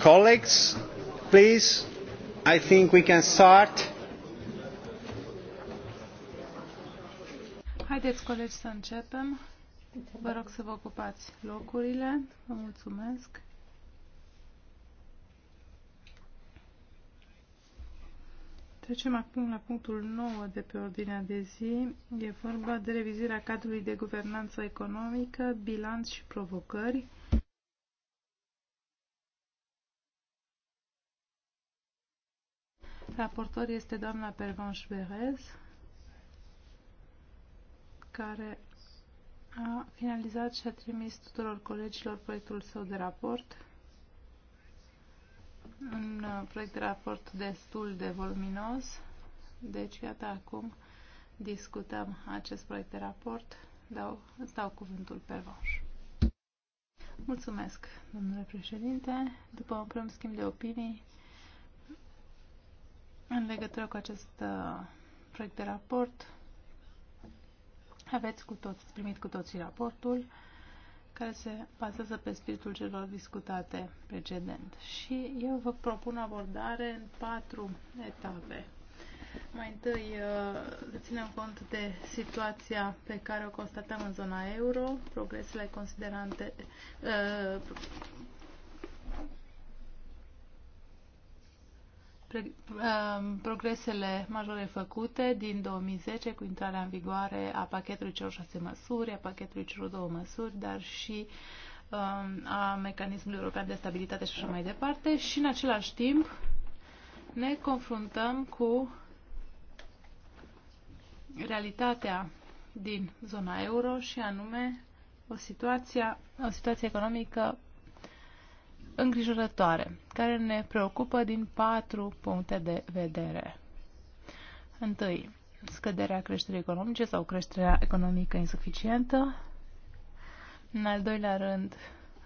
Colleagues, please, I think we can start. Haideți, colegi, să începem. Vă rog să vă ocupați locurile. Vă mulțumesc. Trecem acum la punctul 9 de pe ordinea de zi. E vorba de revizirea cadrului de guvernanță economică, bilanț și provocări. Raportor este doamna Pervanș Berez, care a finalizat și a trimis tuturor colegilor proiectul său de raport. Un uh, proiect de raport destul de voluminos, deci iată acum discutăm acest proiect de raport. Dau, îți dau cuvântul pe vanș. Mulțumesc, domnule președinte. După un prim schimb de opinii, în legătură cu acest uh, proiect de raport. Aveți cu toți, primit cu toții raportul care se bazează pe spiritul celor discutate precedent. Și eu vă propun abordare în patru etape. Mai întâi uh, ținem cont de situația pe care o constatăm în zona euro, progresele considerante, uh, Um, progresele majore făcute din 2010 cu intrarea în vigoare a pachetului celor șase măsuri, a pachetului celor două măsuri, dar și um, a mecanismului european de stabilitate și așa mai departe și în același timp ne confruntăm cu realitatea din zona euro și anume o situație, o situație economică îngrijorătoare, care ne preocupă din patru puncte de vedere. Întâi, scăderea creșterii economice sau creșterea economică insuficientă. În al doilea rând,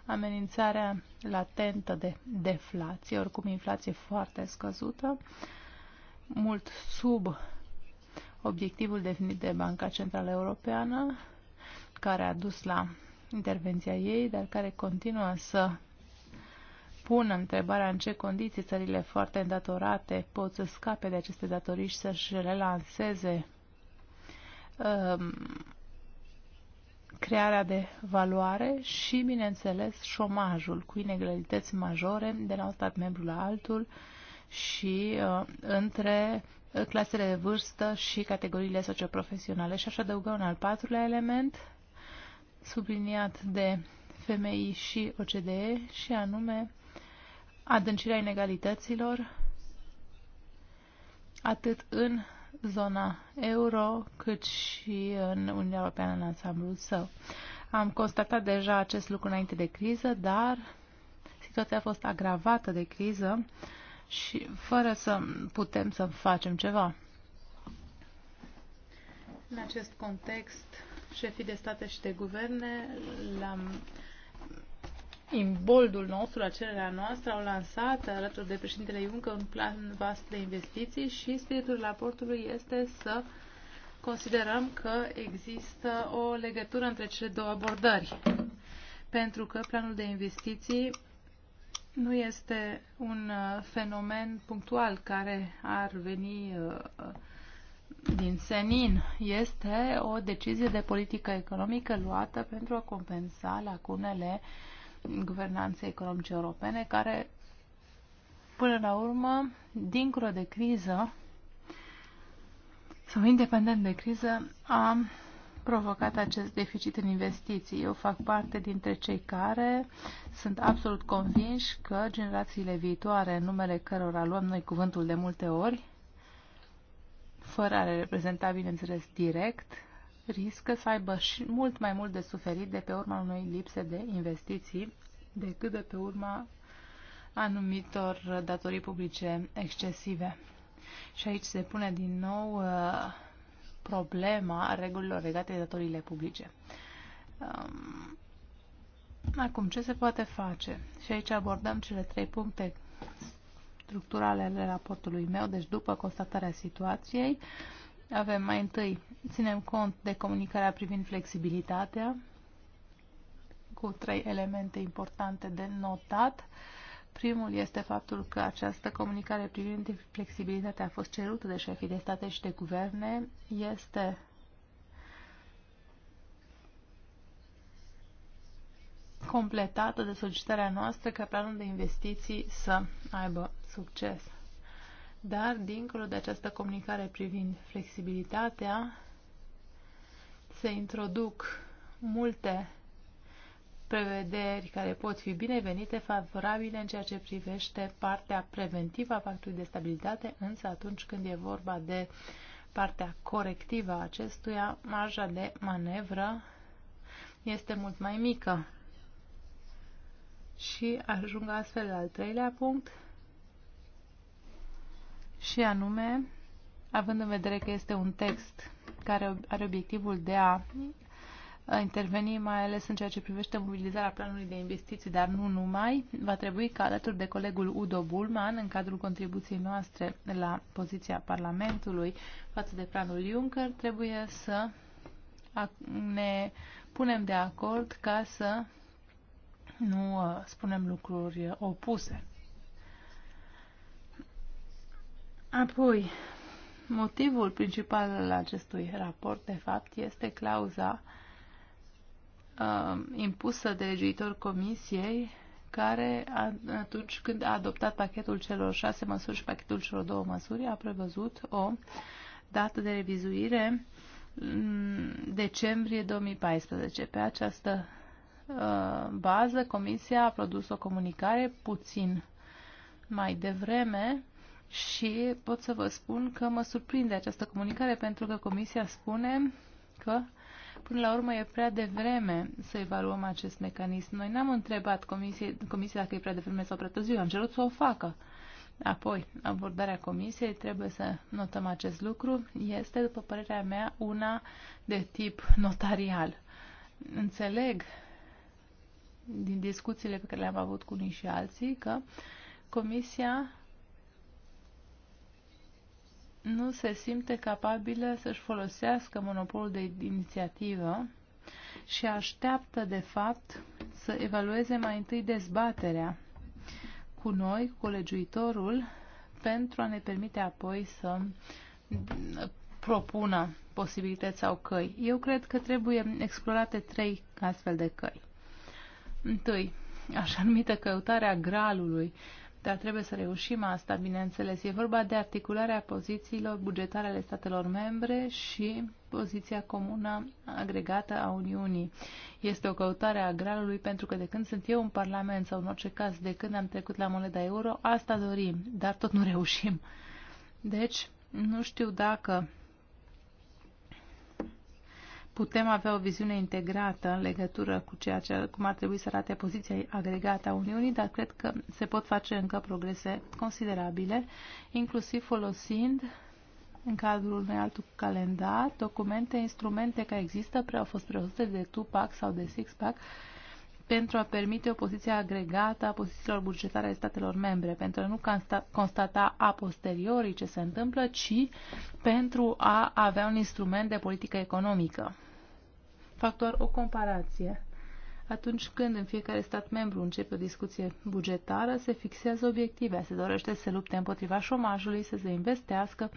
amenințarea latentă de deflație, oricum inflație foarte scăzută, mult sub obiectivul definit de Banca Centrală Europeană, care a dus la intervenția ei, dar care continuă să pun întrebarea în ce condiții țările foarte îndatorate pot să scape de aceste datorii și să-și relanseze um, crearea de valoare și, bineînțeles, șomajul cu inegalități majore de la un stat membru la altul și uh, între clasele de vârstă și categoriile socioprofesionale. Și aș adăuga un al patrulea element subliniat de FMI și OCDE și anume adâncirea inegalităților, atât în zona euro, cât și în Uniunea Europeană în ansamblul său. Am constatat deja acest lucru înainte de criză, dar situația a fost agravată de criză și fără să putem să facem ceva. În acest context, șefii de state și de guverne la în boldul nostru, la cererea noastră, au lansat alături de președintele Iuncă un plan vast de investiții și spiritul raportului este să considerăm că există o legătură între cele două abordări. Pentru că planul de investiții nu este un uh, fenomen punctual care ar veni uh, din senin. Este o decizie de politică economică luată pentru a compensa lacunele uh, guvernanței economice europene, care, până la urmă, dincolo de criză, sau independent de criză, a provocat acest deficit în investiții. Eu fac parte dintre cei care sunt absolut convinși că generațiile viitoare, în numele cărora luăm noi cuvântul de multe ori, fără a le reprezenta, bineînțeles, direct, riscă să aibă și mult mai mult de suferit de pe urma unei lipse de investiții decât de pe urma anumitor datorii publice excesive. Și aici se pune din nou uh, problema regulilor legate de datoriile publice. Um, acum, ce se poate face? Și aici abordăm cele trei puncte structurale ale raportului meu, deci după constatarea situației, uh, avem mai întâi, ținem cont de comunicarea privind flexibilitatea, cu trei elemente importante de notat. Primul este faptul că această comunicare privind flexibilitatea a fost cerută de șefii de state și de guverne. Este completată de solicitarea noastră ca planul de investiții să aibă succes. Dar, dincolo de această comunicare privind flexibilitatea, se introduc multe prevederi care pot fi binevenite, favorabile în ceea ce privește partea preventivă a pactului de stabilitate, însă atunci când e vorba de partea corectivă a acestuia, marja de manevră este mult mai mică. Și ajung astfel la al treilea punct, și anume, având în vedere că este un text care are obiectivul de a interveni mai ales în ceea ce privește mobilizarea planului de investiții, dar nu numai, va trebui ca alături de colegul Udo Bulman, în cadrul contribuției noastre la poziția Parlamentului față de planul Juncker, trebuie să ne punem de acord ca să nu uh, spunem lucruri uh, opuse. Apoi, motivul principal al acestui raport, de fapt, este clauza uh, impusă de legiuitor Comisiei, care, atunci când a adoptat pachetul celor șase măsuri și pachetul celor două măsuri, a prevăzut o dată de revizuire mm, decembrie 2014. Pe această uh, bază, Comisia a produs o comunicare puțin mai devreme și pot să vă spun că mă surprinde această comunicare pentru că Comisia spune că până la urmă e prea devreme să evaluăm acest mecanism. Noi n-am întrebat comisie, comisia dacă e prea devreme sau prea târziu, am cerut să o facă. Apoi, abordarea comisiei, trebuie să notăm acest lucru, este, după părerea mea, una de tip notarial. Înțeleg din discuțiile pe care le-am avut cu unii și alții că comisia nu se simte capabilă să-și folosească monopolul de inițiativă și așteaptă, de fapt, să evalueze mai întâi dezbaterea cu noi, cu legiuitorul, pentru a ne permite apoi să propună posibilități sau căi. Eu cred că trebuie explorate trei astfel de căi. Întâi, așa numită căutarea gralului, uh, dar trebuie să reușim asta, bineînțeles. E vorba de articularea pozițiilor bugetare ale statelor membre și poziția comună agregată a Uniunii. Este o căutare a gralului pentru că de când sunt eu în Parlament sau în orice caz de când am trecut la moneda euro, asta dorim, dar tot nu reușim. Deci, nu știu dacă putem avea o viziune integrată în legătură cu ceea ce, cum ar trebui să arate poziția agregată a Uniunii, dar cred că se pot face încă progrese considerabile, inclusiv folosind în cadrul unui alt calendar, documente, instrumente care există, pre au fost prezentate de Tupac sau de Sixpack, pack pentru a permite o poziție agregată a pozițiilor bugetare ale statelor membre, pentru a nu constata a posteriori ce se întâmplă, ci pentru a avea un instrument de politică economică. Fac o comparație. Atunci când în fiecare stat membru începe o discuție bugetară, se fixează obiective, se dorește să lupte împotriva șomajului, să se investească,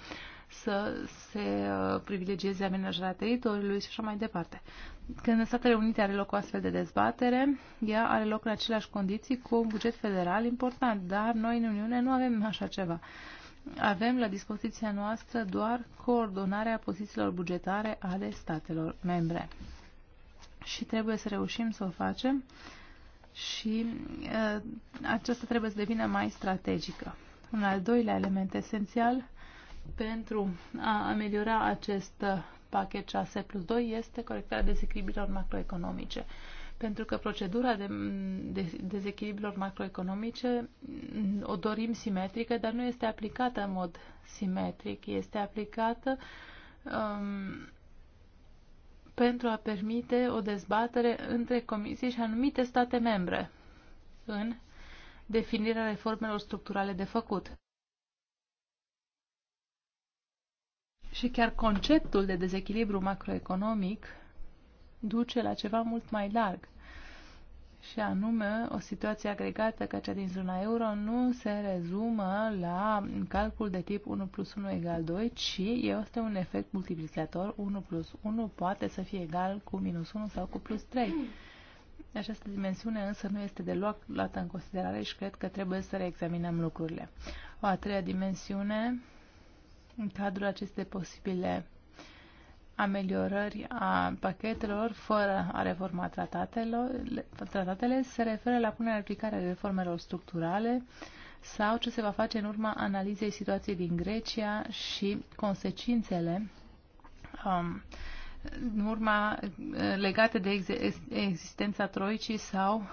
să se uh, privilegieze amenajarea teritoriului și așa mai departe. Când în Statele Unite are loc o astfel de dezbatere, ea are loc în aceleași condiții cu un buget federal important, dar noi în Uniune nu avem așa ceva. Avem la dispoziția noastră doar coordonarea pozițiilor bugetare ale statelor membre și trebuie să reușim să o facem și uh, aceasta trebuie să devină mai strategică. Un al doilea element esențial pentru a ameliora acest pachet 6 plus 2 este corectarea dezechilibrilor macroeconomice. Pentru că procedura de, de dezechilibrilor macroeconomice o dorim simetrică, dar nu este aplicată în mod simetric. Este aplicată um, pentru a permite o dezbatere între comisii și anumite state membre în definirea reformelor structurale de făcut. Și chiar conceptul de dezechilibru macroeconomic duce la ceva mult mai larg și anume o situație agregată ca cea din zona euro nu se rezumă la calcul de tip 1 plus 1 egal 2, ci este un efect multiplicator 1 plus 1 poate să fie egal cu minus 1 sau cu plus 3. Această dimensiune însă nu este deloc luată în considerare și cred că trebuie să reexaminăm lucrurile. O a treia dimensiune, în cadrul acestei posibile ameliorări a pachetelor fără a reforma tratatelor, tratatele se referă la punerea aplicarea aplicare a reformelor structurale sau ce se va face în urma analizei situației din Grecia și consecințele um, în urma uh, legate de existența troicii sau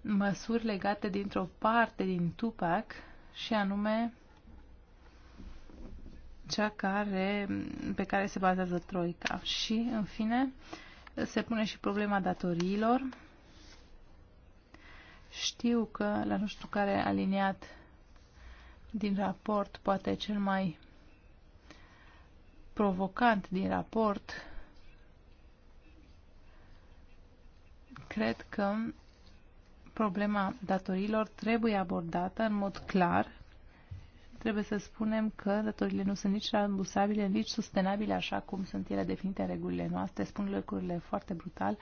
măsuri legate dintr-o parte din Tupac și anume cea care, pe care se bazează Troica. Și, în fine, se pune și problema datoriilor. Știu că la nu știu care aliniat din raport, poate cel mai provocant din raport, cred că problema datorilor trebuie abordată în mod clar trebuie să spunem că datorile nu sunt nici rambursabile, nici sustenabile, așa cum sunt ele definite în regulile noastre. Spun lucrurile foarte brutal,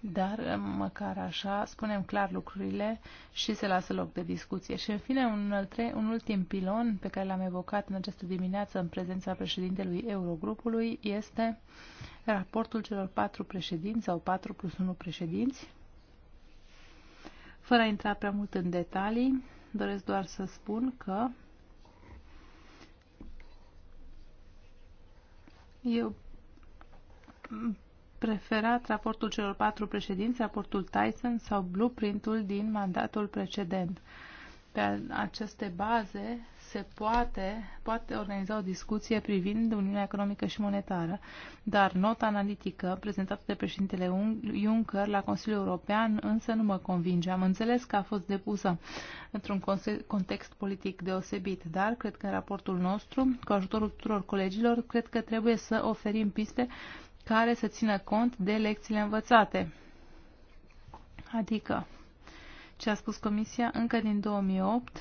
dar eh, măcar așa spunem clar lucrurile și se lasă loc de discuție. Și în fine, un, tre- un ultim pilon pe care l-am evocat în această dimineață în prezența președintelui Eurogrupului este raportul celor patru președinți sau patru plus unu președinți. Fără a intra prea mult în detalii, doresc doar să spun că Eu preferat raportul celor patru președinți, raportul Tyson sau blueprintul din mandatul precedent. Pe aceste baze se poate, poate organiza o discuție privind Uniunea Economică și Monetară, dar nota analitică prezentată de președintele Juncker la Consiliul European însă nu mă convinge. Am înțeles că a fost depusă într-un context politic deosebit, dar cred că în raportul nostru, cu ajutorul tuturor colegilor, cred că trebuie să oferim piste care să țină cont de lecțiile învățate. Adică, ce a spus Comisia încă din 2008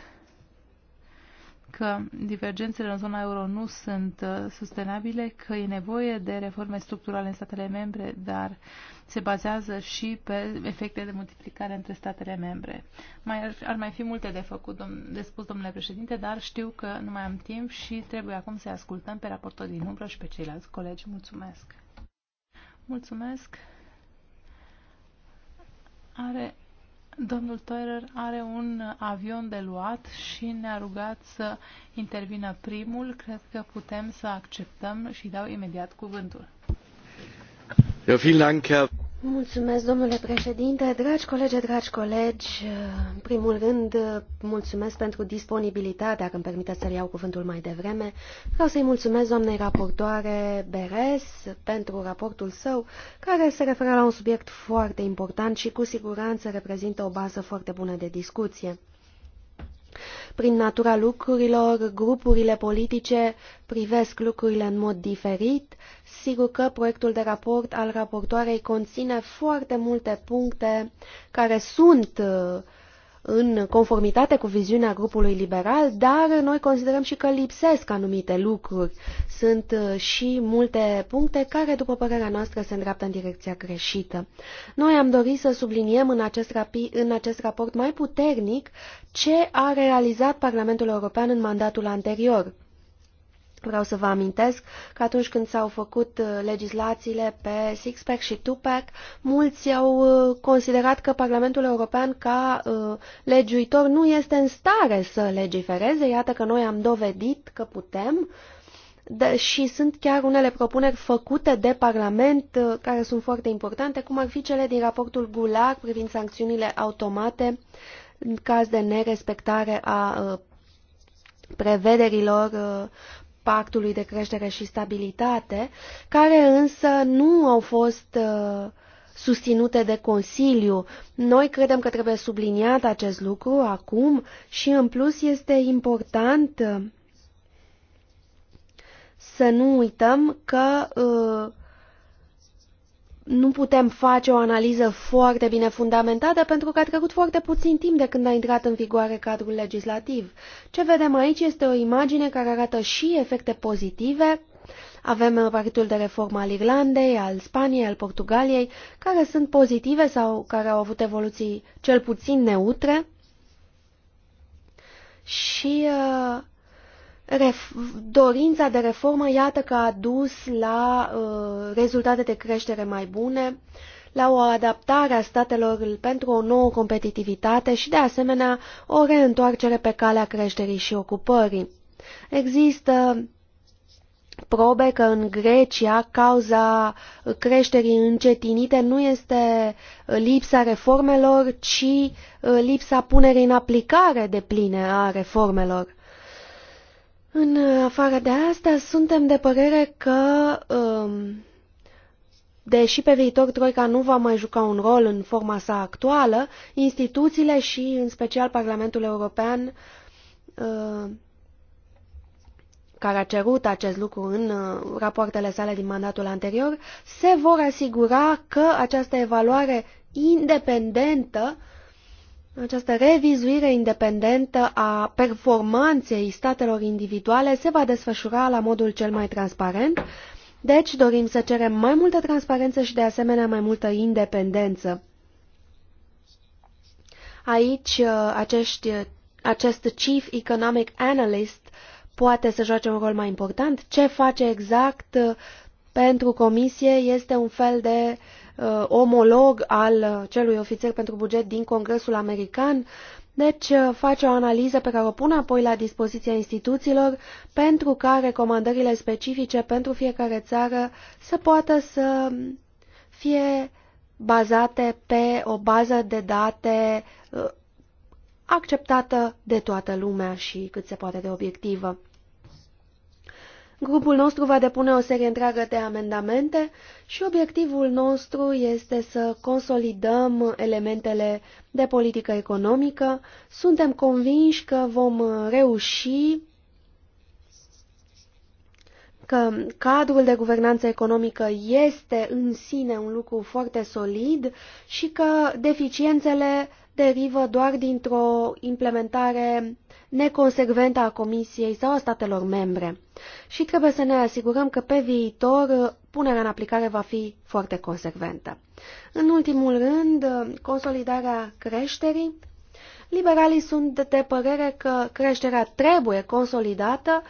că divergențele în zona euro nu sunt uh, sustenabile, că e nevoie de reforme structurale în statele membre, dar se bazează și pe efecte de multiplicare între statele membre. Mai ar, ar mai fi multe de făcut, dom- de spus, domnule președinte, dar știu că nu mai am timp și trebuie acum să ascultăm pe raportul din umbră și pe ceilalți colegi. Mulțumesc! Mulțumesc! Are Domnul Teurer are un avion de luat și ne-a rugat să intervină primul. Cred că putem să acceptăm și dau imediat cuvântul. Ja, vielen Dank, Herr Mulțumesc, domnule președinte, dragi colegi, dragi colegi. În primul rând, mulțumesc pentru disponibilitatea, dacă îmi permiteți să-l iau cuvântul mai devreme. Vreau să-i mulțumesc doamnei raportoare Beres pentru raportul său, care se referă la un subiect foarte important și cu siguranță reprezintă o bază foarte bună de discuție. Prin natura lucrurilor, grupurile politice privesc lucrurile în mod diferit. Sigur că proiectul de raport al raportoarei conține foarte multe puncte care sunt uh, în conformitate cu viziunea grupului liberal, dar noi considerăm și că lipsesc anumite lucruri. Sunt uh, și multe puncte care, după părerea noastră, se îndreaptă în direcția greșită. Noi am dorit să subliniem în acest, rapi, în acest raport mai puternic ce a realizat Parlamentul European în mandatul anterior. Vreau să vă amintesc că atunci când s-au făcut uh, legislațiile pe six-pack și two-pack, mulți au uh, considerat că Parlamentul European ca uh, legiuitor nu este în stare să legifereze. Iată că noi am dovedit că putem de, și sunt chiar unele propuneri făcute de Parlament care sunt foarte importante, cum ar fi cele din raportul Gular privind sancțiunile automate în caz de nerespectare a prevederilor pactului de creștere și stabilitate, care însă nu au fost uh, susținute de Consiliu. Noi credem că trebuie subliniat acest lucru acum și în plus este important uh, să nu uităm că uh, nu putem face o analiză foarte bine fundamentată pentru că a trecut foarte puțin timp de când a intrat în vigoare cadrul legislativ. Ce vedem aici este o imagine care arată și efecte pozitive. Avem uh, partidul de reformă al Irlandei, al Spaniei, al Portugaliei, care sunt pozitive sau care au avut evoluții cel puțin neutre. Și uh, ref, dorința de reformă, iată că a dus la uh, rezultate de creștere mai bune, la o adaptare a statelor pentru o nouă competitivitate și, de asemenea, o reîntoarcere pe calea creșterii și ocupării. Există probe că în Grecia cauza creșterii încetinite nu este lipsa reformelor, ci uh, lipsa punerii în aplicare de pline a reformelor în afară de asta, suntem de părere că, um, deși pe viitor Troica nu va mai juca un rol în forma sa actuală, instituțiile și, în special, Parlamentul European, uh, care a cerut acest lucru în uh, rapoartele sale din mandatul anterior, se vor asigura că această evaluare independentă uh, această revizuire independentă a performanței statelor individuale se va desfășura la modul cel mai transparent, deci dorim să cerem mai multă transparență și de asemenea mai multă independență. Aici uh, acești, uh, acest Chief Economic Analyst poate să joace un rol mai important. Ce face exact uh, pentru comisie este un fel de uh, uh, omolog al celui ofițer pentru buget din Congresul American. Deci uh, face o analiză pe care o pune apoi la dispoziția instituțiilor pentru ca recomandările specifice pentru fiecare țară să poată să fie bazate pe o bază de date uh, acceptată de toată lumea și cât se poate de obiectivă. Grupul nostru va depune o serie întreagă de amendamente și obiectivul nostru este să consolidăm elementele de politică economică. Suntem convinși că vom reuși că cadrul de guvernanță economică este în sine un lucru foarte solid și că deficiențele derivă doar dintr-o implementare neconsecventă a Comisiei sau a statelor membre. Și trebuie să ne asigurăm că pe viitor uh, punerea în aplicare va fi foarte consecventă. În ultimul rând, uh, consolidarea creșterii. Liberalii sunt de părere că creșterea trebuie consolidată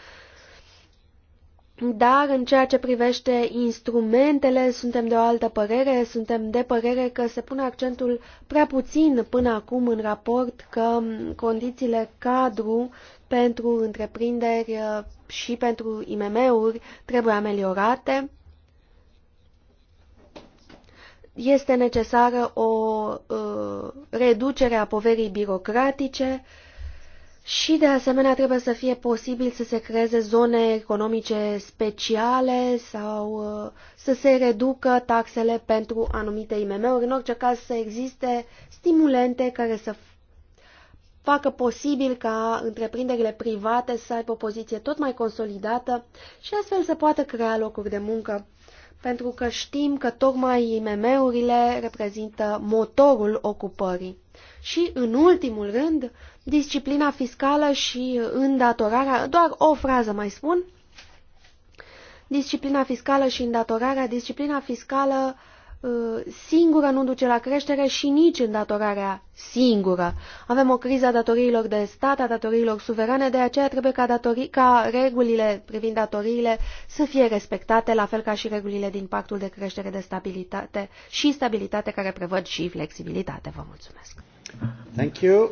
dar în ceea ce privește instrumentele, suntem de o altă părere, suntem de părere că se pune accentul prea puțin până acum în raport că condițiile cadru pentru întreprinderi uh, și pentru IMM-uri trebuie ameliorate. Este necesară o uh, reducere a poverii birocratice uh, și, de asemenea, trebuie să fie posibil să se creeze zone economice speciale sau uh, să se reducă taxele pentru anumite IMM-uri. În orice caz, să existe stimulente care să facă posibil ca întreprinderile private să aibă o poziție tot mai consolidată și astfel să poată crea locuri de muncă. Pentru că știm că tocmai IMM-urile reprezintă motorul ocupării. Și, în ultimul rând, disciplina fiscală și îndatorarea, doar o frază mai spun, disciplina fiscală și îndatorarea, disciplina fiscală uh, singură nu duce la creștere și nici îndatorarea singură. Avem o criză a datoriilor de stat, a datoriilor suverane, de aceea trebuie ca, datorii, ca regulile privind datoriile să fie respectate, la fel ca și regulile din pactul de creștere de stabilitate și stabilitate care prevăd și flexibilitate. Vă mulțumesc! Thank you.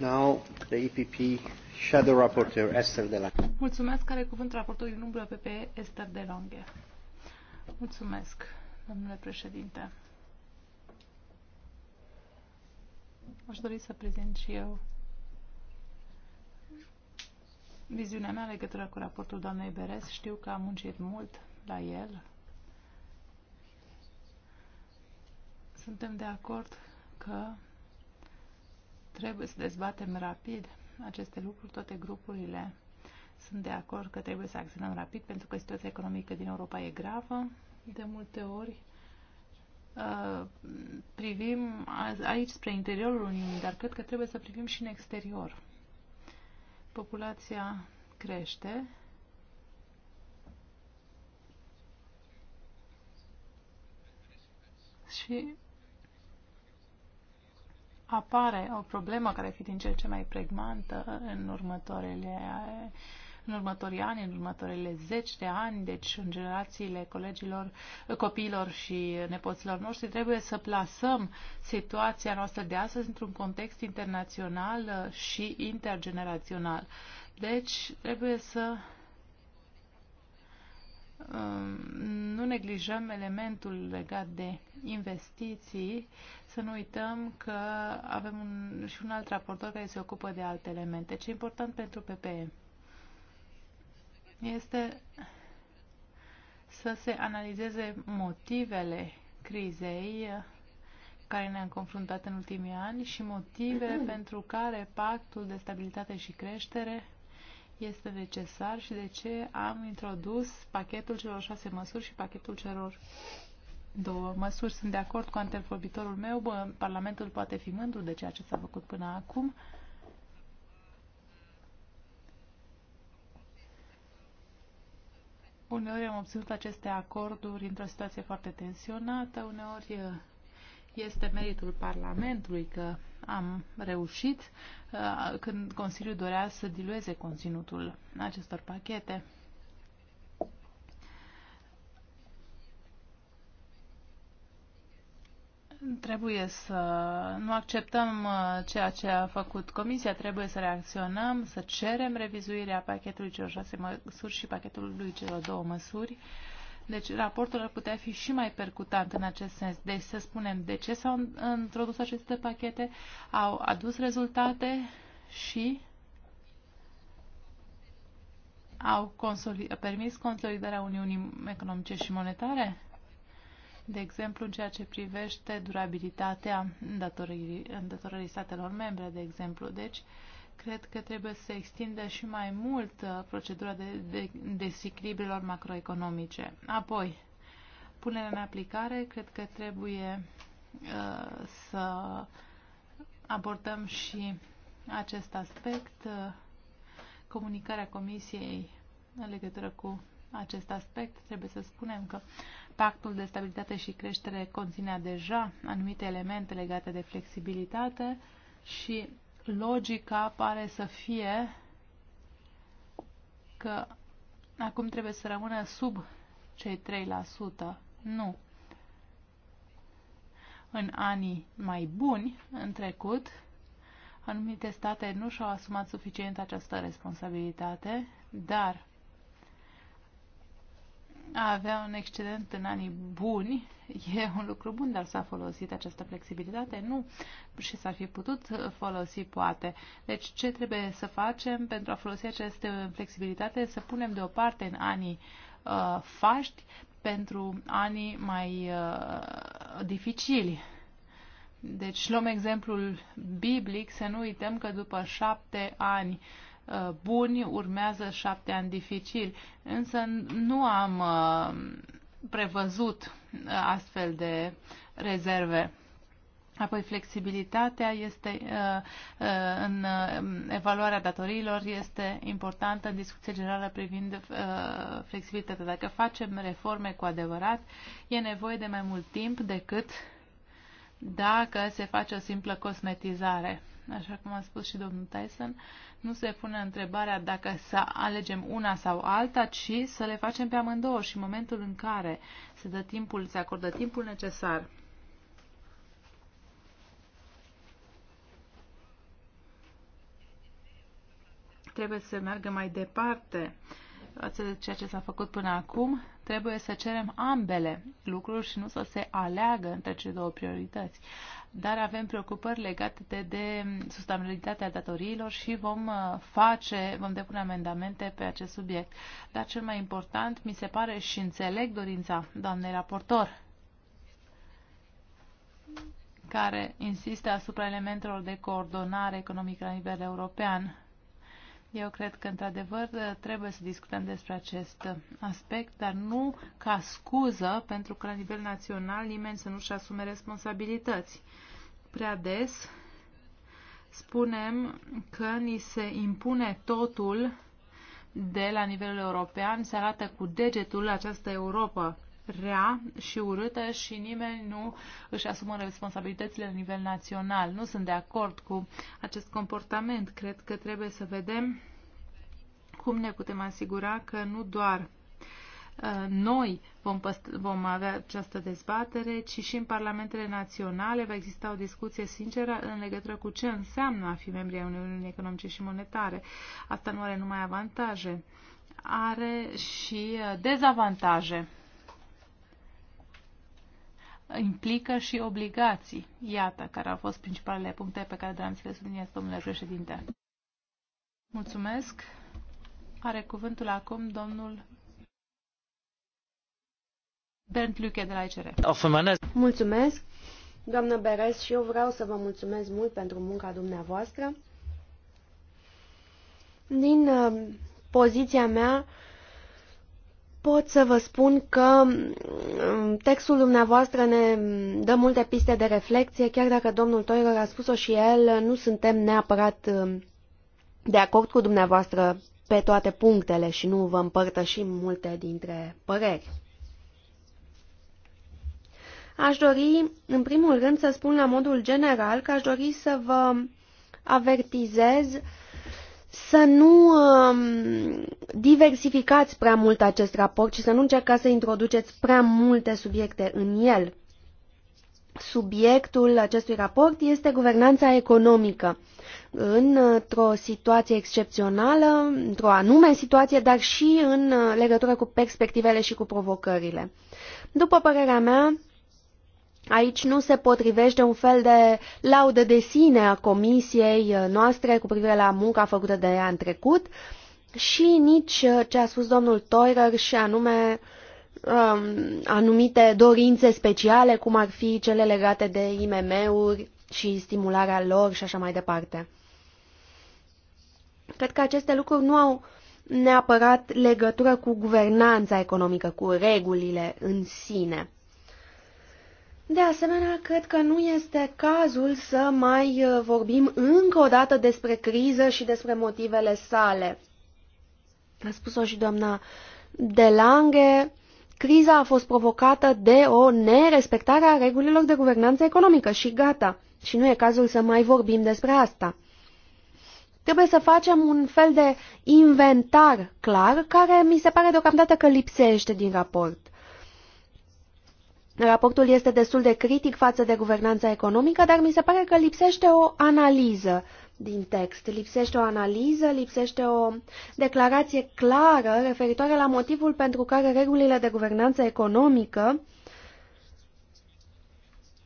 Now, the EPP shadow rapporteur, Esther de Lange. Mulțumesc. Care cuvânt raportorului din umbră PPE, Esther de Lange. Mulțumesc, domnule președinte. Aș dori să prezint și eu viziunea mea legătură cu raportul doamnei Beres. Știu că am muncit mult la el. Suntem de acord că Trebuie să dezbatem rapid aceste lucruri, toate grupurile sunt de acord că trebuie să acționăm rapid pentru că situația economică din Europa e gravă. De multe ori uh, privim aici spre interiorul Uniunii, dar cred că trebuie să privim și în exterior. Populația crește. Și apare o problemă care fi din ce ce mai pregmantă în următoarele în următorii ani, în următoarele zeci de ani, deci în generațiile colegilor, copiilor și nepoților noștri, trebuie să plasăm situația noastră de astăzi într-un context internațional și intergenerațional. Deci trebuie să Um, nu neglijăm elementul legat de investiții, să nu uităm că avem un, și un alt raportor care se ocupă de alte elemente. Ce important pentru PPE este să se analizeze motivele crizei care ne-am confruntat în ultimii ani și motivele mm-hmm. pentru care pactul de stabilitate și creștere este necesar și de ce am introdus pachetul celor șase măsuri și pachetul celor două măsuri. Sunt de acord cu antevorbitorul meu, bă, Parlamentul poate fi mândru de ceea ce s-a făcut până acum. Uneori am obținut aceste acorduri într-o situație foarte tensionată, uneori este meritul Parlamentului că am reușit uh, când Consiliul dorea să dilueze conținutul acestor pachete. Trebuie să nu acceptăm uh, ceea ce a făcut Comisia, trebuie să reacționăm, să cerem revizuirea pachetului celor șase măsuri și pachetului celor două măsuri. Uh, deci raportul ar putea fi și mai percutant în acest sens. Deci să spunem de ce s-au introdus aceste pachete, au adus rezultate și au consolid permis consolidarea Uniunii Economice și Monetare? De exemplu, în ceea ce privește durabilitatea îndatorării, îndatorării statelor membre, de exemplu. Deci, uh, Cred că trebuie să extindă și mai mult uh, procedura de, de macroeconomice. Apoi, punerea în aplicare, cred că trebuie uh, să abordăm și acest aspect, uh, comunicarea Comisiei în legătură cu acest aspect. Trebuie să spunem că pactul de stabilitate și creștere conținea deja anumite elemente legate de flexibilitate și logica pare să fie că acum trebuie să rămână sub cei 3%. Nu. În anii mai buni, în trecut, anumite state nu și-au asumat suficient această responsabilitate, dar a avea un excedent în anii buni e un lucru bun, dar s-a folosit această flexibilitate? Nu. Și s-ar fi putut folosi, poate. Deci, ce trebuie să facem pentru a folosi această flexibilitate? Să punem deoparte în anii uh, faști pentru anii mai uh, dificili. Deci, luăm exemplul biblic, să nu uităm că după șapte ani uh, buni urmează șapte ani dificili. Însă nu am uh, prevăzut astfel de rezerve. Apoi flexibilitatea este uh, uh, în uh, evaluarea datoriilor este importantă în discuție generală privind flexibilitatea. Dacă facem reforme cu adevărat, e nevoie de mai mult timp decât dacă se face o simplă cosmetizare. Așa cum a spus și domnul Tyson, nu se pune întrebarea dacă să alegem una sau alta, ci să le facem pe amândouă și în momentul în care se dă timpul, se acordă timpul necesar. Trebuie să meargă mai departe de ceea ce s-a făcut până acum. Trebuie să cerem ambele lucruri și nu să se aleagă între cele două priorități dar avem preocupări legate de sustenabilitatea datoriilor și vom uh, face, vom depune amendamente pe acest subiect. Dar cel mai important, mi se pare și înțeleg dorința doamnei raportor, care insistă asupra elementelor de coordonare economică la nivel european eu cred că, într-adevăr, trebuie să discutăm despre acest aspect, dar nu ca scuză pentru că, la nivel național, nimeni să nu-și asume responsabilități. Prea des spunem că ni se impune totul de la nivelul european, se arată cu degetul această Europa rea și urâtă și nimeni nu își asumă responsabilitățile la nivel național. Nu sunt de acord cu acest comportament. Cred că trebuie să vedem cum ne putem asigura că nu doar uh, noi vom, vom avea această dezbatere, ci și în parlamentele naționale va exista o discuție sinceră în legătură cu ce înseamnă a fi membri ai Uniunii Economice și Monetare. Asta nu are numai avantaje, are și uh, dezavantaje implică și obligații. Iată care au fost principalele puncte pe care doream să le subliniez, domnule președinte. Mulțumesc. Are cuvântul acum domnul Bernd Luche de la ICR. Mulțumesc. Doamnă Beres, și eu vreau să vă mulțumesc mult pentru munca dumneavoastră. Din uh, poziția mea, uh, pot să vă spun că mm, textul dumneavoastră ne dă multe piste de reflexie, chiar dacă domnul Toirer a spus-o și el, nu suntem neapărat mm, de acord cu dumneavoastră pe toate punctele și nu vă împărtășim multe dintre păreri. Aș dori, în primul rând, să spun la modul general că aș dori să vă avertizez uh, să nu um, diversificați prea mult acest raport și să nu încercați să introduceți prea multe subiecte în el. Subiectul acestui raport este guvernanța economică. Într-o situație excepțională, într-o anume situație, dar și în uh, legătură cu perspectivele și cu provocările. După părerea mea, Aici nu se potrivește un fel de laudă de sine a comisiei uh, noastre cu privire la munca făcută de an trecut și nici uh, ce a spus domnul Teurer și anume um, anumite dorințe speciale, cum ar fi cele legate de IMM-uri și stimularea lor și așa mai departe. Cred că aceste lucruri nu au neapărat legătură cu guvernanța economică, cu regulile în sine. De asemenea, cred că nu este cazul să mai uh, vorbim încă o dată despre criză și despre motivele sale. A spus-o și doamna De Lange, criza a fost provocată de o nerespectare a regulilor de guvernanță economică și gata. Și nu e cazul să mai vorbim despre asta. Trebuie să facem un fel de inventar clar, care mi se pare deocamdată că lipsește din raport. Raportul este destul de critic față de guvernanța economică, dar mi se pare că lipsește o analiză din text. Lipsește o analiză, lipsește o declarație clară referitoare la motivul pentru care regulile de guvernanță economică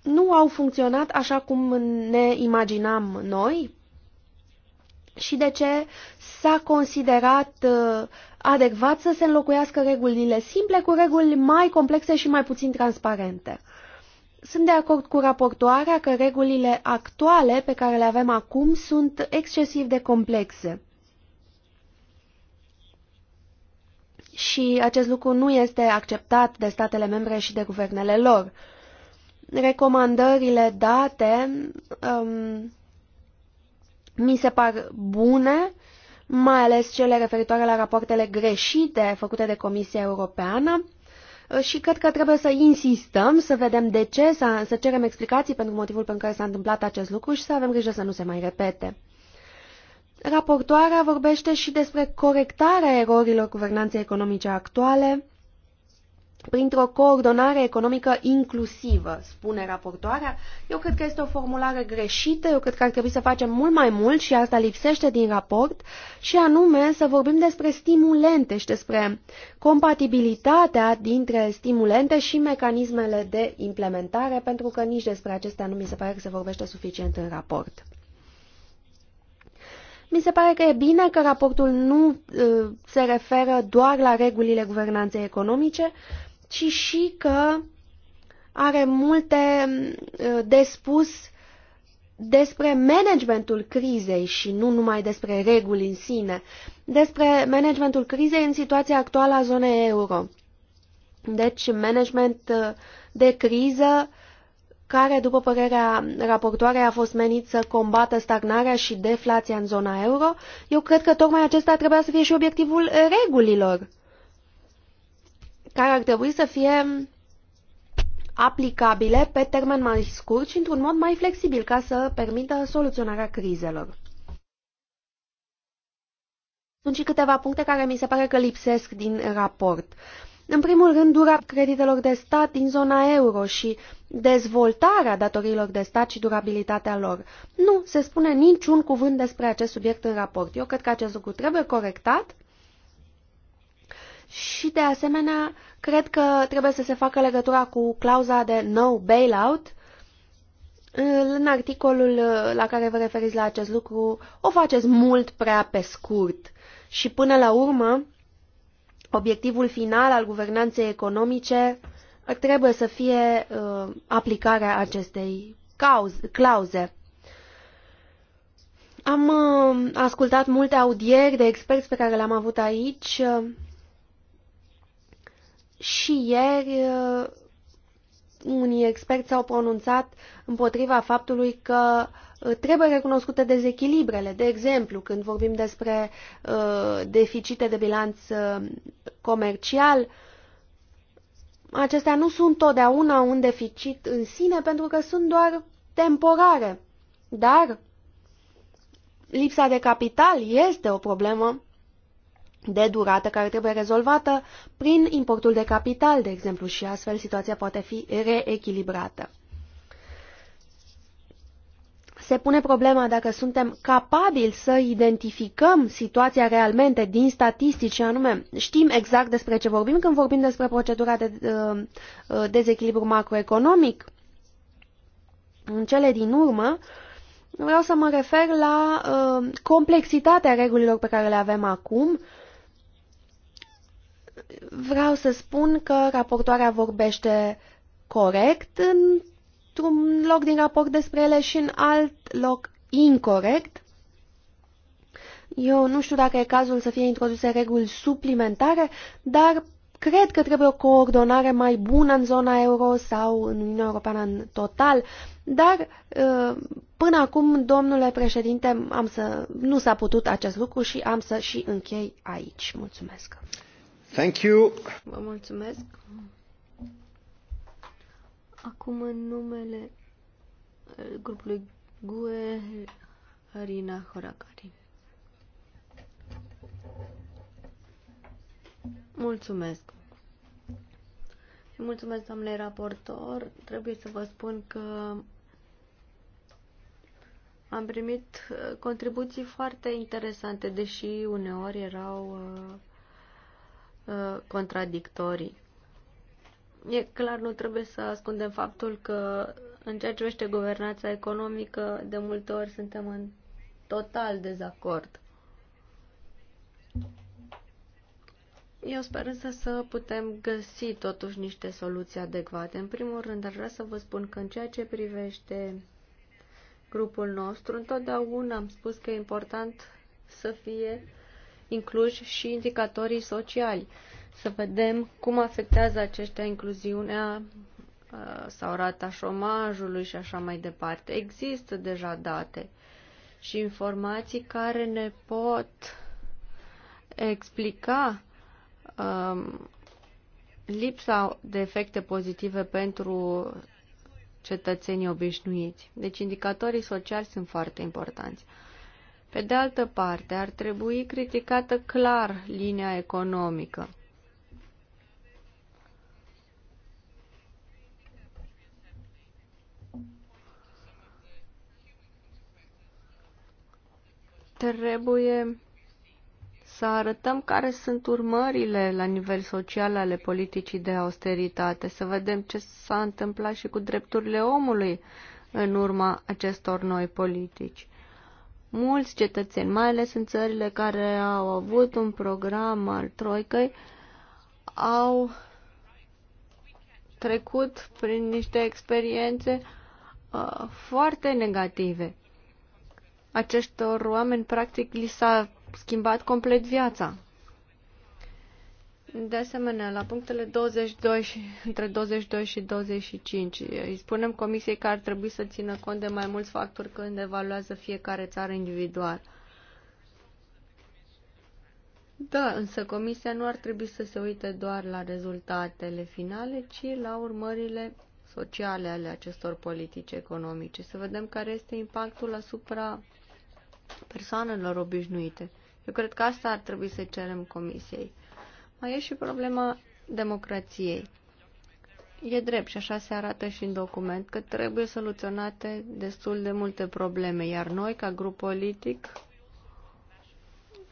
nu au funcționat așa cum ne imaginam noi și de ce s-a considerat uh, adecvat să se înlocuiască regulile simple cu reguli mai complexe și mai puțin transparente. Sunt de acord cu raportoarea că regulile actuale pe care le avem acum sunt excesiv de complexe. Și acest lucru nu este acceptat de statele membre și de guvernele lor. Recomandările date um, mi se par bune, uh, mai ales cele referitoare la rapoartele greșite făcute de Comisia Europeană uh, și cred că trebuie să insistăm, să vedem de ce, să, să cerem explicații pentru motivul pentru care s-a întâmplat acest lucru și să avem grijă să nu se mai repete. Raportoarea vorbește și despre corectarea erorilor guvernanței economice actuale printr-o coordonare economică inclusivă, spune raportoarea. Eu cred că este o formulare greșită, eu cred că ar trebui să facem mult mai mult și asta lipsește din raport, și anume să vorbim despre stimulente și despre compatibilitatea dintre stimulente și mecanismele de implementare, pentru că nici despre acestea nu mi se pare că se vorbește suficient în raport. Mi se pare că e bine că raportul nu uh, se referă doar la regulile guvernanței economice, ci și că are multe mm, uh, de spus despre managementul crizei și nu numai despre reguli în sine, despre managementul crizei în situația actuală a zonei euro. Deci, management uh, de criză care, după părerea raportoarei, a fost menit să combată stagnarea și deflația în zona euro, eu cred că tocmai acesta trebuia să fie și obiectivul regulilor care ar trebui să fie aplicabile pe termen mai scurt și într-un mod mai flexibil ca să permită soluționarea crizelor. Sunt și câteva puncte care mi se pare că lipsesc din raport. În primul rând, dura creditelor de stat din zona euro și dezvoltarea datoriilor de stat și durabilitatea lor. Nu se spune niciun cuvânt despre acest subiect în raport. Eu cred că acest lucru trebuie corectat și, de asemenea, cred că trebuie să se facă legătura cu clauza de no bailout. În articolul uh, la care vă referiți la acest lucru, o faceți mult prea pe scurt. Și, până la urmă, obiectivul final al guvernanței economice trebuie să fie uh, aplicarea acestei cauze, clauze. Am uh, ascultat multe audieri de experți pe care le-am avut aici. Uh, și ieri uh, unii experți s-au pronunțat împotriva faptului că uh, trebuie recunoscute dezechilibrele. De exemplu, când vorbim despre uh, deficite de bilanț comercial, acestea nu sunt totdeauna un deficit în sine pentru că sunt doar temporare. Dar lipsa de capital este o problemă de durată care trebuie rezolvată prin importul de capital, de exemplu, și astfel situația poate fi reechilibrată. Se pune problema dacă suntem capabili să identificăm situația realmente din statistici, anume știm exact despre ce vorbim când vorbim despre procedura de dezechilibru macroeconomic. În cele din urmă, vreau să mă refer la uh, complexitatea regulilor pe care le avem acum vreau să spun că raportoarea vorbește corect într-un loc din raport despre ele și în alt loc incorrect. Eu nu știu dacă e cazul să fie introduse reguli suplimentare, dar cred că trebuie o coordonare mai bună în zona euro sau în Uniunea Europeană în total, dar ă, până acum, domnule președinte, am să, nu s-a putut acest lucru și am să și închei aici. Mulțumesc! Thank you. Vă mulțumesc. Acum în numele uh, grupului GUE Harina, Horacari. Mulțumesc. Mulțumesc, doamne raportor. Trebuie să vă spun că am primit uh, contribuții foarte interesante, deși uneori erau uh, Uh, contradictorii. E clar, nu trebuie să ascundem faptul că în ceea ce privește guvernanța economică, de multe ori suntem în total dezacord. Eu sper însă să putem găsi totuși niște soluții adecvate. În primul rând, aș vrea să vă spun că în ceea ce privește grupul nostru, întotdeauna am spus că e important să fie incluși și indicatorii sociali, să vedem cum afectează aceștia incluziunea uh, sau rata șomajului și așa mai departe. Există deja date și informații care ne pot explica um, lipsa de efecte pozitive pentru cetățenii obișnuiți. Deci indicatorii sociali sunt foarte importanți. Pe de altă parte, ar trebui criticată clar linia economică. Trebuie să arătăm care sunt urmările la nivel social ale politicii de austeritate, să vedem ce s-a întâmplat și cu drepturile omului în urma acestor noi politici mulți cetățeni, mai ales în țările care au avut un program al Troicăi, au trecut prin niște experiențe uh, foarte negative. Acestor oameni, practic, li s-a schimbat complet viața. De asemenea, la punctele 22 și, între 22 și 25, îi spunem Comisiei că ar trebui să țină cont de mai mulți factori când evaluează fiecare țară individual. Da, însă Comisia nu ar trebui să se uite doar la rezultatele finale, ci la urmările sociale ale acestor politici economice. Să vedem care este impactul asupra persoanelor obișnuite. Eu cred că asta ar trebui să cerem Comisiei. Mai e și problema democrației. E drept și așa se arată și în document că trebuie soluționate destul de multe probleme, iar noi, ca grup politic,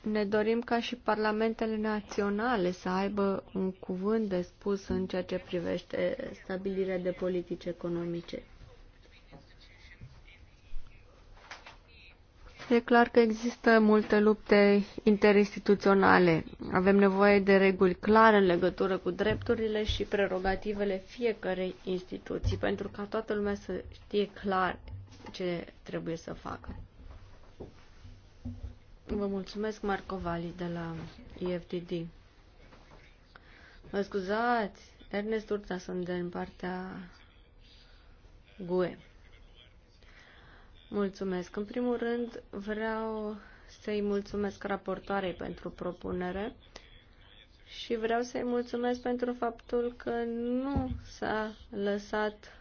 ne dorim ca și parlamentele naționale să aibă un cuvânt de spus în ceea ce privește stabilirea de politici economice. E clar că există multe lupte interinstituționale. Avem nevoie de reguli clare în legătură cu drepturile și prerogativele fiecărei instituții, pentru ca toată lumea să știe clar ce trebuie să facă. Vă mulțumesc, Marcovali, de la IFTD. Mă scuzați, Ernest Urta sunt din partea GUE. Mulțumesc. În primul rând, vreau să-i mulțumesc raportoarei pentru propunere și vreau să-i mulțumesc pentru faptul că nu s-a lăsat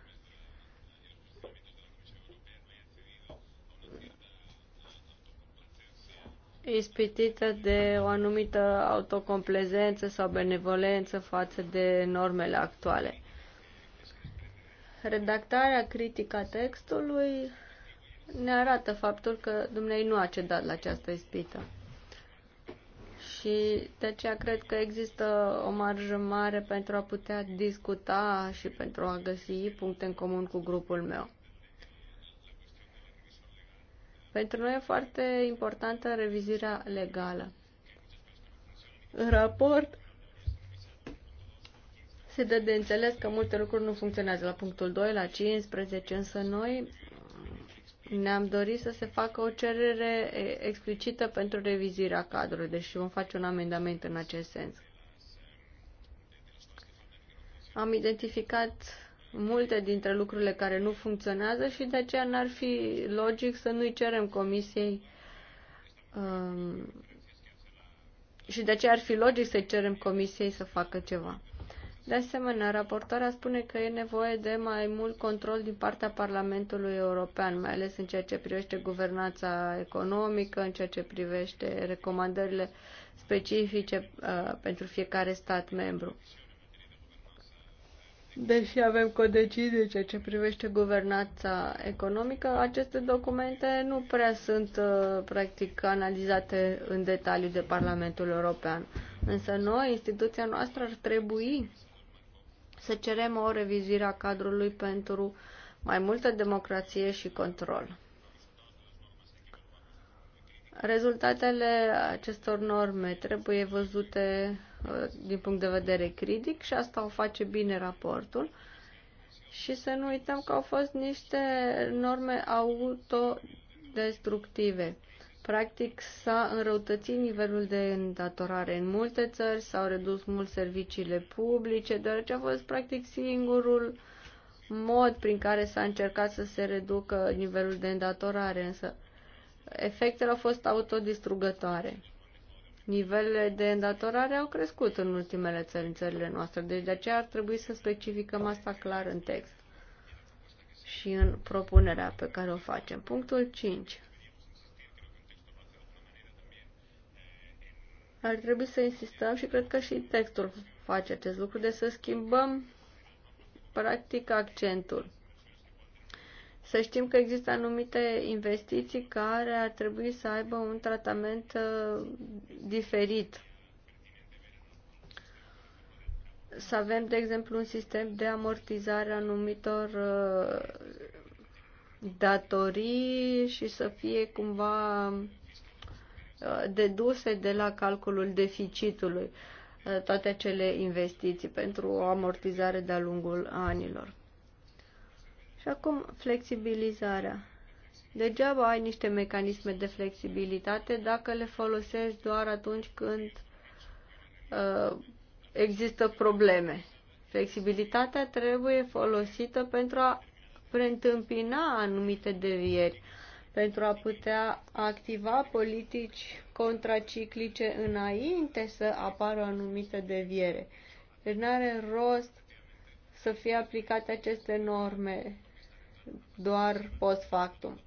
ispitită de o anumită autocomplezență sau benevolență față de normele actuale. Redactarea critică a textului ne arată faptul că Dumnezeu nu a cedat la această ispită. Și de aceea cred că există o marjă mare pentru a putea discuta și pentru a găsi puncte în comun cu grupul meu. Pentru noi e foarte importantă revizirea legală. În raport se dă de înțeles că multe lucruri nu funcționează la punctul 2, la 15, însă noi ne-am dorit să se facă o cerere explicită pentru revizirea cadrului, deși vom face un amendament în acest sens. Am identificat multe dintre lucrurile care nu funcționează și de aceea n-ar fi logic să nu-i cerem comisiei um, și de aceea ar fi logic să cerem comisiei să facă ceva. De asemenea, raportarea spune că e nevoie de mai mult control din partea Parlamentului European, mai ales în ceea ce privește guvernanța economică, în ceea ce privește recomandările specifice uh, pentru fiecare stat membru. Deși avem codecizie ceea ce privește guvernanța economică, aceste documente nu prea sunt uh, practic analizate în detaliu de Parlamentul European. Însă noi, instituția noastră, ar trebui să cerem o revizuire a cadrului pentru mai multă democrație și control. Rezultatele acestor norme trebuie văzute uh, din punct de vedere critic și asta o face bine raportul. Și să nu uităm că au fost niște norme autodestructive. Practic s-a înrăutățit nivelul de îndatorare în multe țări, s-au redus mult serviciile publice, deoarece a fost practic singurul mod prin care s-a încercat să se reducă nivelul de îndatorare, însă efectele au fost autodistrugătoare. Nivelele de îndatorare au crescut în ultimele țări, în țările noastre, deci de aceea ar trebui să specificăm asta clar în text și în propunerea pe care o facem. Punctul 5 ar trebui să insistăm și cred că și textul face acest lucru, de să schimbăm practic accentul. Să știm că există anumite investiții care ar trebui să aibă un tratament uh, diferit. Să avem, de exemplu, un sistem de amortizare a anumitor uh, datorii și să fie cumva deduse de la calculul deficitului uh, toate acele investiții pentru o amortizare de-a lungul anilor. Și acum flexibilizarea. Degeaba ai niște mecanisme de flexibilitate dacă le folosești doar atunci când uh, există probleme. Flexibilitatea trebuie folosită pentru a preîntâmpina anumite devieri. Uh, pentru a putea activa politici contraciclice înainte să apară o anumită deviere. Deci nu are rost să fie aplicate aceste norme doar post factum.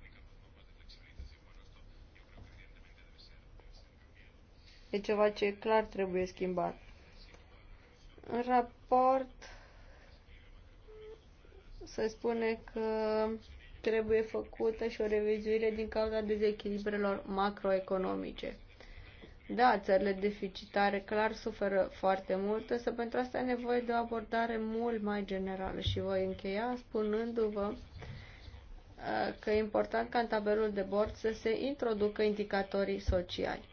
E ceva ce clar trebuie schimbat. În raport se spune că trebuie făcută și o revizuire din cauza dezechilibrelor macroeconomice. Da, țările deficitare clar suferă foarte mult, însă pentru asta e nevoie de o abordare mult mai generală și voi încheia spunându-vă uh, că e important ca în tabelul de bord să se introducă indicatorii sociali.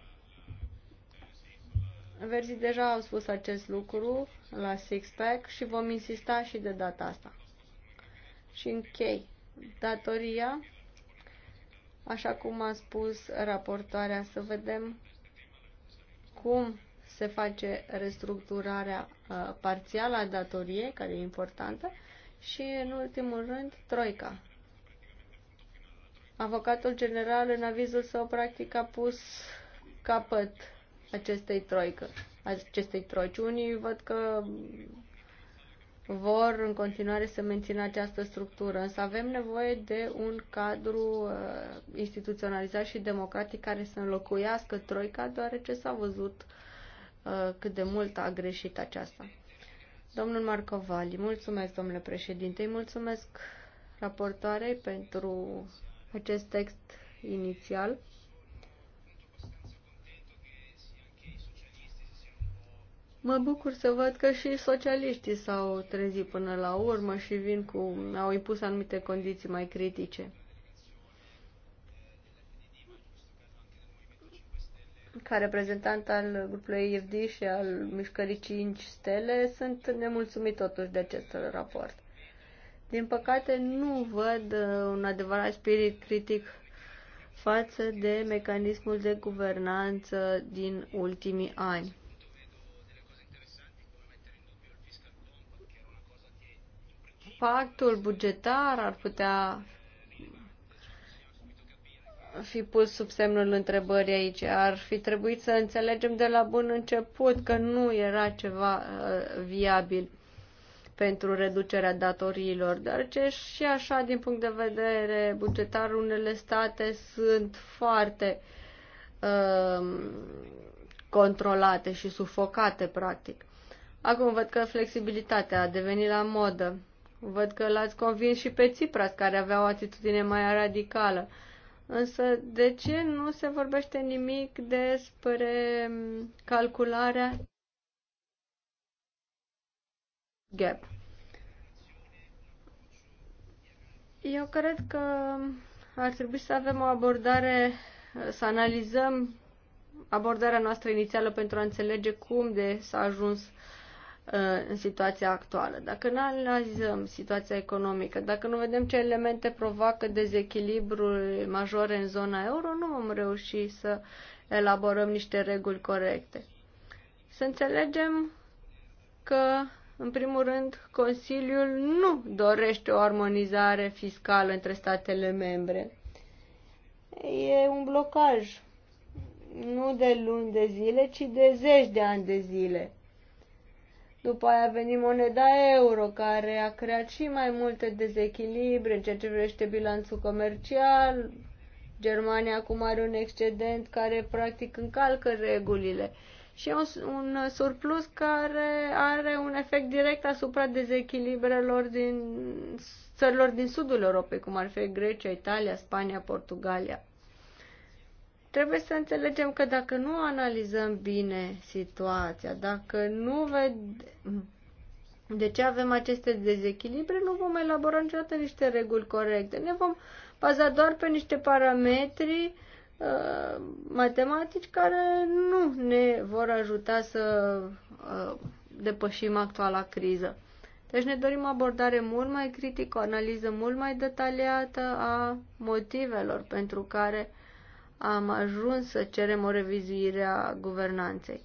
Verzii deja au spus acest lucru la Sixpack și vom insista și de data asta. Și închei datoria, așa cum a spus raportoarea, să vedem cum se face restructurarea uh, parțială a datoriei, care e importantă, și, în ultimul rând, Troica. Avocatul general, în avizul său, practic, a pus capăt acestei troică, acestei troici. Unii văd că vor în continuare să mențină această structură, însă avem nevoie de un cadru uh, instituționalizat și democratic care să înlocuiască Troica, deoarece s-a văzut uh, cât de mult a greșit aceasta. Domnul Marcovali, mulțumesc, domnule președinte, îi mulțumesc raportoarei pentru acest text inițial. Mă bucur să văd că și socialiștii s-au trezit până la urmă și vin cu, au impus anumite condiții mai critice. Ca reprezentant al grupului IFD și al Mișcării 5 Stele, sunt nemulțumit totuși de acest raport. Din păcate, nu văd uh, un adevărat spirit critic față de mecanismul de guvernanță din ultimii ani. impactul bugetar ar putea fi pus sub semnul întrebării aici. Ar fi trebuit să înțelegem de la bun început că nu era ceva uh, viabil pentru reducerea datoriilor, deoarece și așa, din punct de vedere bugetar, unele state sunt foarte uh, controlate și sufocate, practic. Acum văd că flexibilitatea a devenit la modă. Văd că l-ați convins și pe Tsipras, care avea o atitudine mai radicală. Însă, de ce nu se vorbește nimic despre mm, calcularea gap? Eu cred că ar trebui să avem o abordare, să analizăm abordarea noastră inițială pentru a înțelege cum de s-a ajuns uh, Uh, în situația actuală. Dacă nu analizăm situația economică, dacă nu vedem ce elemente provoacă dezechilibrul majore în zona euro, nu vom reuși să elaborăm niște reguli corecte. Să înțelegem că, în primul rând, Consiliul nu dorește o armonizare fiscală între statele membre. E un blocaj nu de luni de zile, ci de zeci de ani de zile după aia a venit moneda euro, care a creat și mai multe dezechilibre în ceea ce privește bilanțul comercial. Germania acum are un excedent care practic încalcă regulile. Și e un, un surplus care are un efect direct asupra dezechilibrelor din țărilor din sudul Europei, cum ar fi Grecia, Italia, Spania, Portugalia. Trebuie să înțelegem că dacă nu analizăm bine situația, dacă nu vedem de ce avem aceste dezechilibre, nu vom elabora niciodată niște reguli corecte. Ne vom baza doar pe niște parametri uh, matematici care nu ne vor ajuta să uh, depășim actuala criză. Deci ne dorim o abordare mult mai critică, o analiză mult mai detaliată a motivelor pentru care uh, am ajuns să cerem o revizuire a guvernanței.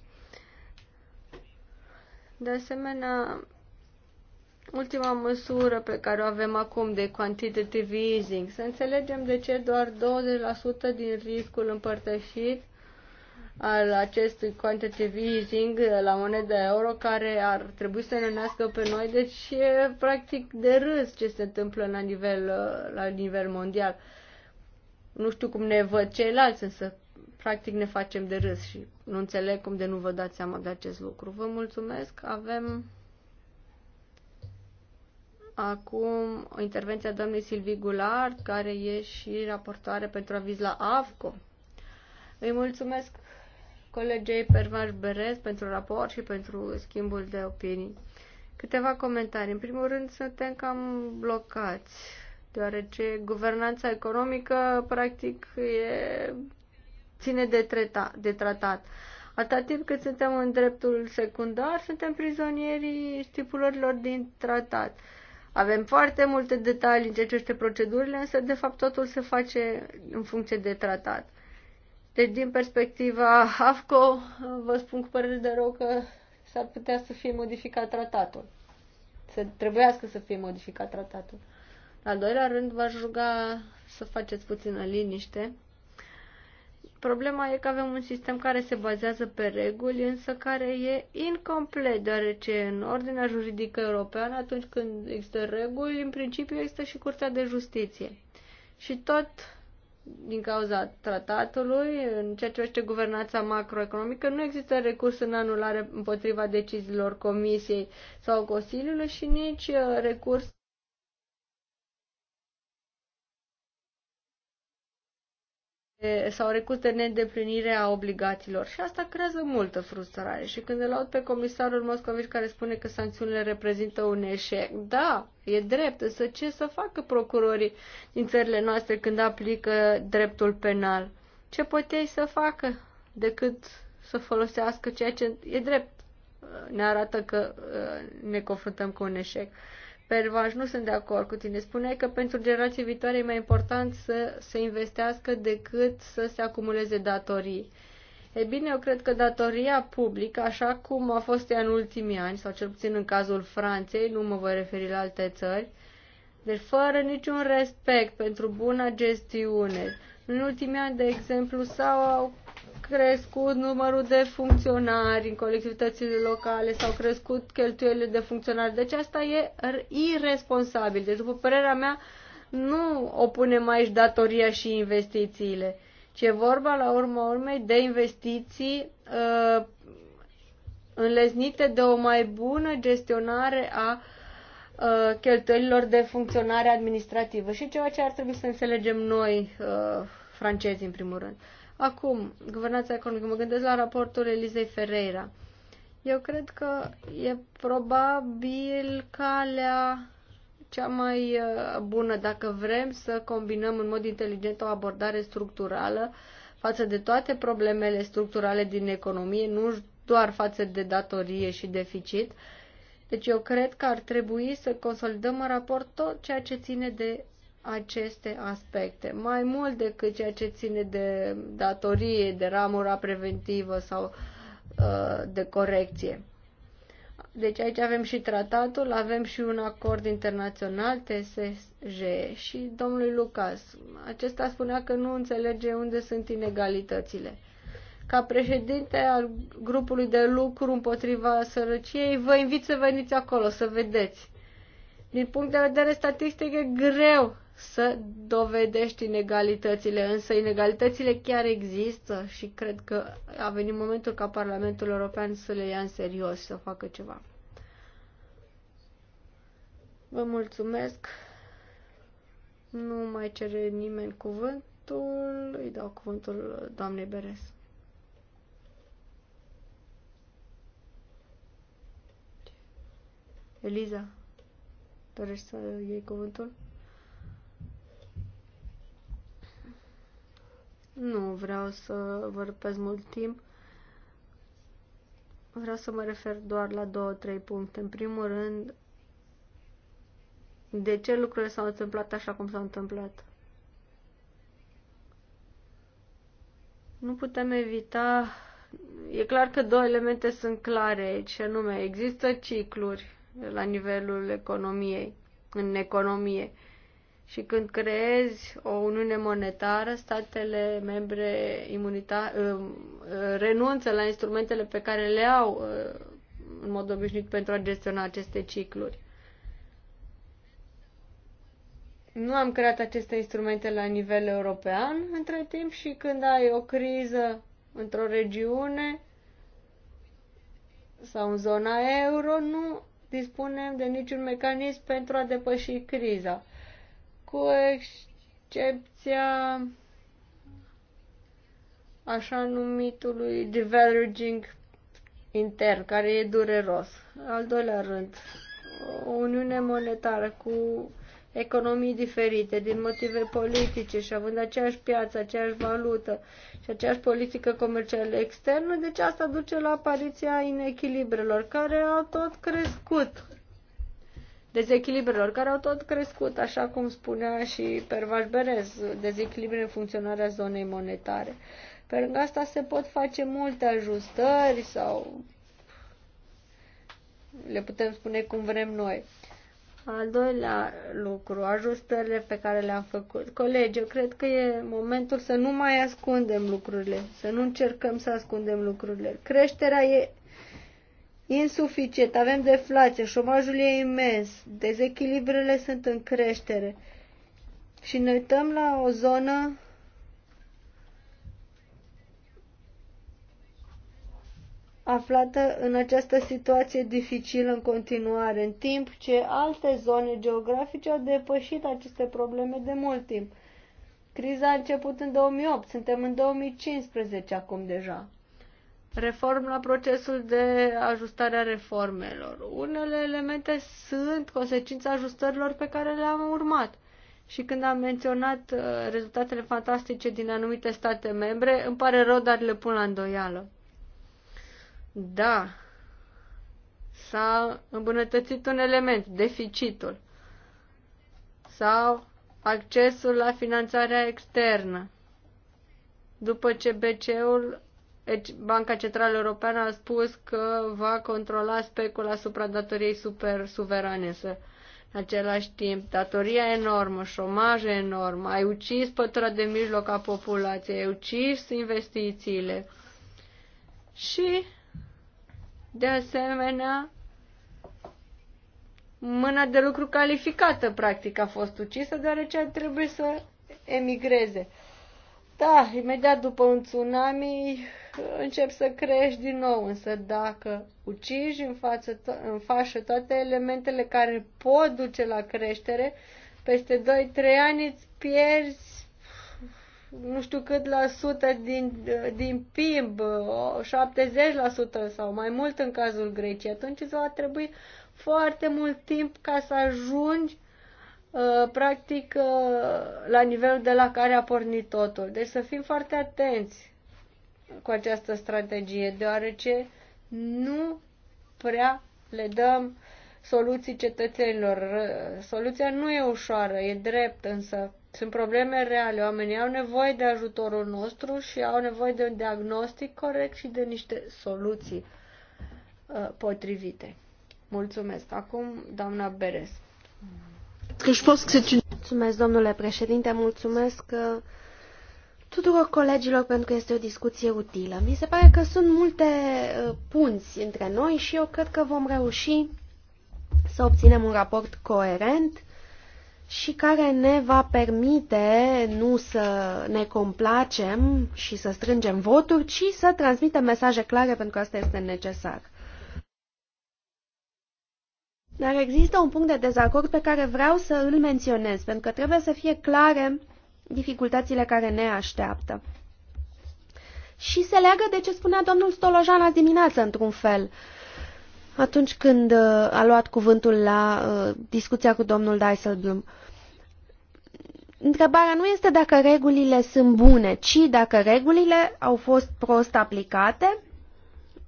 De asemenea, ultima măsură pe care o avem acum de quantitative easing, să înțelegem de ce doar 20% din riscul împărtășit al acestui quantitative easing la moneda euro care ar trebui să ne nască pe noi. Deci e practic de râs ce se întâmplă la nivel, la nivel mondial nu știu cum ne văd ceilalți, însă practic ne facem de râs și nu înțeleg cum de nu vă dați seama de acest lucru. Vă mulțumesc, avem acum o intervenție a doamnei Silvi Gulard, care e și raportoare pentru aviz la AFCO. Îi mulțumesc colegei Pervaș Berez pentru raport și pentru schimbul de opinii. Câteva comentarii. În primul rând, suntem cam blocați deoarece guvernanța economică, practic, e, ține de, treta, de tratat. Atât timp cât suntem în dreptul secundar, suntem prizonierii stipulărilor din tratat. Avem foarte multe detalii în ceea ce este procedurile, însă, de fapt, totul se face în funcție de tratat. Deci, din perspectiva AFCO, vă spun cu părere de rău că s-ar putea să fie modificat tratatul. Să trebuiască să fie modificat tratatul. Al doilea rând, v-aș ruga să faceți puțină liniște. Problema e că avem un sistem care se bazează pe reguli, însă care e incomplet, deoarece în ordinea juridică europeană, atunci când există reguli, în principiu există și Curtea de Justiție. Și tot din cauza tratatului, în ceea ce privește guvernanța macroeconomică, nu există recurs în anulare împotriva deciziilor Comisiei sau Consiliului și nici uh, recurs sau recute neîndeplinire a obligațiilor și asta creează multă frustrare și când îl aud pe comisarul Moscovici care spune că sancțiunile reprezintă un eșec, da, e drept, însă ce să facă procurorii din țările noastre când aplică dreptul penal? Ce pot ei să facă decât să folosească ceea ce e drept? Ne arată că uh, ne confruntăm cu un eșec. Pervaș, nu sunt de acord cu tine. Spuneai că pentru generații viitoare e mai important să se investească decât să se acumuleze datorii. E bine, eu cred că datoria publică, așa cum a fost ea în ultimii ani, sau cel puțin în cazul Franței, nu mă voi referi la alte țări, deci fără niciun respect pentru buna gestiune. În ultimii ani, de exemplu, s-au crescut numărul de funcționari în colectivitățile locale, s-au crescut cheltuielile de funcționari. Deci asta e irresponsabil. Deci, după părerea mea, nu opunem aici datoria și investițiile, ci e vorba, la urma urmei, de investiții uh, înleznite de o mai bună gestionare a uh, cheltuielilor de funcționare administrativă și ceea ce ar trebui să înțelegem noi, uh, francezi, în primul rând. Acum, guvernația economică, mă gândesc la raportul Elizei Ferreira. Eu cred că e probabil calea cea mai uh, bună dacă vrem să combinăm în mod inteligent o abordare structurală față de toate problemele structurale din economie, nu doar față de datorie și deficit. Deci eu cred că ar trebui să consolidăm în raport tot ceea ce ține de aceste aspecte, mai mult decât ceea ce ține de datorie, de ramura preventivă sau uh, de corecție. Deci aici avem și tratatul, avem și un acord internațional, TSJ, și domnului Lucas. Acesta spunea că nu înțelege unde sunt inegalitățile. Ca președinte al grupului de lucru împotriva sărăciei, vă invit să veniți acolo, să vedeți. Din punct de vedere statistic e greu să dovedești inegalitățile, însă inegalitățile chiar există și cred că a venit momentul ca Parlamentul European să le ia în serios și să facă ceva. Vă mulțumesc. Nu mai cere nimeni cuvântul. Îi dau cuvântul doamnei Beres. Eliza, dorești să iei cuvântul? Nu vreau să vă răpesc mult timp. Vreau să mă refer doar la două, trei puncte. În primul rând, de ce lucrurile s-au întâmplat așa cum s-au întâmplat? Nu putem evita... E clar că două elemente sunt clare aici, anume, există cicluri la nivelul economiei, în economie. Uh, și când creezi o uniune monetară, statele membre imunita- uh, uh, renunță la instrumentele pe care le au uh, în mod obișnuit pentru a gestiona aceste cicluri. Nu am creat aceste instrumente la nivel european între timp și când ai o criză într-o regiune sau în zona euro, nu dispunem de niciun mecanism pentru a depăși criza cu excepția așa numitului diverging intern, care e dureros. Al doilea rând, o uniune monetară cu economii diferite, din motive politice și având aceeași piață, aceeași valută și aceeași politică comercială externă, deci asta duce la apariția inechilibrelor, care au tot crescut dezechilibrelor, care au tot crescut, așa cum spunea și Pervaș Berez, dezechilibre în funcționarea zonei monetare. Pe lângă asta se pot face multe ajustări sau le putem spune cum vrem noi. Al doilea lucru, ajustările pe care le-am făcut. Colegi, eu cred că e momentul să nu mai ascundem lucrurile, să nu încercăm să ascundem lucrurile. Creșterea e insuficient, avem deflație, șomajul e imens, dezechilibrele sunt în creștere. Și ne uităm la o zonă aflată în această situație dificilă în continuare, în timp ce alte zone geografice au depășit aceste probleme de mult timp. Criza a început în 2008, suntem în 2015 acum deja reform la procesul de ajustare a reformelor. Unele elemente sunt consecința ajustărilor pe care le-am urmat. Și când am menționat uh, rezultatele fantastice din anumite state membre, îmi pare rău, dar le pun la îndoială. Da, s-a îmbunătățit un element, deficitul, sau accesul la finanțarea externă, după ce BCE-ul deci, Banca Centrală Europeană a spus că va controla specul asupra datoriei super suverane, în același timp, datoria enormă, șomaj enorm, ai ucis pătura de mijloc a populației, ai ucis investițiile și, de asemenea, mâna de lucru calificată, practic, a fost ucisă, deoarece trebuie să emigreze. Da, imediat după un tsunami, Încep să crești din nou, însă dacă uciși în, față to- în fașă toate elementele care pot duce la creștere, peste 2-3 ani îți pierzi nu știu cât la sută din, din PIB, 70% sau mai mult în cazul Greciei, atunci îți va trebui foarte mult timp ca să ajungi Uh, practic uh, la nivelul de la care a pornit totul. Deci să fim foarte atenți cu această strategie, deoarece nu prea le dăm soluții cetățenilor. Soluția nu e ușoară, e drept, însă sunt probleme reale. Oamenii au nevoie de ajutorul nostru și au nevoie de un diagnostic corect și de niște soluții uh, potrivite. Mulțumesc. Acum, doamna Beres. Mulțumesc, domnule președinte. Mulțumesc că uh, tuturor colegilor pentru că este o discuție utilă. Mi se pare că sunt multe uh, punți între noi și eu cred că vom reuși să obținem un raport coerent și care ne va permite nu să ne complacem și să strângem voturi, ci să transmitem mesaje clare, pentru că asta este necesar. Dar există un punct de dezacord pe care vreau să îl menționez, pentru că trebuie să fie clare dificultățile care ne așteaptă. Și se leagă de ce spunea domnul Stolojan azi dimineață, într-un fel, atunci când uh, a luat cuvântul la uh, discuția cu domnul Dijsselbloem. Întrebarea nu este dacă regulile sunt bune, ci dacă regulile au fost prost aplicate,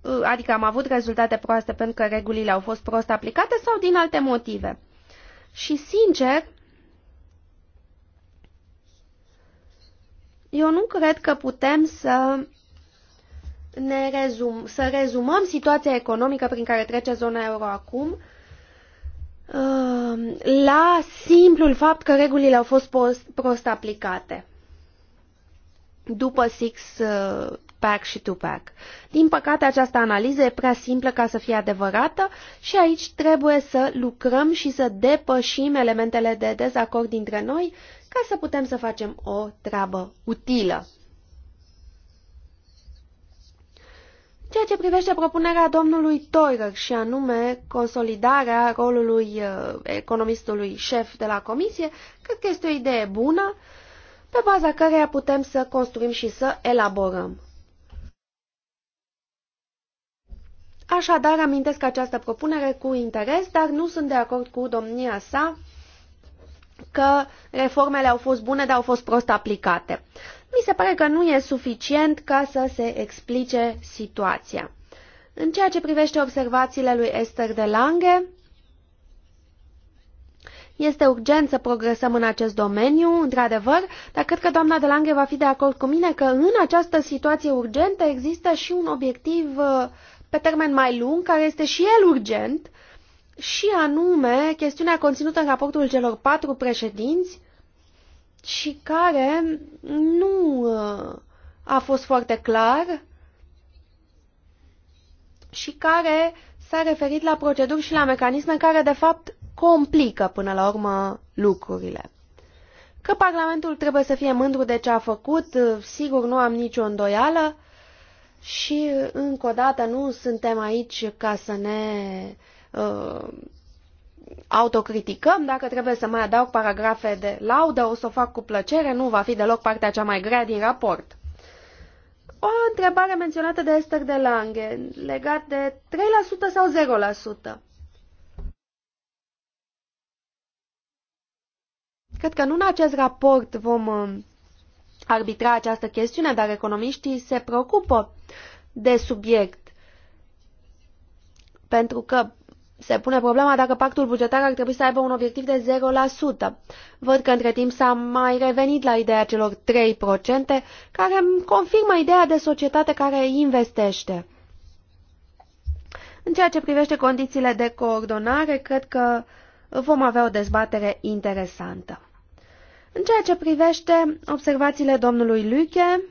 uh, adică am avut rezultate proaste pentru că regulile au fost prost aplicate sau din alte motive. Și sincer, Eu nu cred că putem să ne rezum, să rezumăm situația economică prin care trece zona euro acum uh, la simplul fapt că regulile au fost prost, prost aplicate după six uh, pack și two pack. Din păcate, această analiză e prea simplă ca să fie adevărată și aici trebuie să lucrăm și să depășim elementele de dezacord dintre noi ca să putem să facem o treabă utilă. Ceea ce privește propunerea domnului Teurer și anume consolidarea rolului uh, economistului șef de la comisie, cred că este o idee bună pe baza căreia putem să construim și să elaborăm. Așadar, amintesc această propunere cu interes, dar nu sunt de acord cu domnia sa că reformele au fost bune, dar au fost prost aplicate. Mi se pare că nu e suficient ca să se explice situația. În ceea ce privește observațiile lui Esther de Lange, este urgent să progresăm în acest domeniu, într-adevăr, dar cred că doamna de Lange va fi de acord cu mine că în această situație urgentă există și un obiectiv uh, pe termen mai lung, care este și el urgent, și anume chestiunea conținută în raportul celor patru președinți și care nu uh, a fost foarte clar și care s-a referit la proceduri și la mecanisme care, de fapt, complică până la urmă lucrurile. Că Parlamentul trebuie să fie mândru de ce a făcut, uh, sigur nu am nicio îndoială și, uh, încă o dată, nu suntem aici ca să ne uh, uh, autocriticăm, dacă trebuie să mai adaug paragrafe de laudă, o să o fac cu plăcere, nu va fi deloc partea cea mai grea din raport. O întrebare menționată de Esther de Lange, legat de 3% sau 0%. Cred că nu în acest raport vom uh, arbitra această chestiune, dar economiștii se preocupă de subiect. Pentru că se pune problema dacă pactul bugetar ar trebui să aibă un obiectiv de 0%. Văd că între timp s-a mai revenit la ideea celor 3%, care confirmă ideea de societate care investește. În ceea ce privește condițiile de coordonare, cred că vom avea o dezbatere interesantă. În ceea ce privește observațiile domnului Luche,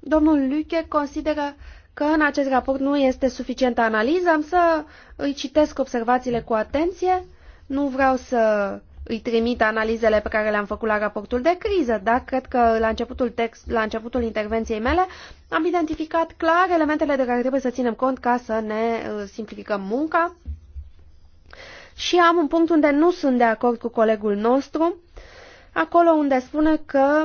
domnul Luche consideră că în acest raport nu este suficientă analiză. Am să îi citesc observațiile cu atenție. Nu vreau să îi trimit analizele pe care le-am făcut la raportul de criză, dar cred că la începutul, text, la începutul intervenției mele am identificat clar elementele de care trebuie să ținem cont ca să ne uh, simplificăm munca. Și am un punct unde nu sunt de acord cu colegul nostru, acolo unde spune că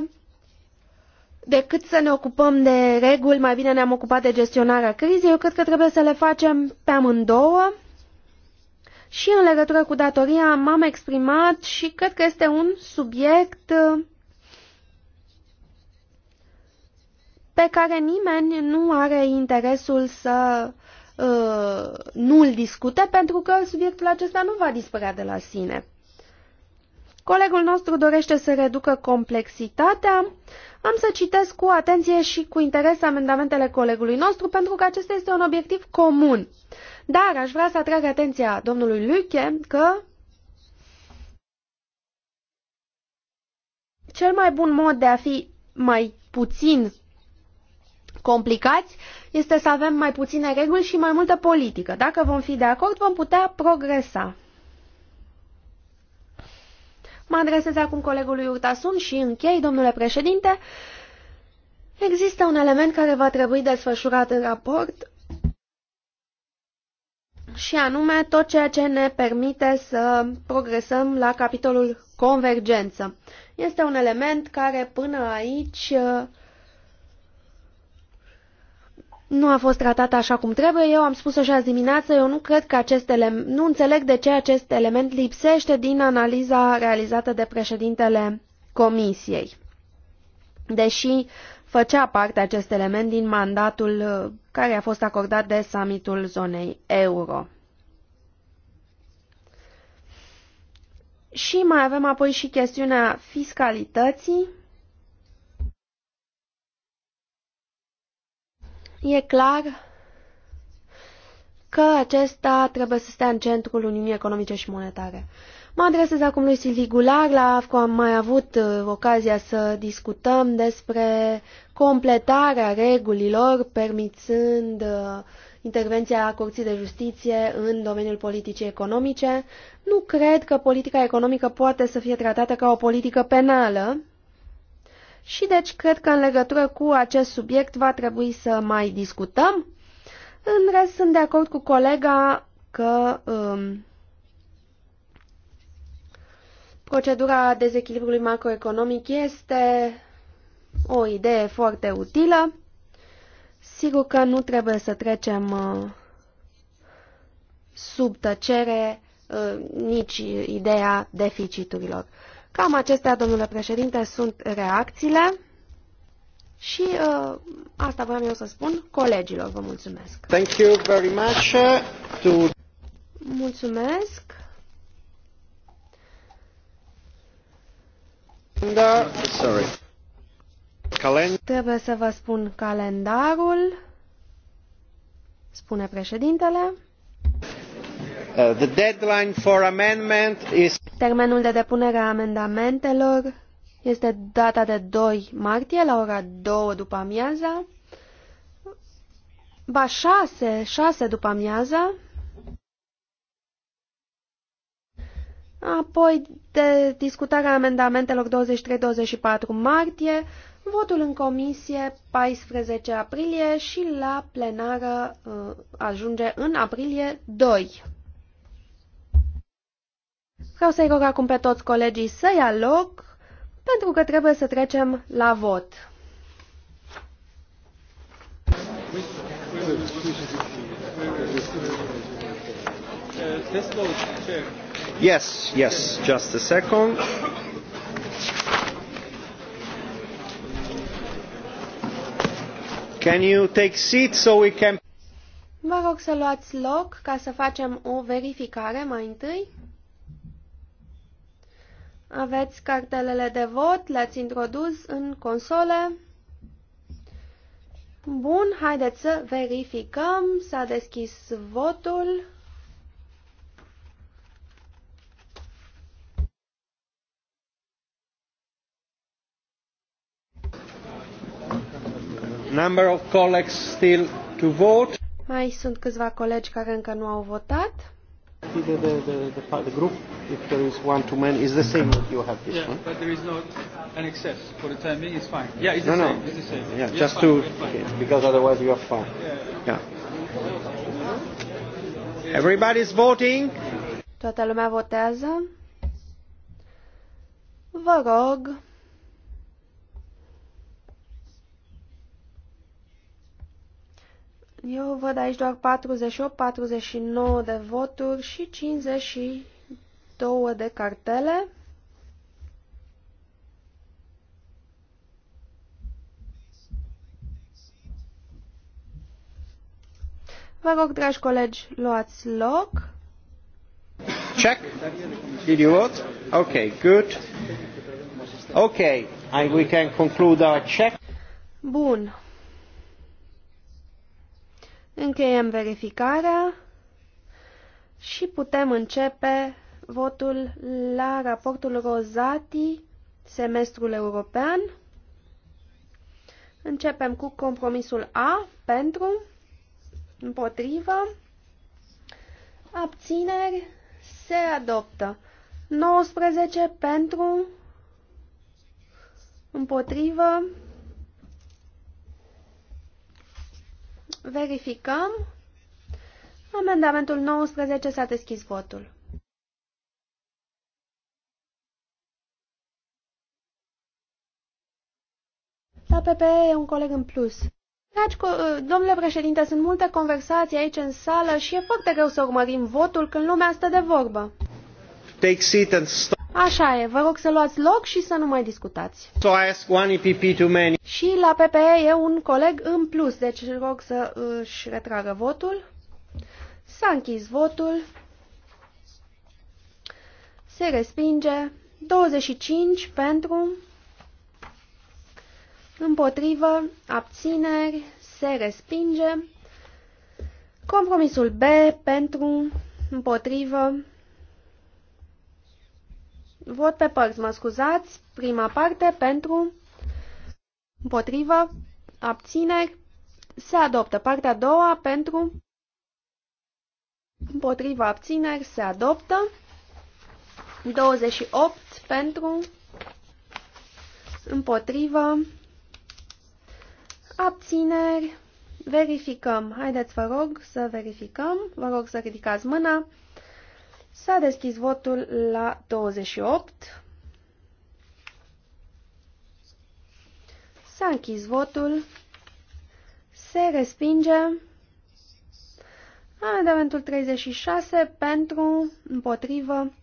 Decât să ne ocupăm de reguli, mai bine ne-am ocupat de gestionarea crizei. Eu cred că trebuie să le facem pe amândouă. Și în legătură cu datoria m-am exprimat și cred că este un subiect pe care nimeni nu are interesul să uh, nu-l discute, pentru că subiectul acesta nu va dispărea de la sine. Colegul nostru dorește să reducă complexitatea, am să citesc cu atenție și cu interes amendamentele colegului nostru, pentru că acesta este un obiectiv comun. Dar aș vrea să atrag atenția domnului Luche că cel mai bun mod de a fi mai puțin complicați este să avem mai puține reguli și mai multă politică. Dacă vom fi de acord, vom putea progresa. Mă adresez acum colegului Urtasun și închei, domnule președinte. Există un element care va trebui desfășurat în raport și anume tot ceea ce ne permite să progresăm la capitolul convergență. Este un element care până aici nu a fost tratată așa cum trebuie. Eu am spus așa azi dimineață, eu nu cred că acest element, nu înțeleg de ce acest element lipsește din analiza realizată de președintele Comisiei. Deși făcea parte acest element din mandatul uh, care a fost acordat de summitul zonei euro. Și mai avem apoi și chestiunea fiscalității. E clar că acesta trebuie să stea în centrul Uniunii Economice și Monetare. Mă adresez acum lui Silvi Gular, la AFCO am mai avut uh, ocazia să discutăm despre completarea regulilor permițând uh, intervenția Curții de Justiție în domeniul politicii economice. Nu cred că politica economică poate să fie tratată ca o politică penală, și deci cred că în legătură cu acest subiect va trebui să mai discutăm. În rest, sunt de acord cu colega că um, procedura dezechilibrului macroeconomic este o idee foarte utilă. Sigur că nu trebuie să trecem uh, sub tăcere uh, nici ideea deficiturilor. Cam acestea, domnule președinte, sunt reacțiile și uh, asta voiam eu să spun colegilor. Vă mulțumesc. Thank you very much uh, to... Mulțumesc. Da, Sorry. Calend Trebuie să vă spun calendarul, spune președintele. Uh, the deadline for amendment is... Termenul de depunere a amendamentelor este data de 2 martie la ora 2 după amiaza. Ba 6, 6 după amiaza. Apoi de discutarea amendamentelor 23-24 martie, votul în comisie 14 aprilie și la plenară uh, ajunge în aprilie 2. Vreau să-i rog acum pe toți colegii să ia loc, pentru că trebuie să trecem la vot. Yes, yes, just a second. Can you take seat so we can Vă rog să luați loc ca să facem o verificare mai întâi. Aveți cartelele de vot, le-ați introdus în console. Bun, haideți să verificăm. S-a deschis votul. Number of colleagues still to vote. Mai sunt câțiva colegi care încă nu au votat copy the, the, the, the, the group if there is one too many. the same that you have this yeah, one. but there is an excess. For the time being, it's fine. Yeah, it's the no. same. It's the same. Yeah, just fine, to, okay, because otherwise you Yeah. yeah. Everybody's voting. Toată lumea votează. Vă rog. Eu văd aici doar 48, 49 de voturi și 52 de cartele. Vă rog, dragi colegi, luați loc. Check. Did you vote? Okay, good. Okay, and we can conclude our check. Bun. Încheiem verificarea și putem începe votul la raportul Rozati, semestrul european. Începem cu compromisul A, pentru, împotrivă, abțineri, se adoptă. 19 pentru, împotrivă, Verificăm. Amendamentul 19 s-a deschis votul. La PPE e un coleg în plus. Dragi uh, domnule președinte, sunt multe conversații aici în sală și e foarte greu să urmărim votul când lumea stă de vorbă. Take seat and Așa e, vă rog să luați loc și să nu mai discutați. So I ask one EPP too many. Și la PPE e un coleg în plus, deci rog să își retragă votul. S-a închis votul. Se respinge. 25 pentru, împotrivă, abțineri, se respinge. Compromisul B pentru, împotrivă, Vot pe părți, mă scuzați. Prima parte pentru, împotrivă, abțineri. Se adoptă partea a doua pentru, împotrivă, abțineri. Se adoptă. 28 pentru, împotrivă, abțineri. Verificăm. Haideți, vă rog, să verificăm. Vă rog să ridicați mâna. S-a deschis votul la 28. S-a închis votul. Se respinge. Amendamentul 36 pentru, împotrivă,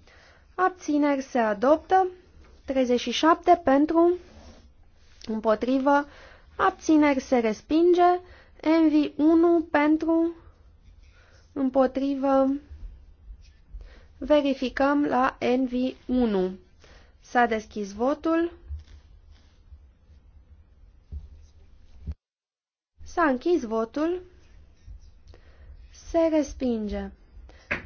abțineri se adoptă. 37 pentru, împotrivă, abțineri se respinge. Envi 1 pentru, împotrivă, Verificăm la NV1. S-a deschis votul. S-a închis votul. Se respinge.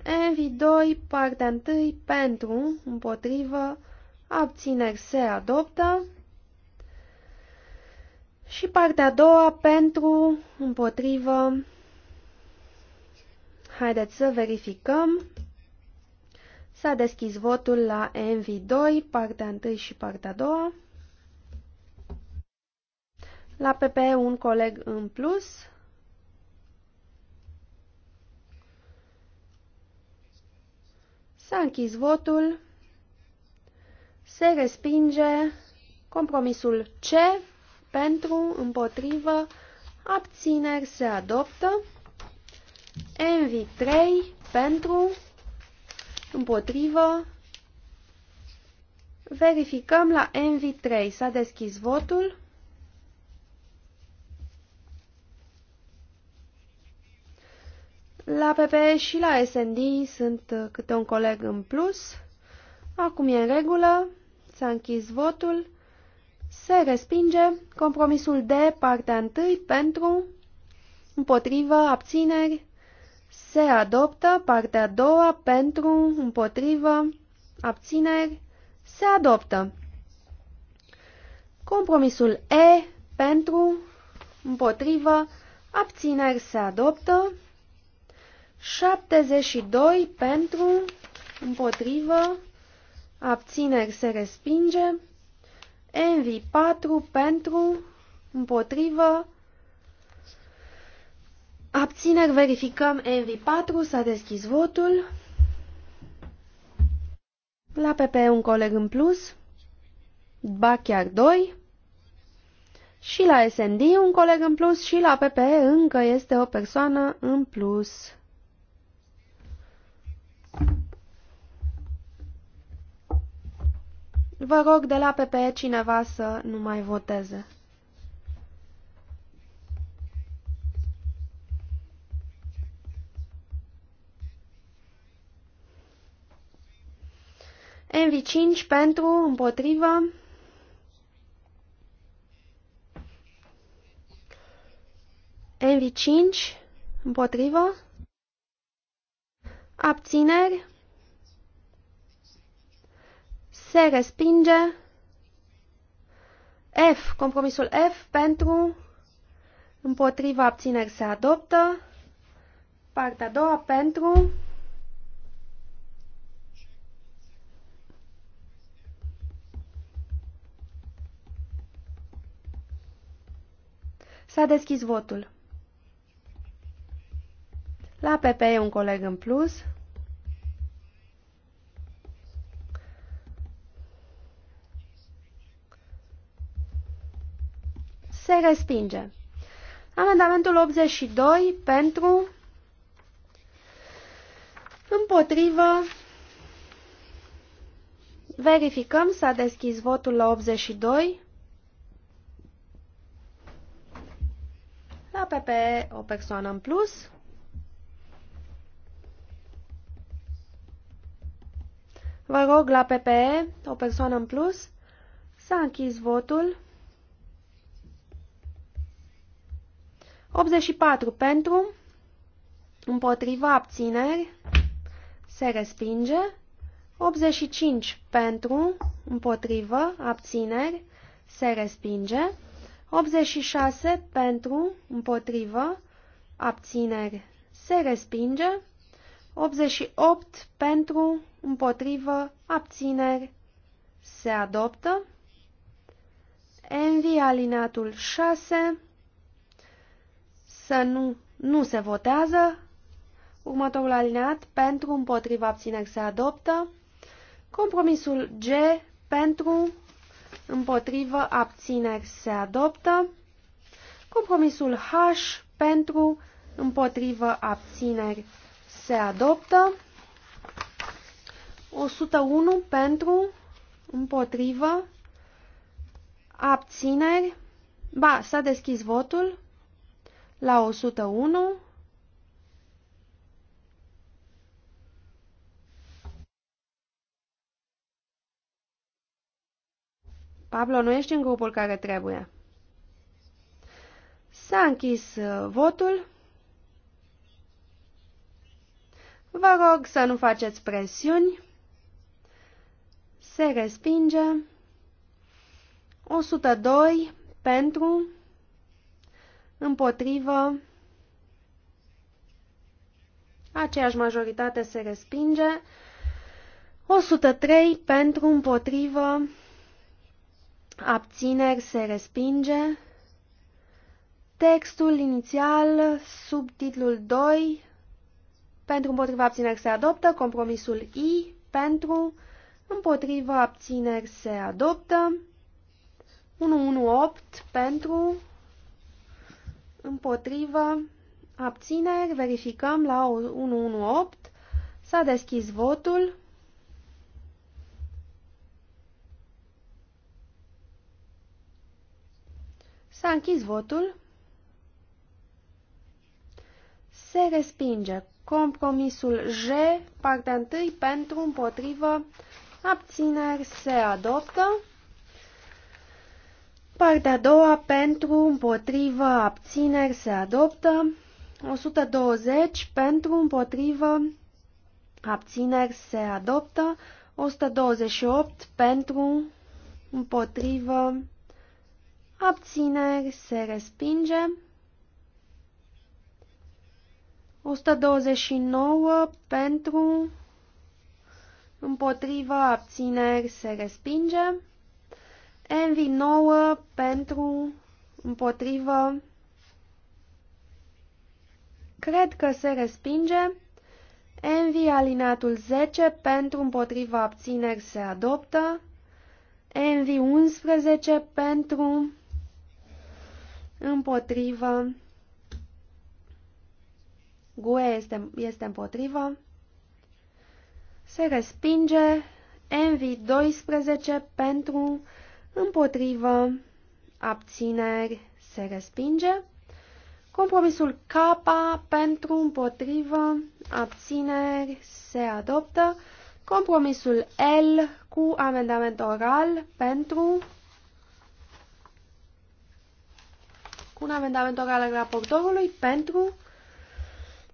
NV2, partea 1, pentru, împotrivă, abțineri se adoptă. Și partea a doua, pentru, împotrivă, haideți să verificăm. S-a deschis votul la NV2, partea 1 și partea 2. La PP un coleg în plus. S-a închis votul. Se respinge compromisul C pentru, împotrivă, abțineri se adoptă. NV3 pentru, împotrivă. Verificăm la NV3. S-a deschis votul. La PP și la SND sunt câte un coleg în plus. Acum e în regulă. S-a închis votul. Se respinge compromisul D, partea 1, pentru, împotrivă, abțineri, se adoptă partea a doua pentru, împotrivă, abțineri, se adoptă. Compromisul E pentru, împotrivă, abțineri se adoptă. 72 pentru, împotrivă, abțineri se respinge. Envi 4 pentru, împotrivă, Abțineri verificăm nv 4, s-a deschis votul. La PP un coleg în plus, ba chiar doi. Și la SND un coleg în plus și la PP încă este o persoană în plus. Vă rog de la PP cineva să nu mai voteze. NV5 pentru, împotrivă. NV5 împotrivă. Abțineri. Se respinge. F, compromisul F pentru, împotriva abțineri se adoptă. Partea a doua pentru, S-a deschis votul. La PPE un coleg în plus. Se respinge. Amendamentul 82 pentru, împotrivă, verificăm, s-a deschis votul la 82. la PPE o persoană în plus. Vă rog, la PPE, o persoană în plus, să a închis votul. 84 pentru, împotriva abțineri, se respinge. 85 pentru, împotrivă, abțineri, se respinge. 86 pentru, împotrivă, abțineri se respinge. 88 pentru, împotrivă, abțineri se adoptă. Envi alineatul 6 să nu, nu se votează. Următorul alineat pentru, împotriva, abțineri se adoptă. Compromisul G pentru, împotrivă, abțineri se adoptă. Compromisul H pentru, împotrivă, abțineri se adoptă. 101 pentru, împotrivă, abțineri. Ba, s-a deschis votul la 101. Pablo, nu ești în grupul care trebuie. S-a închis uh, votul. Vă rog să nu faceți presiuni. Se respinge. 102 pentru, împotrivă, aceeași majoritate se respinge. 103 pentru, împotrivă, abțineri se respinge. Textul inițial, subtitlul 2, pentru împotriva abțineri se adoptă, compromisul I, pentru împotriva abțineri se adoptă, 118 pentru împotriva abțineri, verificăm la 118, s-a deschis votul. S-a închis votul. Se respinge. Compromisul J, partea 1, pentru, împotrivă, abțineri, se adoptă. Partea a doua, pentru, împotrivă, abțineri, se adoptă. 120, pentru, împotrivă, abțineri, se adoptă. 128, pentru, împotrivă, abțineri, se respinge. 129 pentru, împotrivă, abțineri, se respinge. Envi 9 pentru, împotrivă, cred că se respinge. Envi alineatul 10 pentru, împotrivă, abțineri, se adoptă. Envi 11 pentru, împotrivă împotrivă, GUE este, este împotrivă, se respinge, Envy 12 pentru, împotrivă, abțineri, se respinge, compromisul K pentru, împotrivă, abțineri, se adoptă, compromisul L cu amendament oral pentru, un amendament oral al raportorului pentru,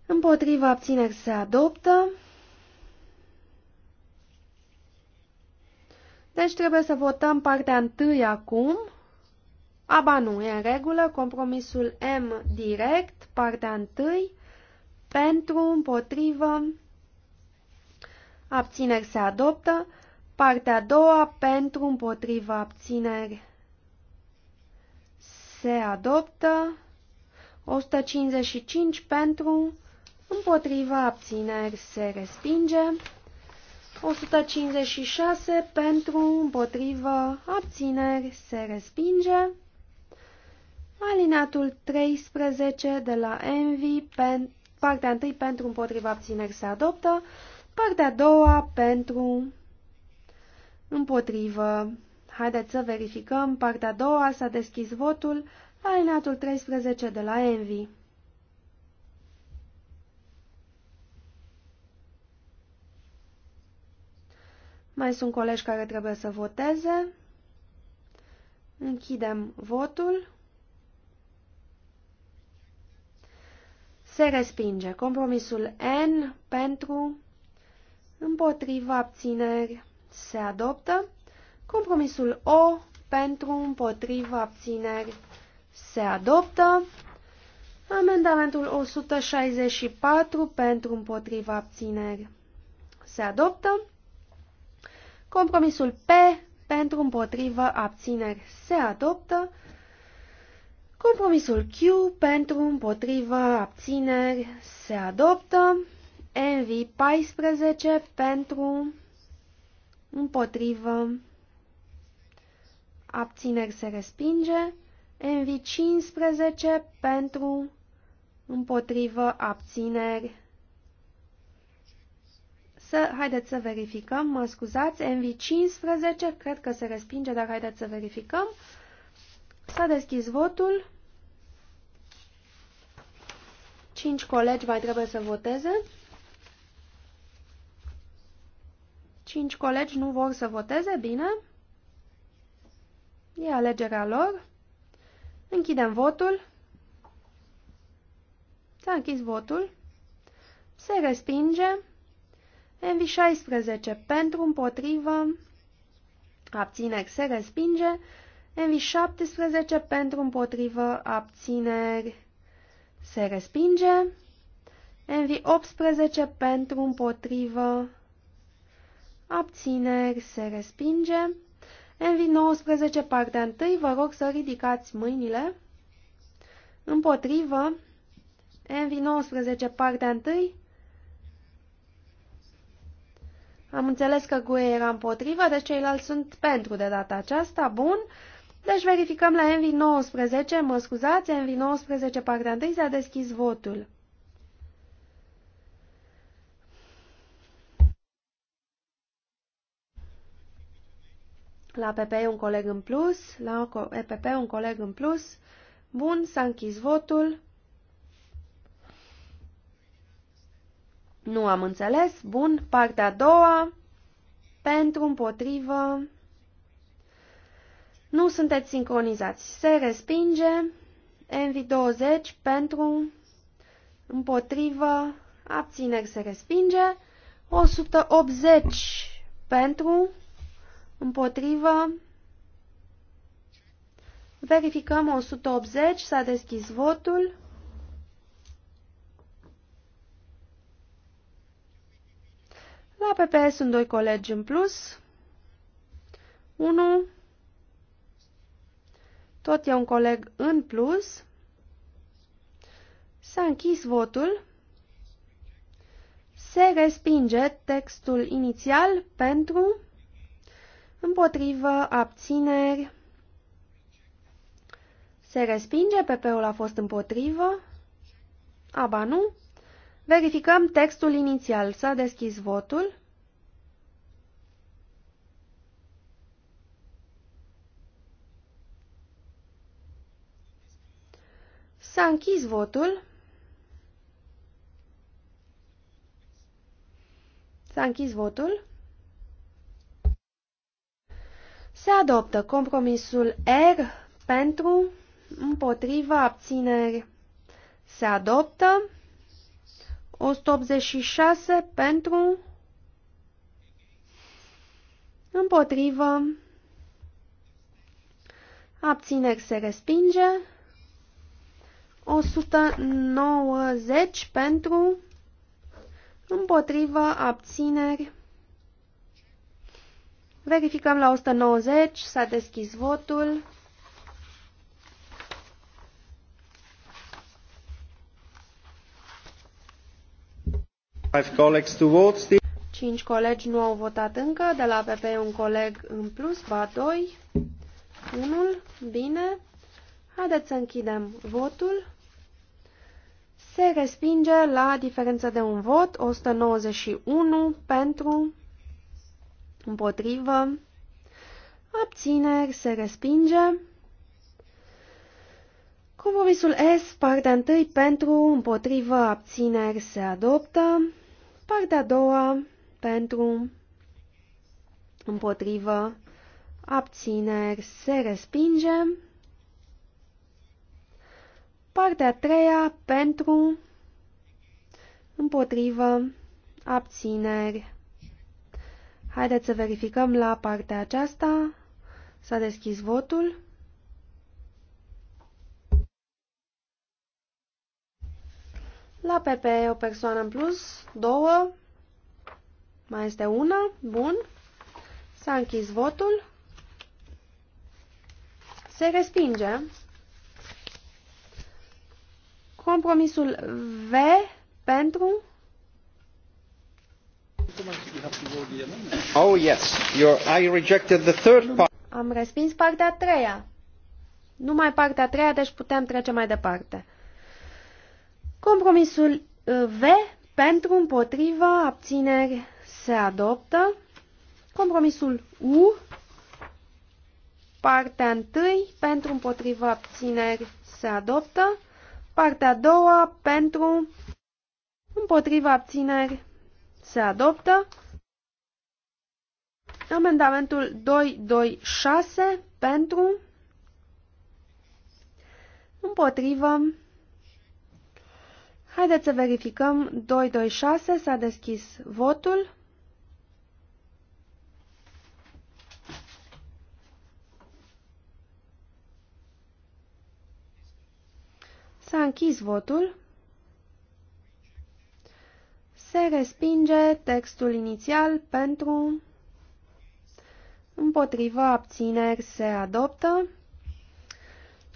împotriva abțineri se adoptă. Deci trebuie să votăm partea întâi acum. Aba nu, e în regulă, compromisul M direct, partea întâi, pentru, împotrivă, abțineri se adoptă, partea a doua, pentru, împotrivă, abțineri se adoptă. 155 pentru, împotriva abțineri se respinge. 156 pentru, împotriva abțineri se respinge. Alineatul 13 de la Envy, pen, partea 1 pentru împotriva abțineri se adoptă, partea 2 pentru împotrivă Haideți să verificăm. Partea a doua s-a deschis votul la alineatul 13 de la Envy. Mai sunt colegi care trebuie să voteze. Închidem votul. Se respinge compromisul N pentru împotriva abțineri. Se adoptă. Compromisul O pentru împotriva abțineri se adoptă. Amendamentul 164 pentru împotriva abțineri se adoptă. Compromisul P pentru împotriva abțineri se adoptă. Compromisul Q pentru împotriva abțineri se adoptă. NV 14 pentru împotrivă abțineri se respinge, NV15 pentru, împotrivă, abțineri. Să, haideți să verificăm, mă scuzați, NV15, cred că se respinge, dar haideți să verificăm. S-a deschis votul. 5 colegi mai trebuie să voteze. 5 colegi nu vor să voteze, bine. E alegerea lor. Închidem votul. S-a închis votul. Se respinge. MV16 pentru, împotrivă, abțineri se respinge. MV17 pentru, împotrivă, abțineri se respinge. MV18 pentru, împotrivă, abțineri se respinge. Envi 19, partea 1, vă rog să ridicați mâinile. Împotrivă, Envi 19, partea 1, am înțeles că GUE era împotrivă, deci ceilalți sunt pentru de data aceasta, bun. Deci verificăm la Envi 19, mă scuzați, Envi 19, partea 1, s-a deschis votul. La PP un coleg în plus, la EPP un coleg în plus. Bun, s-a închis votul. Nu am înțeles. Bun, partea a doua. Pentru, împotrivă. Nu sunteți sincronizați. Se respinge. NV20 pentru, împotrivă, abțineri se respinge. 180 pentru, împotrivă, verificăm 180, s-a deschis votul. La PPS sunt doi colegi în plus. 1. Tot e un coleg în plus. S-a închis votul. Se respinge textul inițial pentru împotrivă, abțineri, se respinge, PP-ul a fost împotrivă, aba nu. Verificăm textul inițial, s-a deschis votul. S-a închis votul. S-a închis votul. Se adoptă compromisul R pentru, împotriva, abțineri. Se adoptă 186 pentru, împotrivă, abțineri se respinge, 190 pentru, împotrivă, abțineri Verificăm la 190, s-a deschis votul. Cinci colegi nu au votat încă, de la PP un coleg în plus, ba 2, unul, bine. Haideți să închidem votul. Se respinge la diferență de un vot, 191 pentru, împotrivă, abțineri, se respinge. Compromisul S, partea 1, pentru, împotrivă, abțineri, se adoptă. Partea a doua, pentru, împotrivă, abțineri, se respinge. Partea a treia, pentru, împotrivă, abțineri, Haideți să verificăm la partea aceasta. S-a deschis votul. La PP o persoană în plus, două, mai este una, bun. S-a închis votul. Se respinge. Compromisul V pentru Oh, yes. Your, I rejected the third part. Am respins partea a treia. Numai partea a treia, deci putem trece mai departe. Compromisul uh, V pentru împotriva abțineri se adoptă. Compromisul U Partea întâi pentru împotriva abțineri se adoptă. Partea a doua pentru împotriva abțineri se adoptă. Amendamentul 226 pentru, împotrivă. Haideți să verificăm. 226 s-a deschis votul. S-a închis votul. Se respinge textul inițial pentru împotrivă abțineri se adoptă.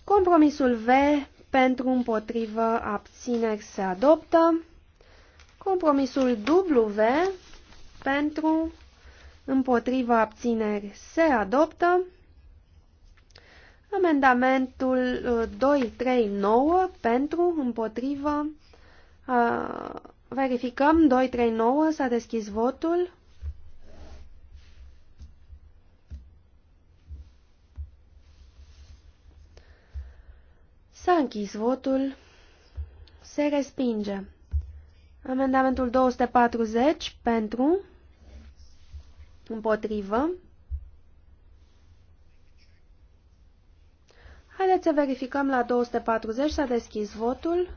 Compromisul V pentru împotrivă abțineri se adoptă. Compromisul W pentru împotrivă abțineri se adoptă. Amendamentul 239 uh, pentru împotrivă a, uh, Verificăm 239, s-a deschis votul. S-a închis votul. Se respinge. Amendamentul 240 pentru, împotrivă. Haideți să verificăm la 240, s-a deschis votul.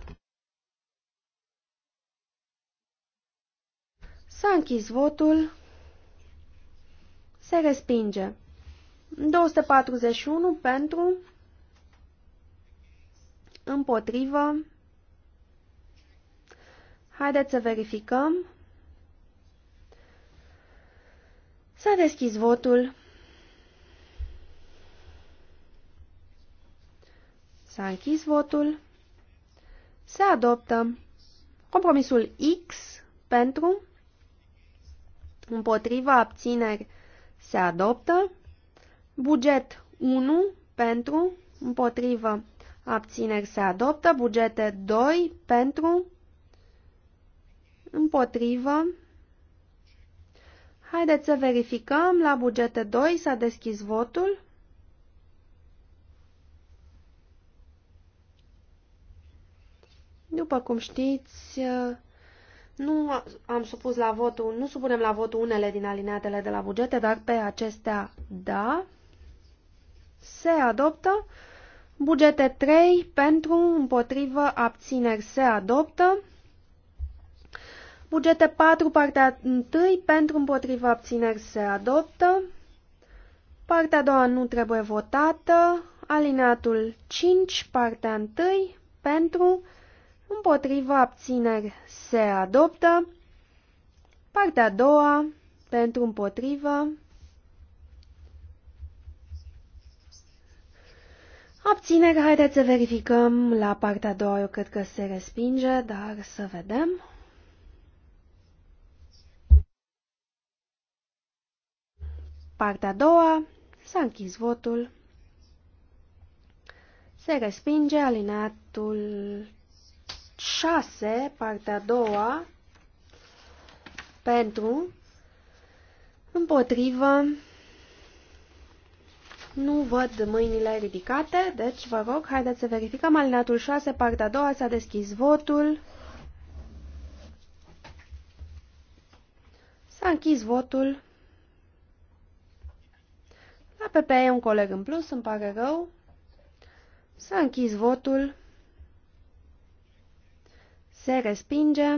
S-a închis votul. Se respinge. 241 pentru, împotrivă. Haideți să verificăm. S-a deschis votul. S-a închis votul. Se adoptă compromisul X pentru, împotriva abțineri se adoptă, buget 1 pentru, împotrivă abțineri se adoptă, bugete 2 pentru, împotrivă. Haideți să verificăm, la bugete 2 s-a deschis votul. După cum știți, nu am supus la votul, nu supunem la votul unele din alineatele de la bugete, dar pe acestea da. Se adoptă. Bugete 3 pentru, împotrivă, abțineri se adoptă. Bugete 4, partea 1, pentru, împotrivă, abțineri se adoptă. Partea a doua nu trebuie votată. Alineatul 5, partea 1, pentru, Împotriva abțineri se adoptă. Partea a doua pentru împotrivă. Abțineri, haideți să verificăm la partea a doua, eu cred că se respinge, dar să vedem. Partea a doua, s-a închis votul. Se respinge alineatul 6, partea a doua, pentru, împotrivă, nu văd mâinile ridicate, deci vă rog, haideți să verificăm alineatul 6, partea a doua, s-a deschis votul. S-a închis votul. La PPE un coleg în plus, îmi pare rău. S-a închis votul. Se respinge.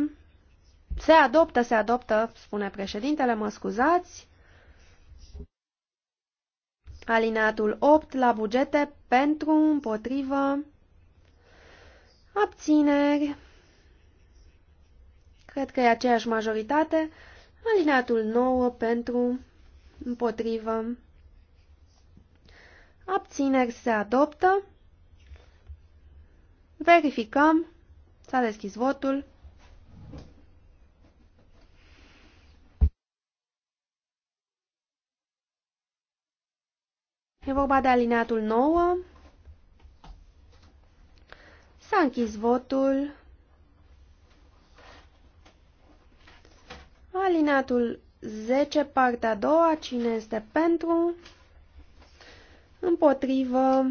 Se adoptă, se adoptă, spune președintele, mă scuzați. Alineatul 8 la bugete pentru, împotrivă, abțineri. Cred că e aceeași majoritate. Alineatul 9 pentru, împotrivă, abțineri se adoptă. Verificăm. S-a deschis votul. E vorba de alineatul 9. S-a închis votul. Alineatul 10, partea a doua, cine este pentru? Împotrivă.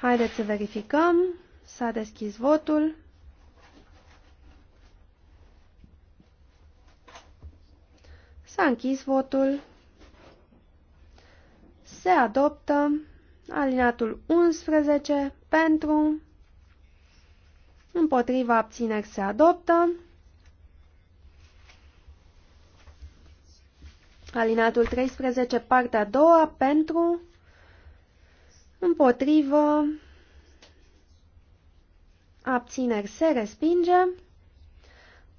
Haideți să verificăm. S-a deschis votul. S-a închis votul. Se adoptă alinatul 11 pentru, împotriva abțineri se adoptă, alinatul 13 partea a doua pentru, împotrivă, abțineri se respinge.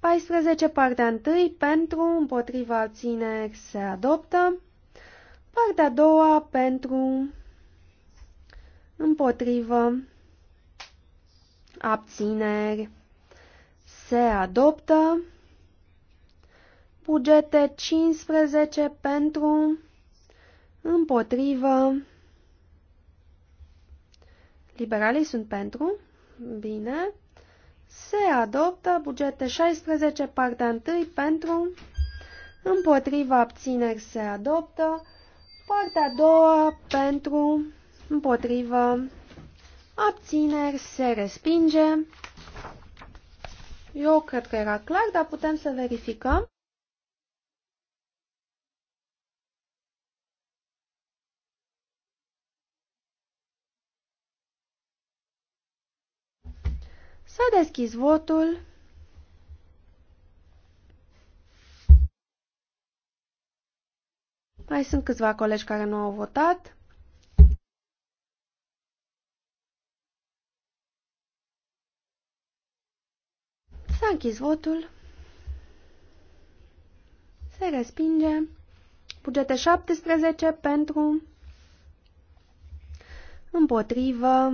14, partea 1, pentru, împotriva abțineri se adoptă. Partea a doua, pentru, împotrivă, abțineri se adoptă. Bugete 15 pentru, împotrivă, liberalii sunt pentru, Bine. Se adoptă bugete 16, partea 1 pentru, împotriva abțineri se adoptă, partea 2, pentru, împotriva abțineri se respinge. Eu cred că era clar, dar putem să verificăm. S-a deschis votul. Mai sunt câțiva colegi care nu au votat. S-a închis votul. Se respinge. Bugete 17 pentru împotrivă.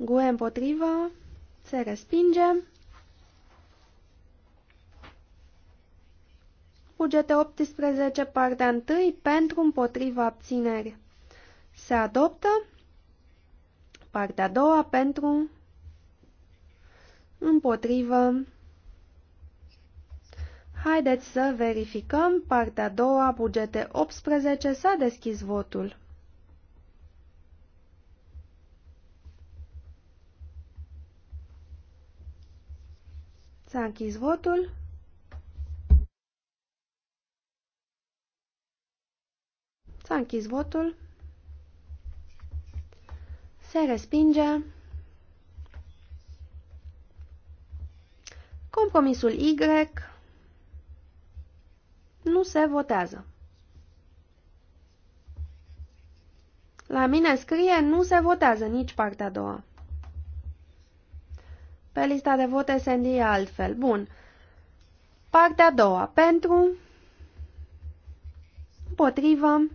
Gue împotrivă. Se respinge. Bugete 18, partea 1, pentru împotriva abțineri. Se adoptă. Partea a doua pentru împotrivă. Haideți să verificăm partea a doua, bugete 18, s-a deschis votul. S-a închis votul. S-a închis votul. Se respinge. Compromisul Y nu se votează. La mine scrie nu se votează nici partea a doua. Pe lista de vot SND e altfel. Bun. Partea a doua. Pentru. Împotrivă.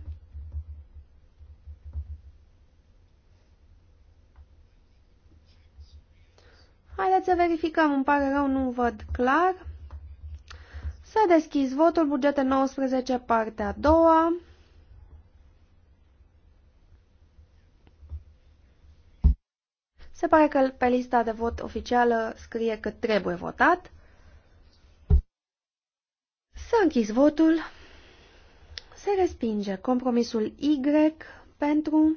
Haideți să verificăm, îmi pare rău, nu văd clar. S-a deschis votul, bugete 19, partea a doua. Se pare că pe lista de vot oficială scrie că trebuie votat. S-a închis votul. Se respinge compromisul Y pentru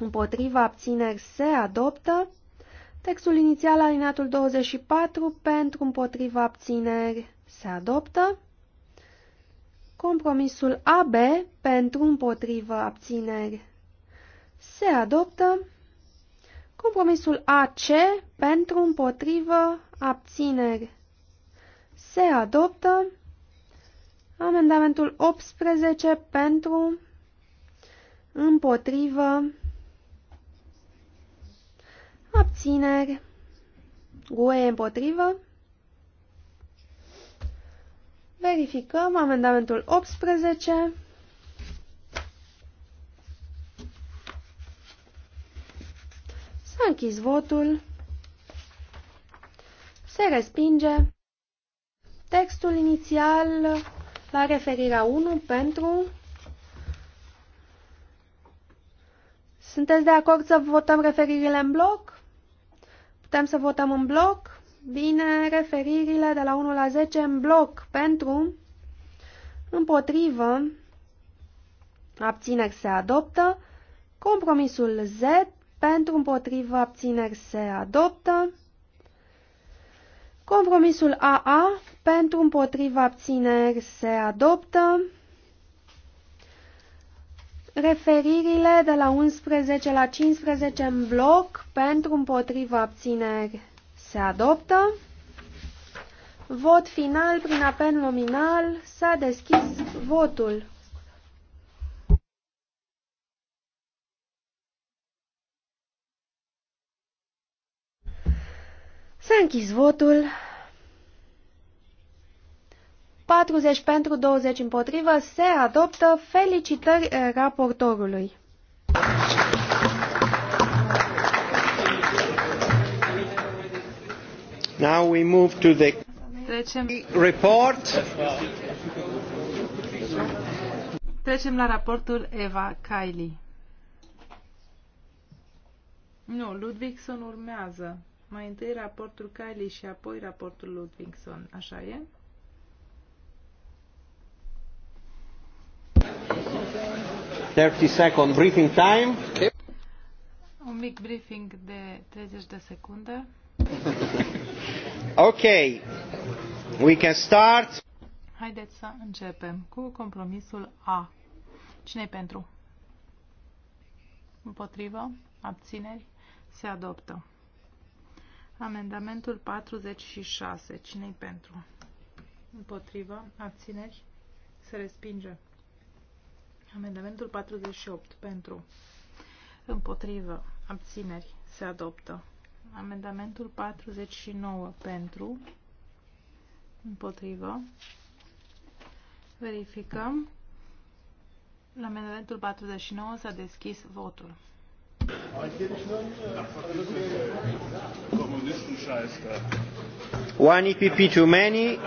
împotriva abțineri se adoptă. Textul inițial alineatul 24 pentru împotriva abțineri se adoptă. Compromisul AB pentru împotriva abțineri se adoptă. Compromisul AC pentru împotrivă abțineri se adoptă. Amendamentul 18 pentru împotrivă abțineri GUE împotrivă. Verificăm amendamentul 18. S-a închis votul. Se respinge. Textul inițial la referirea 1 pentru... Sunteți de acord să votăm referirile în bloc? Putem să votăm în bloc? Bine, referirile de la 1 la 10 în bloc pentru, împotrivă, abțineri se adoptă, compromisul Z pentru împotrivă abțineri se adoptă. Compromisul AA pentru împotrivă abțineri se adoptă. Referirile de la 11 la 15 în bloc pentru împotriva abțineri se adoptă. Vot final prin apel nominal s-a deschis votul. S-a închis votul. 40 pentru, 20 împotrivă. Se adoptă. Felicitări eh, raportorului. Now we move to the Trecem. report. Trecem la raportul Eva Kylie. Nu, Ludwigson urmează. Mai întâi raportul Kylie și apoi raportul Ludvingson. Așa e? Thirty second briefing time. Un mic briefing de 30 de secunde. ok. We can start. Haideți să începem cu compromisul A. cine pentru? Împotrivă? Abțineri? Se adoptă. Amendamentul 46. Cine-i pentru? Împotrivă. Abțineri. Se respinge. Amendamentul 48. Pentru. Împotrivă. Abțineri. Se adoptă. Amendamentul 49. Pentru. Împotrivă. Verificăm. La amendamentul 49 s-a deschis votul. One EPP too many.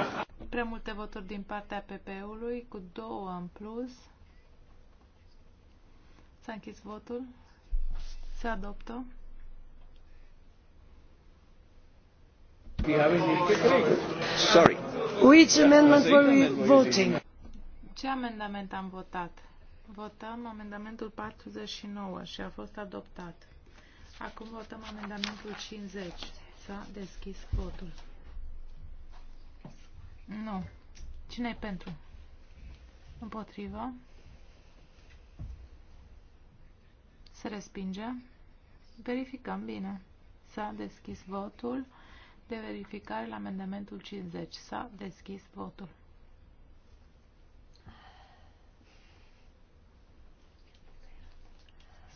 Prea multe voturi din partea PP-ului, cu două în plus. S-a închis votul. Se adoptă. Sorry. Which amendment were we voting? Ce amendament am votat? Votăm amendamentul 49 și a fost adoptat. Acum votăm amendamentul 50. S-a deschis votul. Nu. cine e pentru? Împotrivă. Se respinge. Verificăm bine. S-a deschis votul de verificare la amendamentul 50. S-a deschis votul.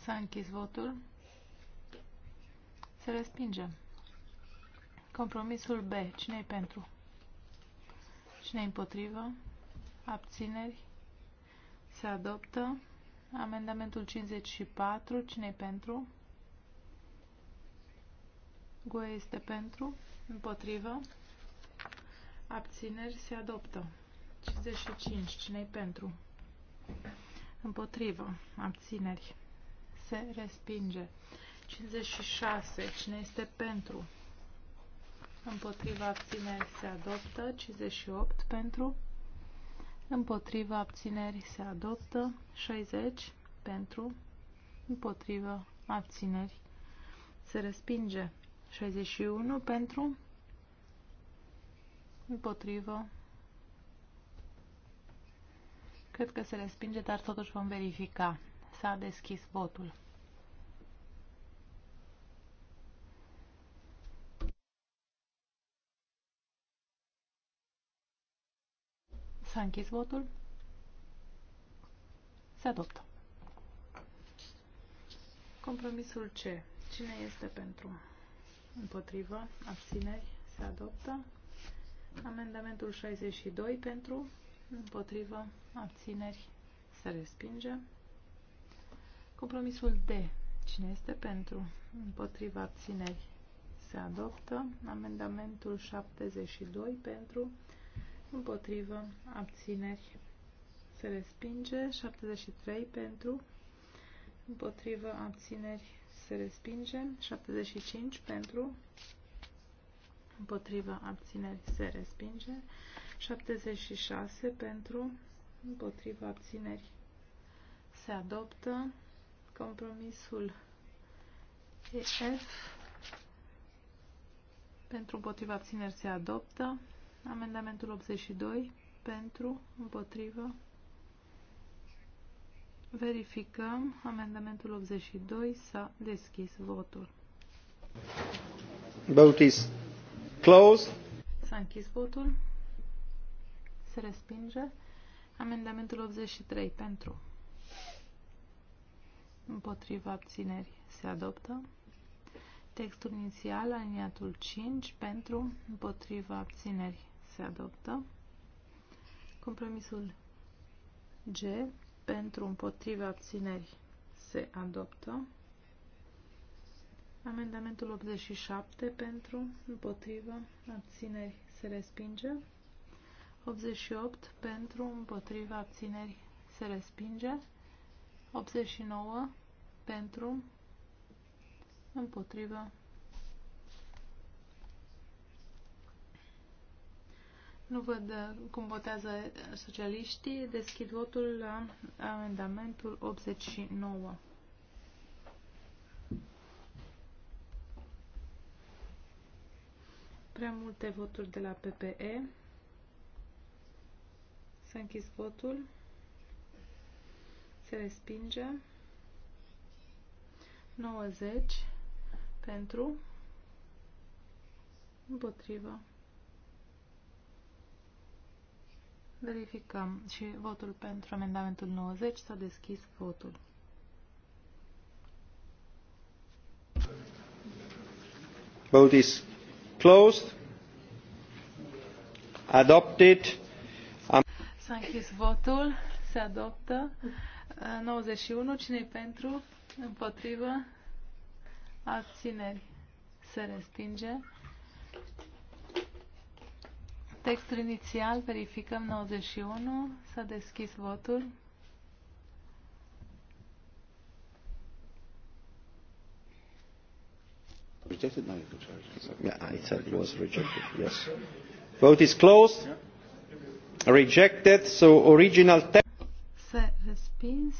S-a închis votul. Se respinge. Compromisul B. Cine-i pentru? Cine-i împotrivă? Abțineri? Se adoptă. Amendamentul 54. Cine-i pentru? Goe este pentru. Împotrivă. Abțineri? Se adoptă. 55. Cine-i pentru? Împotrivă. Abțineri se respinge. 56. Cine este pentru? Împotriva abțineri se adoptă. 58. Pentru. Împotriva abțineri se adoptă. 60. Pentru. Împotriva abțineri se respinge. 61. Pentru. Împotrivă. Cred că se respinge, dar totuși vom verifica. S-a deschis votul. S-a închis votul. Se adoptă. Compromisul C. Cine este pentru? Împotrivă. Abțineri. Se adoptă. Amendamentul 62 pentru. Împotrivă. Abțineri. Se respinge. Compromisul D. Cine este pentru? Împotriva abțineri se adoptă. Amendamentul 72 pentru. Împotrivă abțineri se respinge. 73 pentru. Împotrivă abțineri se respinge. 75 pentru. Împotrivă abțineri se respinge. 76 pentru. Împotriva abțineri se adoptă. Compromisul EF pentru împotriva abțineri se adoptă. Amendamentul 82 pentru împotrivă. Verificăm. Amendamentul 82 s-a deschis votul. Vote is closed. S-a închis votul. Se respinge. Amendamentul 83 pentru împotriva abținerii. se adoptă. Textul inițial, aliniatul 5, pentru, împotriva abținerii. se adoptă. Compromisul G, pentru, împotriva abținerii. se adoptă. Amendamentul 87 pentru, împotriva, abținerii. se respinge. 88 pentru, împotriva, abținerii. se respinge. 89 pentru, împotrivă. Nu văd uh, cum votează socialiștii. Deschid votul la amendamentul 89. Prea multe voturi de la PPE. Să închis votul se respinge. 90 pentru, împotrivă. Verificăm și votul pentru amendamentul 90 s-a deschis votul. Vote is closed. Adopted. S-a închis votul. Se adoptă. 91. cine pentru? Împotrivă? Abțineri. Se respinge. Textul inițial, verificăm 91. S-a deschis votul. Rejected? No, yeah, it said it was rejected. Yes. Vote is closed. Rejected. So original text respins.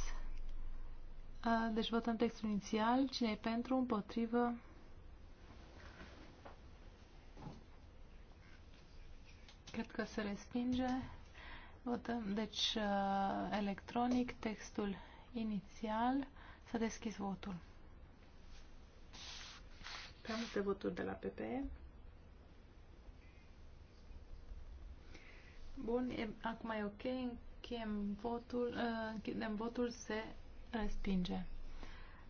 Deci votăm textul inițial. Cine e pentru, împotrivă? Cred că se respinge. Votăm, deci, electronic, textul inițial. S-a deschis votul. Prea multe voturi de la PPE. Bun, e, acum e ok. Încheiem votul, uh, închidem votul, se respinge.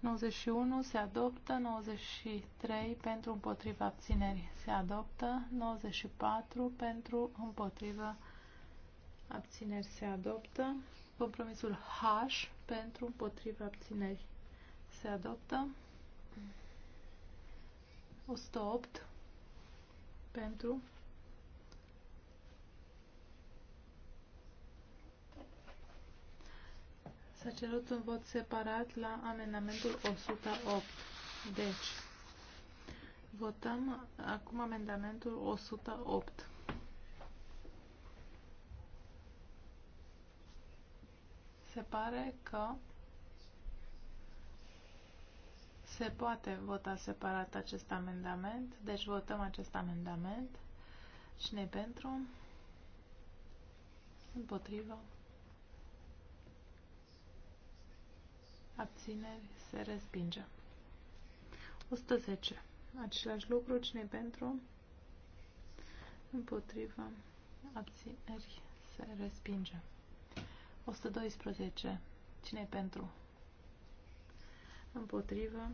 91 se adoptă, 93 pentru împotriva abținerii se adoptă, 94 pentru împotriva abțineri se adoptă, compromisul H pentru împotriva abțineri se adoptă, 108 pentru S-a cerut un vot separat la amendamentul 108. Deci, votăm acum amendamentul 108. Se pare că se poate vota separat acest amendament, deci votăm acest amendament. Cine pentru? Împotrivă? abțineri, se respinge. 110. Același lucru, cine pentru, împotrivă, abțineri, se respinge. 112. cine pentru? Împotrivă,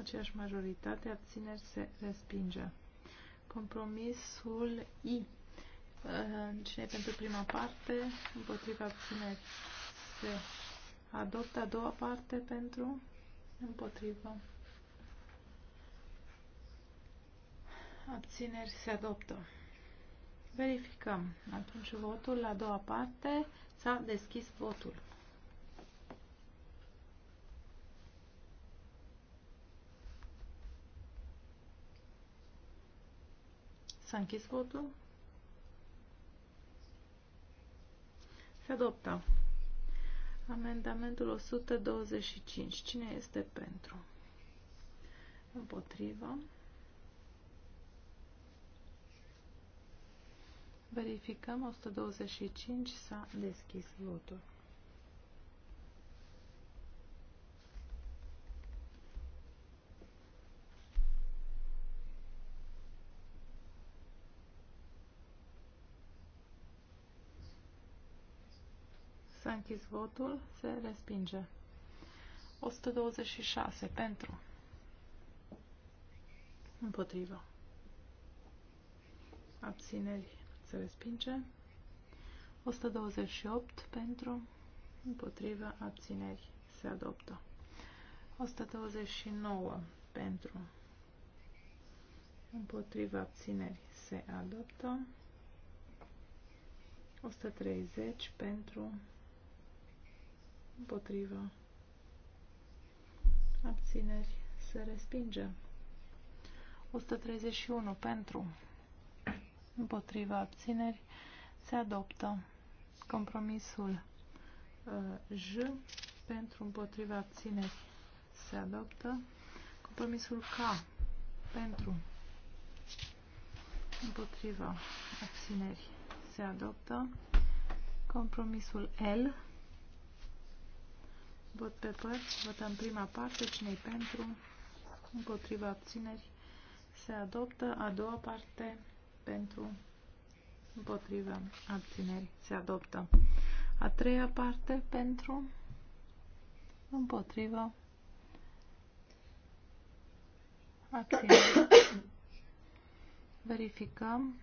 aceeași majoritate, abțineri, se respinge. Compromisul I. Cine pentru prima parte, împotriva abțineri, se adoptă a doua parte pentru împotrivă. Abțineri se adoptă. Verificăm. Atunci votul la a doua parte s-a deschis votul. S-a închis votul. Se adoptă. Amendamentul 125. Cine este pentru? Împotrivă. Verificăm. 125 s-a deschis votul. închis votul. Se respinge. 126 pentru. Împotrivă. Abțineri. Se respinge. 128 pentru. Împotrivă. Abțineri. Se adoptă. 129 pentru. Împotrivă. Abțineri. Se adoptă. 130 pentru împotriva abțineri, se respinge. 131 pentru, împotriva abțineri, se adoptă. Compromisul uh, J pentru împotriva abțineri se adoptă. Compromisul K pentru împotriva abțineri se adoptă. Compromisul L Vot pe părți. Votăm prima parte. cine pentru? Împotriva abțineri. Se adoptă. A doua parte. Pentru. Împotriva abțineri. Se adoptă. A treia parte. Pentru. Împotriva abțineri. Verificăm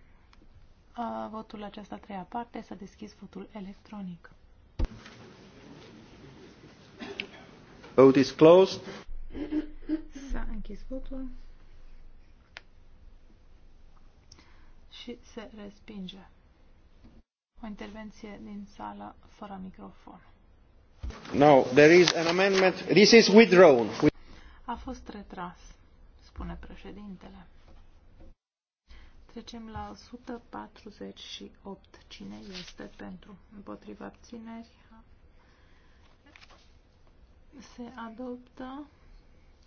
uh, votul acesta a treia parte. S-a deschis votul electronic. Vote is closed. S-a închis votul. Și se respinge. O intervenție din sală fără microfon. No, there is an amendment. This is withdrawn. A fost retras, spune președintele. Trecem la 148. Cine este pentru? Împotriva abțineri se adoptă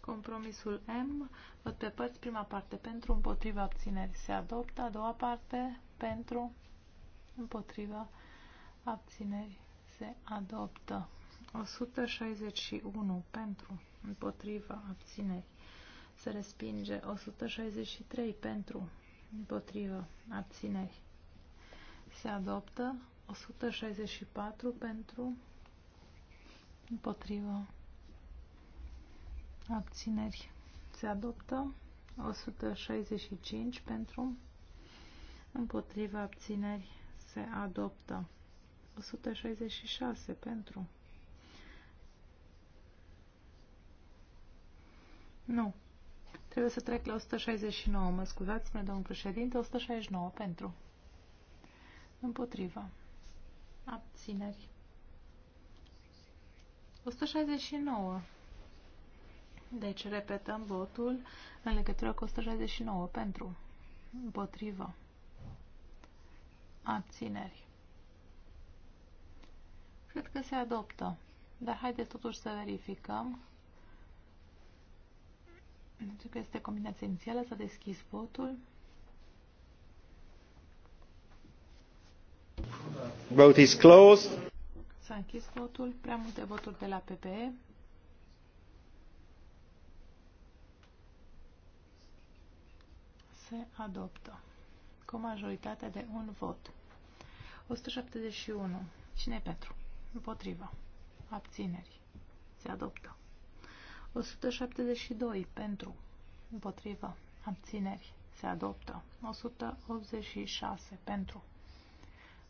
compromisul M. Văd pe părți prima parte pentru, împotriva abțineri. Se adoptă a doua parte pentru, împotriva abțineri. Se adoptă. 161 pentru, împotriva abțineri. Se respinge 163 pentru, împotriva abțineri. Se adoptă 164 pentru, împotriva abțineri se adoptă. 165 pentru, împotriva abțineri se adoptă. 166 pentru. Nu. Trebuie să trec la 169. Mă scuzați, spune domnul președinte. 169 pentru. Împotriva. Abțineri. 169. Deci repetăm votul în legătură cu 169 pentru, împotrivă, abțineri. Cred că se adoptă, dar haideți totuși să verificăm. Pentru că este combinația inițială, s-a deschis votul. Vote is closed. S-a închis votul, prea multe voturi de la PPE. se adoptă cu majoritatea de un vot. 171. Cine pentru? Împotrivă. Abțineri. Se adoptă. 172. Pentru. Împotrivă. Abțineri. Se adoptă. 186. Pentru.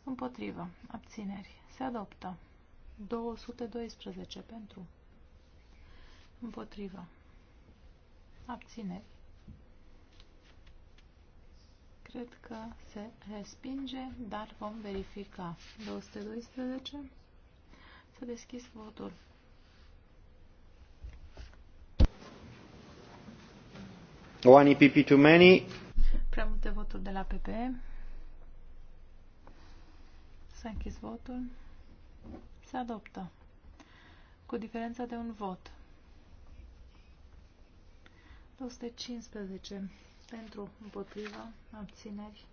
Împotrivă. Abțineri. Se adoptă. 212. Pentru. Împotrivă. Abțineri. Cred că se respinge, dar vom verifica. 212. S-a deschis votul. One EPP too many. Prea multe voturi de la PP. S-a închis votul. Se adoptă. Cu diferența de un vot. 215 pentru, împotriva, abțineri,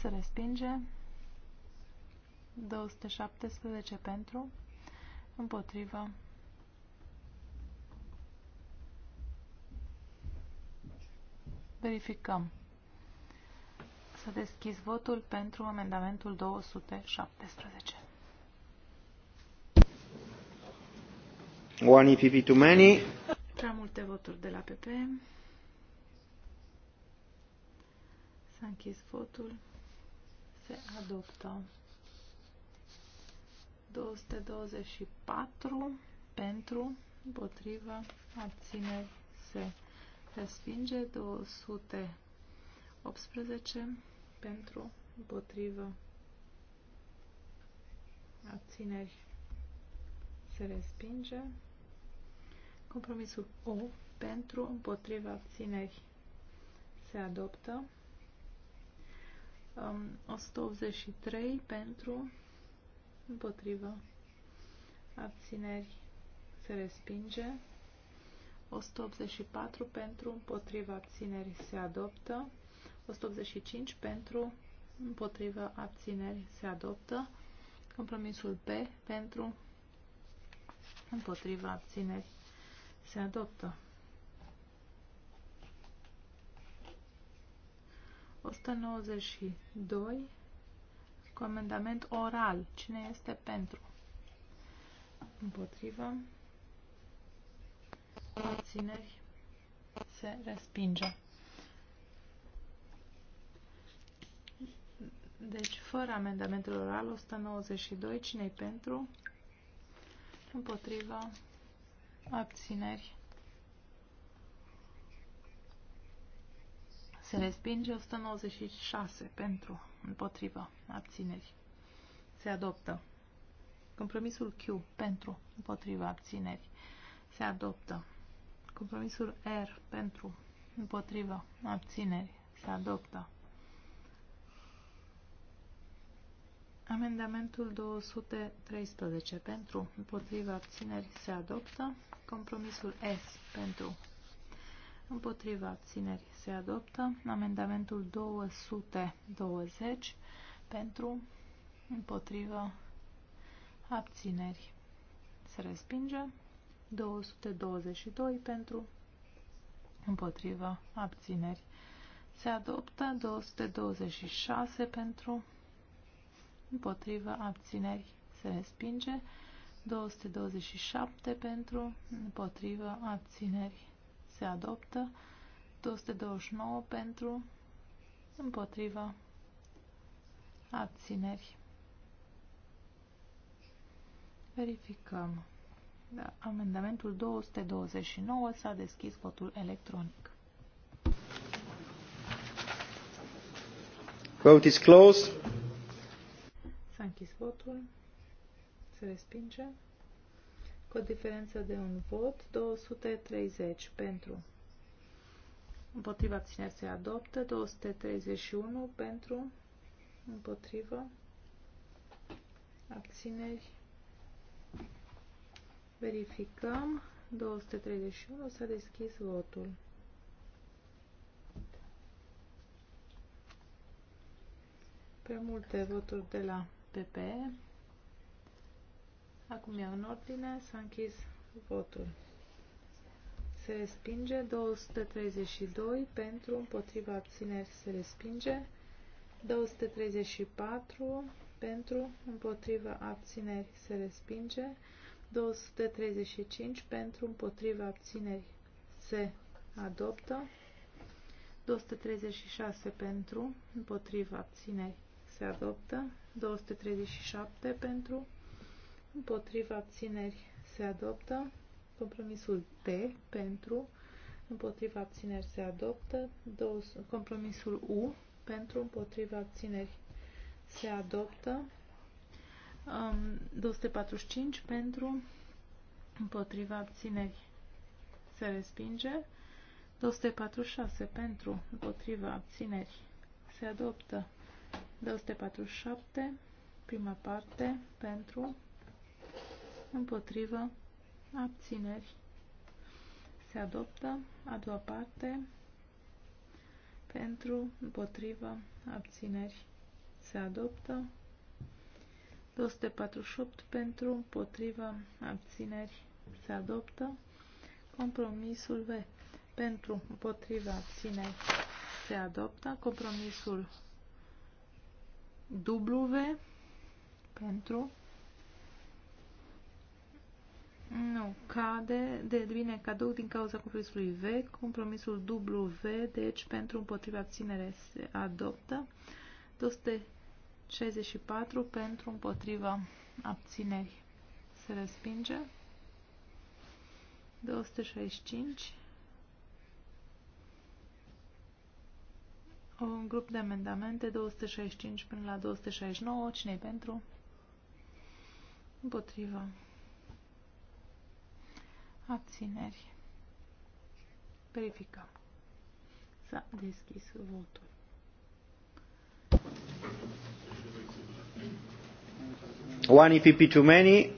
se respinge. 217 pentru, împotriva, verificăm. Să deschis votul pentru amendamentul 217. One if EPP too many. Prea multe voturi de la PP. S-a închis votul. Se adoptă. 224 pentru, împotrivă, abține, se respinge. 218 pentru, împotrivă, abțineri, se respinge. Compromisul O pentru, împotrivă, abțineri se adoptă. 183 pentru, împotrivă, abțineri, se respinge. 184 pentru, împotriva abțineri se adoptă. 185 pentru, împotriva abțineri se adoptă. Compromisul P pentru, împotriva abțineri se adoptă. 192 cu amendament oral. Cine este pentru? Împotrivă. Abțineri. Se respinge. Deci, fără amendamentul oral, 192. Cine-i pentru? Împotrivă. Abțineri. Se respinge 196 pentru, împotrivă, abțineri. Se adoptă. Compromisul Q pentru, împotrivă, abțineri. Se adoptă. Compromisul R pentru, împotrivă, abțineri. Se adoptă. Amendamentul 213 pentru, împotriva abțineri se adoptă. Compromisul S pentru, Împotriva abțineri se adoptă. Amendamentul 220 pentru împotriva abțineri se respinge. 222 pentru împotriva abțineri se adoptă. 226 pentru împotriva abțineri se respinge. 227 pentru împotriva abțineri se adoptă. 229 pentru, împotriva, abțineri. Verificăm. Da, amendamentul 229 s-a deschis votul electronic. Vote is closed. S-a închis votul. Se respinge cu o diferență de un vot, 230 pentru. Împotriva abțineri se adoptă, 231 pentru, împotrivă, abțineri. Verificăm, 231 s-a deschis votul. Pe multe voturi de la PPE. Acum e în ordine, s-a închis votul. Se respinge 232 pentru, împotriva abțineri se respinge 234 pentru, împotriva abțineri se respinge 235 pentru, împotriva abțineri se adoptă 236 pentru, împotriva abțineri se adoptă 237 pentru, împotriva abțineri se adoptă. Compromisul T pentru împotriva abțineri se adoptă. Compromisul U pentru împotriva abțineri se adoptă. 245 um, pentru împotriva abțineri se respinge. 246 pentru împotriva abțineri se adoptă. 247 prima parte pentru împotrivă, abțineri. Se adoptă a doua parte pentru, împotrivă, abțineri. Se adoptă 248 pentru, împotrivă, abțineri. Se adoptă compromisul V pentru, împotrivă, abțineri. Se adoptă compromisul W pentru, nu, cade, de bine cadou din cauza compromisului V, compromisul W, deci pentru împotriva abținere se adoptă. 264 pentru împotriva abțineri se respinge. 265 un grup de amendamente 265 până la 269 cine pentru? împotriva abțineri. Verificăm. S-a deschis votul. One EPP too many.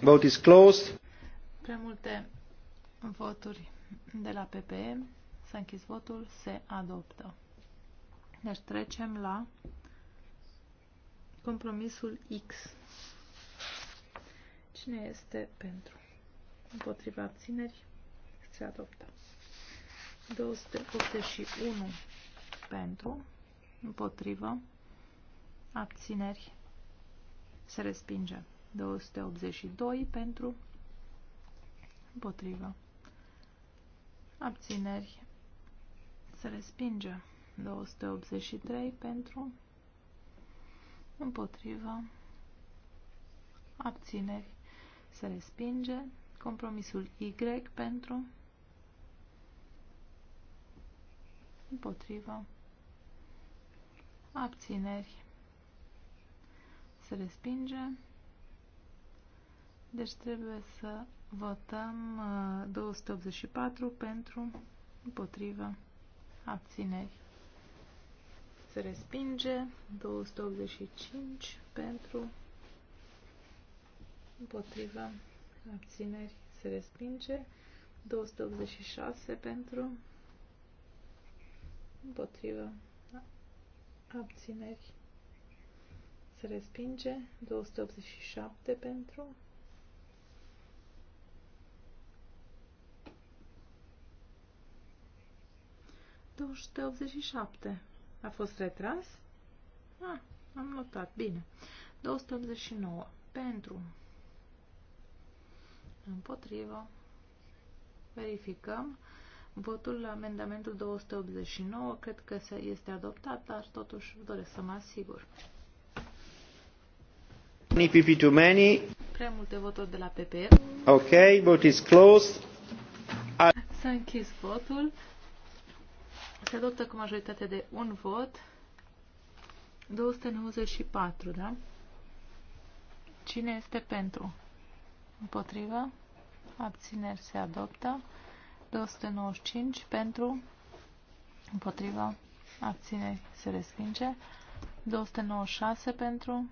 Vote is closed. Prea multe voturi de la PPE. S-a închis votul. Se adoptă. Deci trecem la compromisul X. Cine este pentru? împotriva abțineri se adoptă. 281 pentru, împotrivă, abțineri se respinge. 282 pentru, împotrivă, abțineri se respinge. 283 pentru, împotrivă, abțineri se respinge. Compromisul Y pentru împotrivă abțineri se respinge. Deci trebuie să votăm 284 uh, pentru împotrivă abțineri. Se respinge 285 pentru împotrivă abțineri, se respinge. 286 pentru, împotrivă, abțineri, se respinge. 287 pentru, A fost retras? Ah, am notat. Bine. 289. Pentru împotrivă. Verificăm. Votul la amendamentul 289 cred că este adoptat, dar totuși doresc să mă asigur. PP too many. Prea multe voturi de la PP. Ok, vote is closed. S-a închis votul. Se adoptă cu majoritate de un vot. 294, da? Cine este pentru? Împotrivă. Abțineri se adoptă. 295 pentru. Împotrivă. Abțineri se respinge. 296 pentru.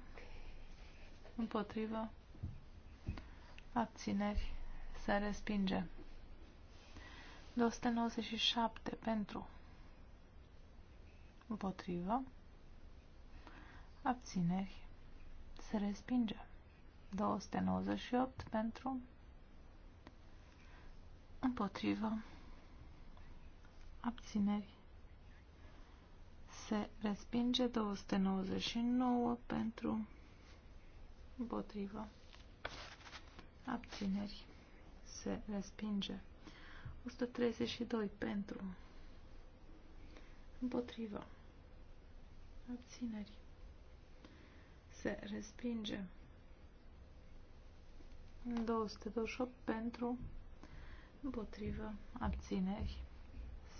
Împotrivă. Abțineri se respinge. 297 pentru. Împotrivă. Abțineri se respinge. 298 pentru împotrivă abțineri se respinge 299 pentru împotrivă abțineri se respinge 132 pentru împotrivă abțineri se respinge 228 pentru, împotrivă, abțineri,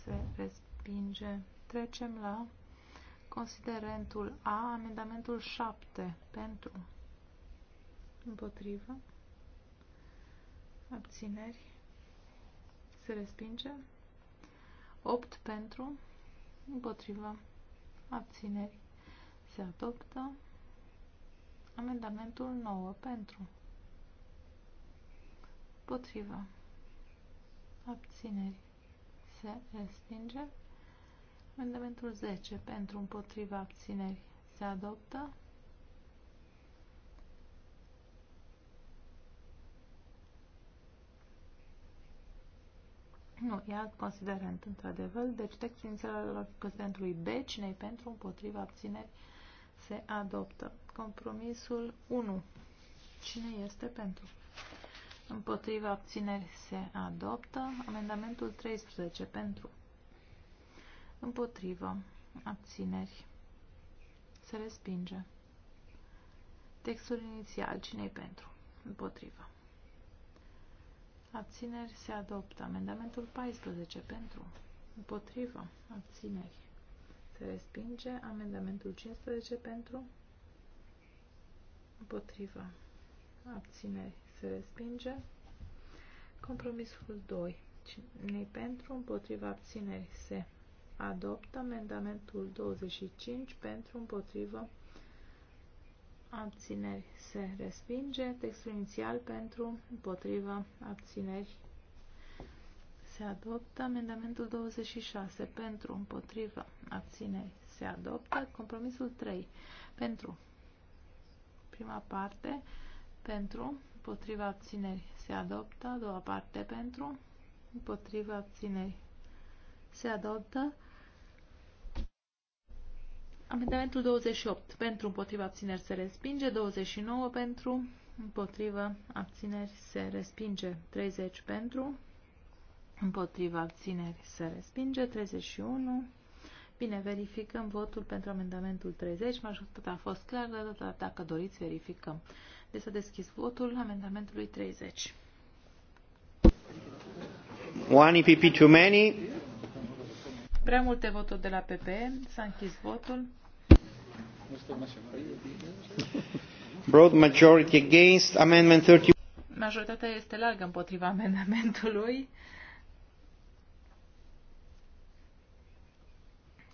se respinge. Trecem la considerentul A, amendamentul 7 pentru, împotrivă, abțineri, se respinge. 8 pentru, împotrivă, abțineri, se adoptă. Amendamentul 9 pentru. Împotrivă. Abțineri. Se respinge. Amendamentul 10. Pentru împotriva abțineri. Se adoptă. Nu, alt considerent, într-adevăr. Deci textul inițial al considerentului B, cine pentru, împotriva, abțineri, se adoptă. Compromisul 1. Cine este pentru? Împotriva abțineri se adoptă. Amendamentul 13 pentru. Împotriva abțineri se respinge. Textul inițial. cine pentru? Împotriva. Abțineri se adoptă. Amendamentul 14 pentru. Împotriva. Abțineri. Se respinge. Amendamentul 15 pentru. Împotriva. Abțineri se respinge. Compromisul 2. Cine pentru, împotriva abținerii se adoptă. Amendamentul 25 pentru, împotriva abțineri se respinge. Textul inițial pentru, împotriva abțineri se adoptă. Amendamentul 26 pentru, împotriva abțineri se adoptă. Compromisul 3 pentru prima parte pentru împotriva abțineri se adoptă, a doua parte pentru, împotriva abțineri se adoptă. Amendamentul 28 pentru împotriva abțineri se respinge, 29 pentru împotriva abțineri se respinge, 30 pentru împotriva abțineri se respinge, 31 Bine, verificăm votul pentru amendamentul 30. Majoritatea a fost clară, dar dacă doriți, verificăm de să deschis votul amendamentului 30. One EPP too many. Prea multe voturi de la PP. S-a închis votul. Broad majority against amendment 30. Majoritatea este largă împotriva amendamentului.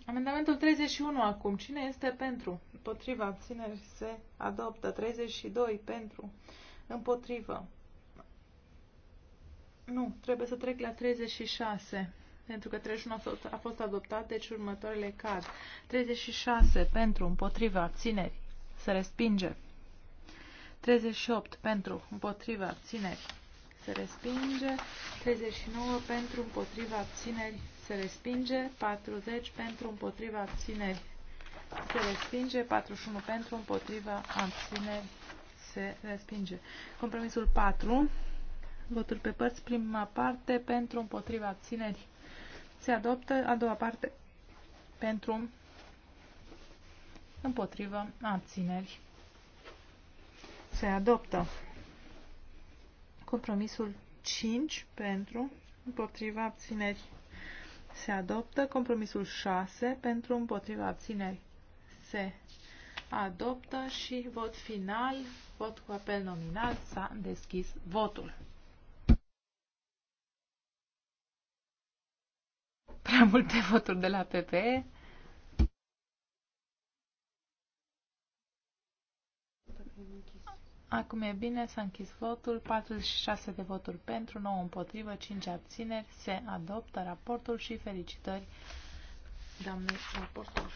Amendamentul 31 acum. Cine este pentru? Împotriva. Abțineri se adoptă. 32 pentru. Împotrivă. Nu, trebuie să trec la 36. Pentru că 31 a fost, adoptat, deci următoarele cad. 36 pentru, împotriva, abțineri. Se respinge. 38 pentru, împotriva, abțineri se respinge, 39 pentru împotriva abțineri se respinge, 40 pentru împotriva abțineri se respinge, 41 pentru împotriva abțineri se respinge. Compromisul 4, votul pe părți, prima parte pentru împotriva abțineri se adoptă, a doua parte pentru împotriva abțineri se adoptă. Compromisul 5 pentru, împotriva abțineri se adoptă. Compromisul 6 pentru, împotriva abțineri se adoptă și vot final, vot cu apel nominal, s-a deschis votul. Prea multe voturi de la PPE. Acum e bine, s-a închis votul, 46 de voturi pentru, 9 împotrivă, 5 abțineri, se adoptă raportul și felicitări doamnei raportor.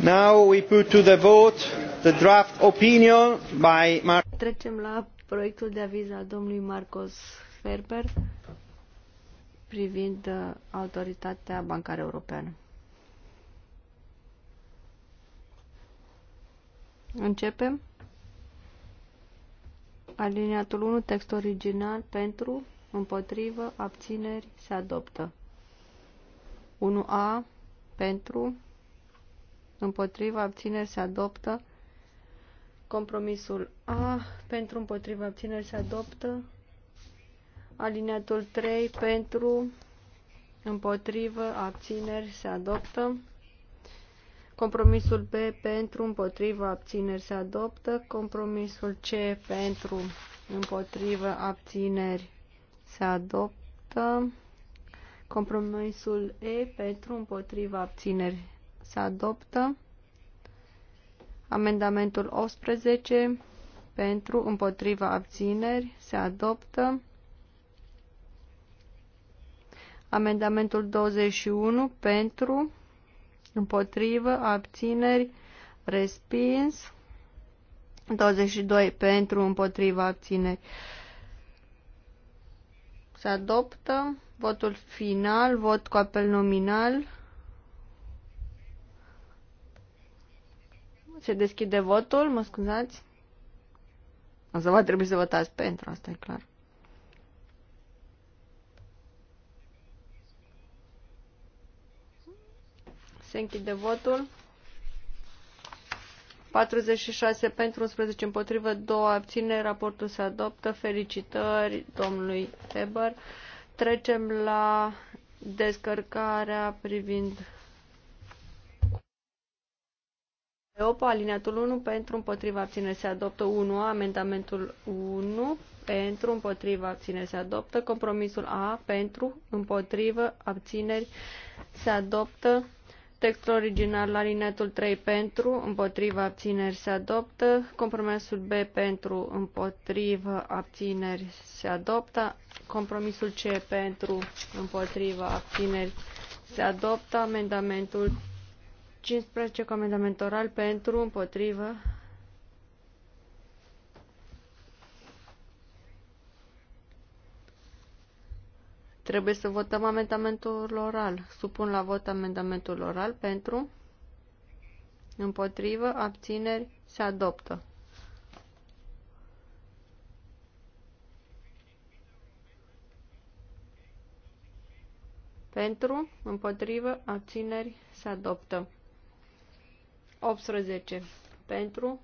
Now we put to the vote the draft opinion by Mar Trecem la proiectul de aviz al domnului Marcos Ferber privind uh, autoritatea bancară europeană. Începem. Aliniatul 1, text original, pentru, împotrivă, abțineri, se adoptă. 1A, pentru, împotrivă, abțineri, se adoptă. Compromisul A, pentru, împotrivă, abțineri, se adoptă. Aliniatul 3, pentru, împotrivă, abțineri, se adoptă. Compromisul B pentru, împotrivă, abțineri se adoptă. Compromisul C pentru, împotrivă, abțineri se adoptă. Compromisul E pentru, împotrivă, abțineri se adoptă. Amendamentul 11 pentru, împotrivă, abțineri se adoptă. Amendamentul 21 pentru, împotrivă, abțineri, respins. 22 pentru, împotrivă, abțineri. Se adoptă votul final, vot cu apel nominal. Se deschide votul, mă scuzați. O să va trebui să votați pentru, asta e clar. Se închide votul. 46 pentru, 11 împotrivă, 2 abține, raportul se adoptă. Felicitări domnului Eber. Trecem la descărcarea privind opa alineatul 1, pentru împotriva abține se adoptă 1, amendamentul 1, pentru împotriva abține se adoptă, compromisul A, pentru împotriva abțineri se adoptă Textul original la linetul 3 pentru, împotriva abțineri se adoptă. Compromisul B pentru, împotriva abțineri se adoptă. Compromisul C pentru, împotriva abțineri se adoptă. Amendamentul 15 cu amendament oral pentru, împotriva Trebuie să votăm amendamentul oral. Supun la vot amendamentul oral pentru, împotrivă, abțineri, se adoptă. Pentru, împotrivă, abțineri, se adoptă. 18. Pentru,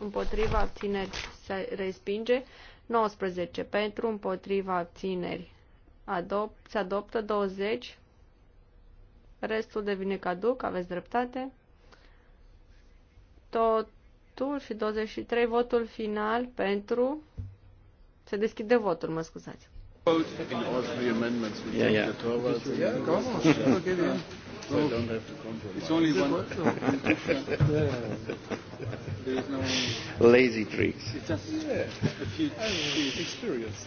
împotriva, abțineri, se respinge. 19. Pentru, împotriva, abțineri, Adopt, se adoptă 20. Restul devine caduc, aveți dreptate. Totul și 23 votul final pentru se deschide votul, mă scuzați. Yeah, yeah. So I don't have to compromise. It's only one. there is no lazy tricks. It's just yeah. a few experience.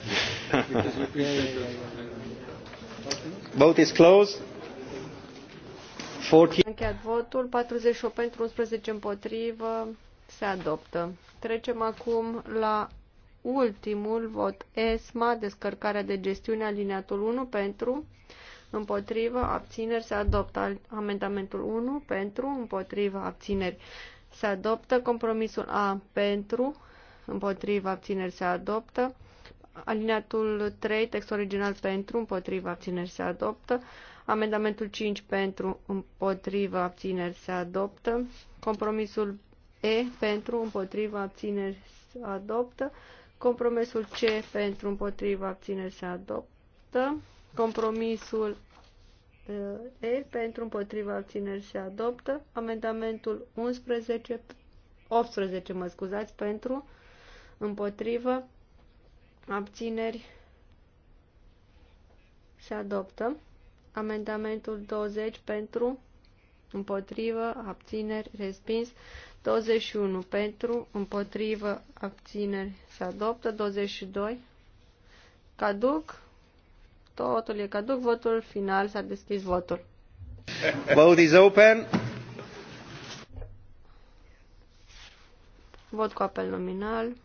Vote is closed. 40. Încheiat votul, 48 pentru, 11 împotrivă, se adoptă. Trecem acum la ultimul vot ESMA, descărcarea de gestiune alineatul 1 pentru, împotrivă, abțineri, se adoptă amendamentul 1, pentru, împotrivă, abțineri, se adoptă compromisul A, pentru, împotrivă, abțineri, se adoptă, alineatul 3, text original pentru, împotrivă, abțineri, se adoptă, amendamentul 5 pentru, împotrivă, abțineri, se adoptă, compromisul E pentru, împotrivă, abțineri, se adoptă, compromisul C pentru, împotrivă, abțineri, se adoptă, Compromisul uh, E pentru împotriva abțineri se adoptă. Amendamentul 11, 18, mă scuzați, pentru împotrivă abțineri se adoptă. Amendamentul 20 pentru împotrivă abțineri respins. 21 pentru împotrivă abțineri se adoptă. 22 caduc. Totul e caduc. Votul final. S-a deschis votul. Vote is open. Vot cu apel nominal.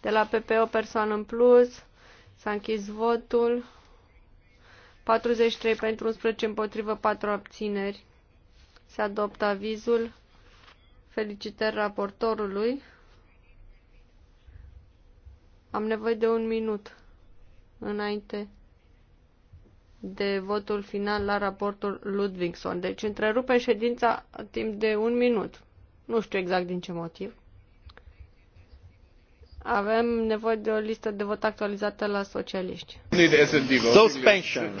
De la PP o persoană în plus. S-a închis votul. 43 pentru 11 împotrivă 4 abțineri. Se adoptă avizul. Felicitări raportorului. Am nevoie de un minut înainte de votul final la raportul Ludvigson. Deci întrerupe ședința timp de un minut. Nu știu exact din ce motiv. Avem nevoie de o listă de vot actualizată la socialiști. Suspension.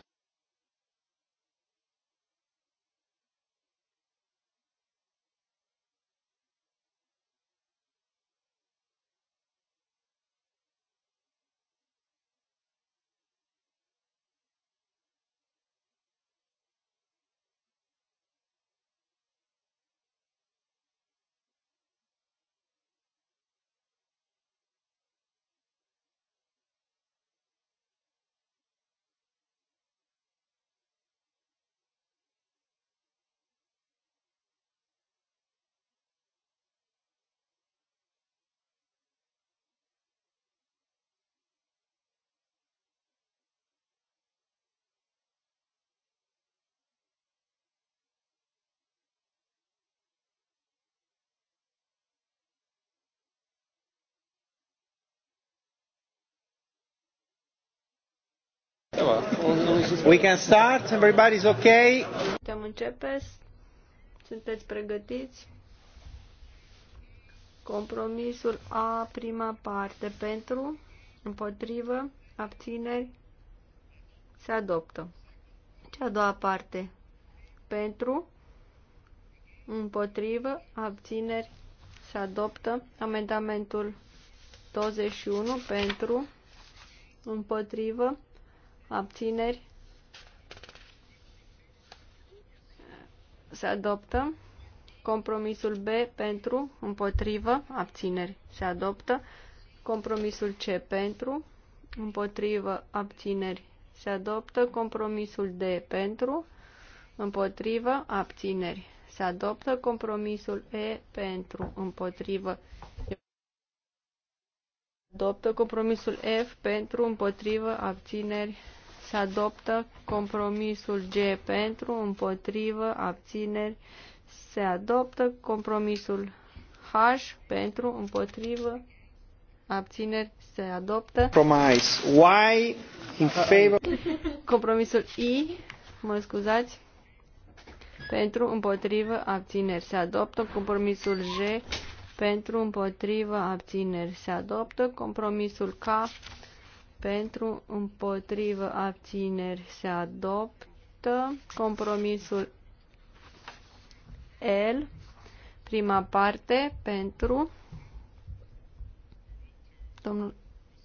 We can start. Everybody's okay. Putem începe. Sunteți pregătiți? Compromisul A, prima parte. Pentru, împotrivă, abțineri, se adoptă. Cea a doua parte. Pentru, împotrivă, abțineri, se adoptă. Amendamentul 21 pentru, împotrivă, abțineri, se adoptă. Compromisul B pentru, împotrivă, abțineri, se adoptă. Compromisul C pentru, împotrivă, abțineri, se adoptă. Compromisul D pentru, împotrivă, abțineri, se adoptă. Compromisul E pentru, împotrivă, adoptă. Compromisul F pentru, împotrivă, abțineri, se adoptă compromisul G pentru, împotrivă, abțineri. Se adoptă compromisul H pentru, împotrivă, abțineri. Se adoptă. Compromise. Y in favor. Compromisul I, mă scuzați, pentru, împotrivă, abțineri. Se adoptă compromisul G pentru, împotrivă, abțineri. Se adoptă compromisul K pentru, împotrivă, abțineri se adoptă. Compromisul L, prima parte, pentru. Domnul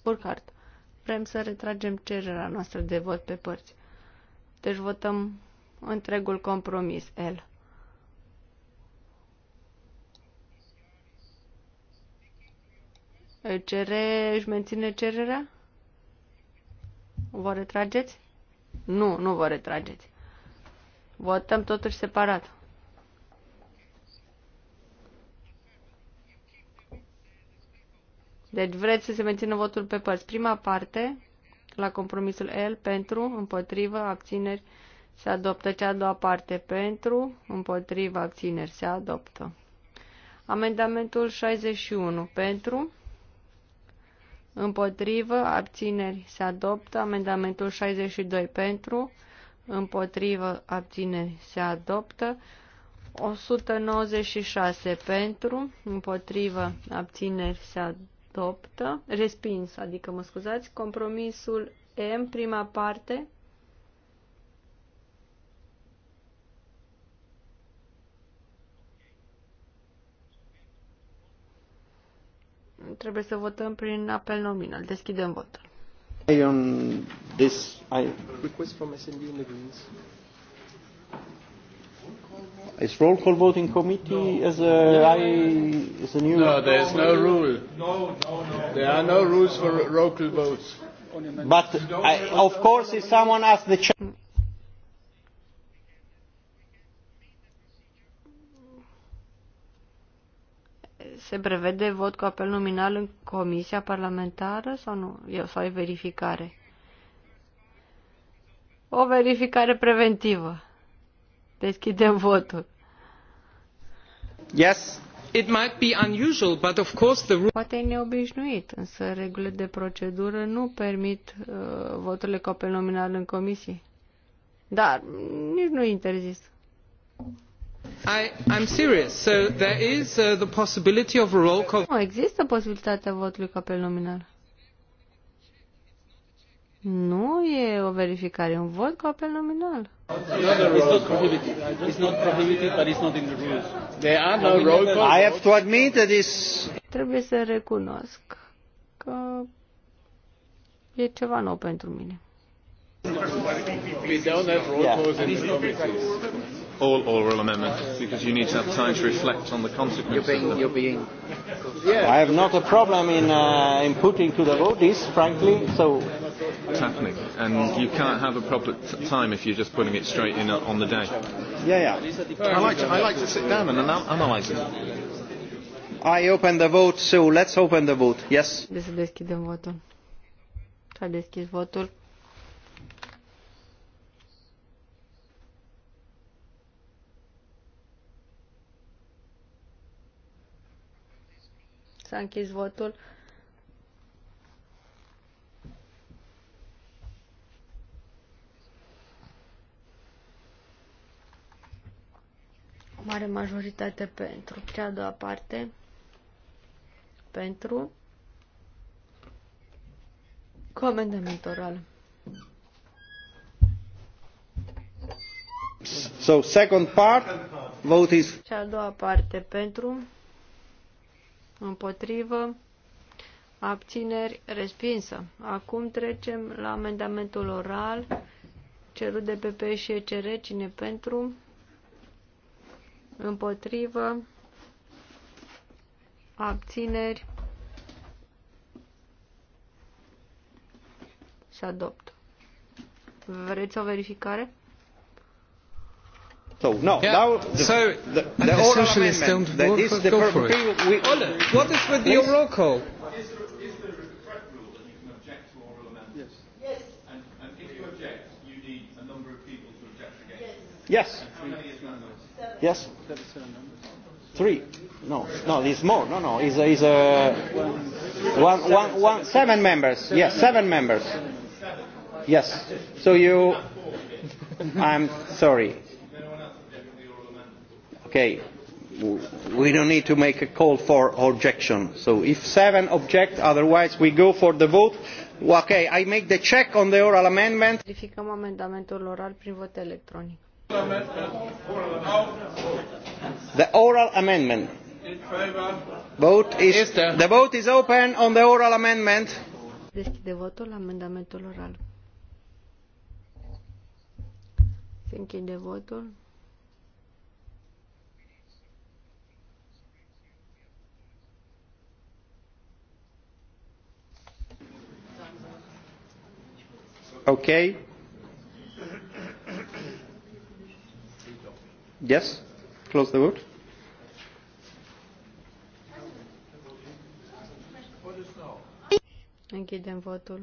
Burkhardt, vrem să retragem cererea noastră de vot pe părți. Deci votăm întregul compromis L. Cere, își menține cererea? Vă retrageți? Nu, nu vă retrageți. Votăm totuși separat. Deci vreți să se mențină votul pe părți. Prima parte, la compromisul L, pentru, împotrivă, abțineri, se adoptă. Cea a doua parte, pentru, împotrivă, abțineri, se adoptă. Amendamentul 61, pentru, Împotrivă, abțineri, se adoptă. Amendamentul 62 pentru. Împotrivă, abțineri, se adoptă. 196 pentru. Împotrivă, abțineri, se adoptă. Respins, adică mă scuzați. Compromisul M, prima parte. Trebuie să votăm prin apel nominal. Deschidem votul. I on this I request from SND in the Greens. Is roll call voting committee no. as a I as a new? No, there is no rule. No, no, no. There are no rules for roll call votes. But I, of course, if someone asks the. chair. se prevede vot cu apel nominal în comisia parlamentară sau nu? Eu, sau e verificare? O verificare preventivă. Deschidem votul. Yes, it might be unusual, but of course the Poate e neobișnuit, însă regulile de procedură nu permit uh, voturile cu apel nominal în comisie. Dar nici nu interzis. I'm serious. So there is uh, the possibility of a roll call. Nu, există posibilitatea votului cu apel nominal. Nu e o verificare, e un vot cu apel nominal. prohibited. It's not prohibited, but it's not in the rules. There are no roll calls. I have to admit that is. Trebuie să recunosc că e ceva nou pentru mine. We don't have roll calls in the committees all oral amendment because you need to have time to reflect on the consequences. You're being, you're being. Yeah. I have not a problem in, uh, in putting to the vote this, frankly. So it's happening, and you can't have a proper t- time if you're just putting it straight in on the day. Yeah, yeah. I like to, I like to sit down and anal- analyse it. I open the vote, so let's open the vote. Yes. Să deschidem votul. S-a votul. S-a închis votul. mare majoritate pentru cea doua parte. Pentru. Comandament oral. So second part, vote is... Cea doua parte pentru. Împotrivă. Abțineri. Respinsă. Acum trecem la amendamentul oral cerut de PP și ECR. Cine pentru? Împotrivă. Abțineri. Se adoptă. Vreți o verificare? So no, yeah. now the, so the, the, the oral amendment don't that is the go for it. We, order. What is with the roll oral amendments? Yes. yes. Three. No, no, there's more. No, no, is is a one, one, one, seven members. Yes, seven members. Yes. So you, I'm sorry. Okay. We don't need to make a call for objection. So if seven object, otherwise we go for the vote. Okay, I make the check on the oral amendment. Verificăm amendamentul oral prin vot electronic. The oral amendment. Vote is, the vote is open on the oral amendment. Deschide votul la amendamentul oral. Se închide votul. Okay. Yes. Close the vote. Închidem votul.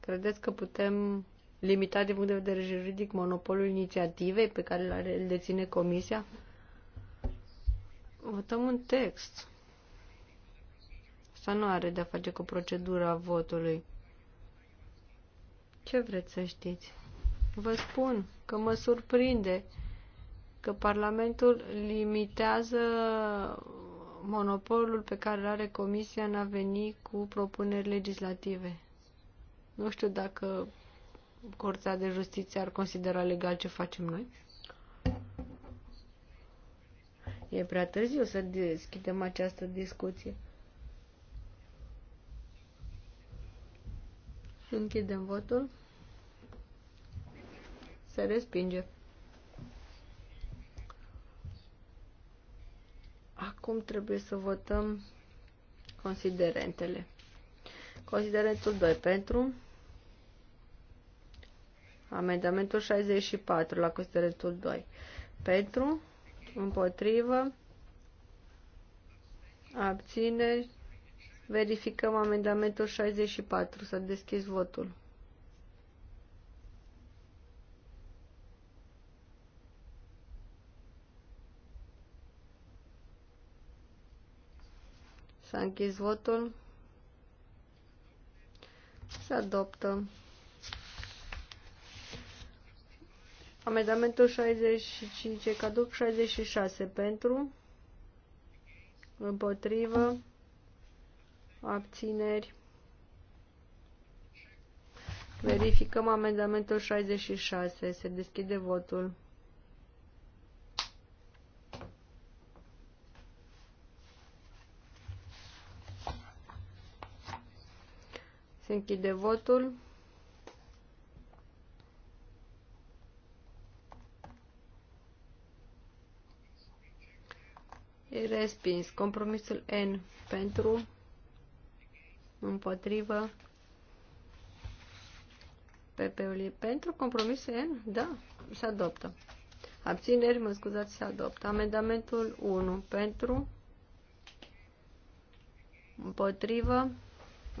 Credeți că putem limita din punct de vedere juridic monopolul inițiativei pe care îl deține Comisia? Votăm un text. Asta nu are de-a face cu procedura votului. Ce vreți să știți? Vă spun că mă surprinde că Parlamentul limitează monopolul pe care are Comisia în a veni cu propuneri legislative. Nu știu dacă Curtea de Justiție ar considera legal ce facem noi. E prea târziu să deschidem această discuție. Închidem votul. Se respinge. Acum trebuie să votăm considerentele. Considerentul 2 pentru. Amendamentul 64 la considerentul 2. Pentru, împotrivă, abțineri, Verificăm amendamentul 64. Să deschis votul. S-a închis votul. Se adoptă. Amendamentul 65 caduc 66 pentru împotrivă abțineri. Verificăm amendamentul 66. Se deschide votul. Se închide votul. E respins. Compromisul N pentru împotrivă PP-ului pentru compromis N, da, se adoptă. Abțineri, mă scuzați, se adoptă. Amendamentul 1 pentru împotrivă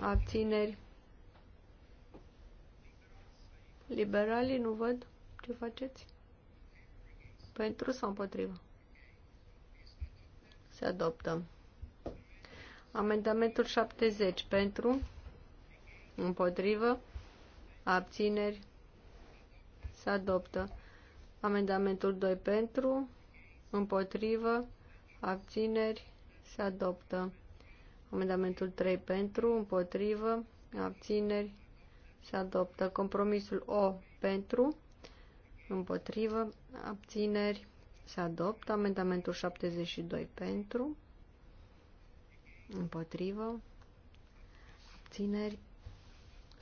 abțineri. Liberalii nu văd ce faceți. Pentru sau împotrivă? Se adoptă. Amendamentul 70 pentru, împotrivă, abțineri, se adoptă. Amendamentul 2 pentru, împotrivă, abțineri, se adoptă. Amendamentul 3 pentru, împotrivă, abțineri, se adoptă. Compromisul O pentru, împotrivă, abțineri, se adoptă. Amendamentul 72 pentru, împotrivă, abțineri,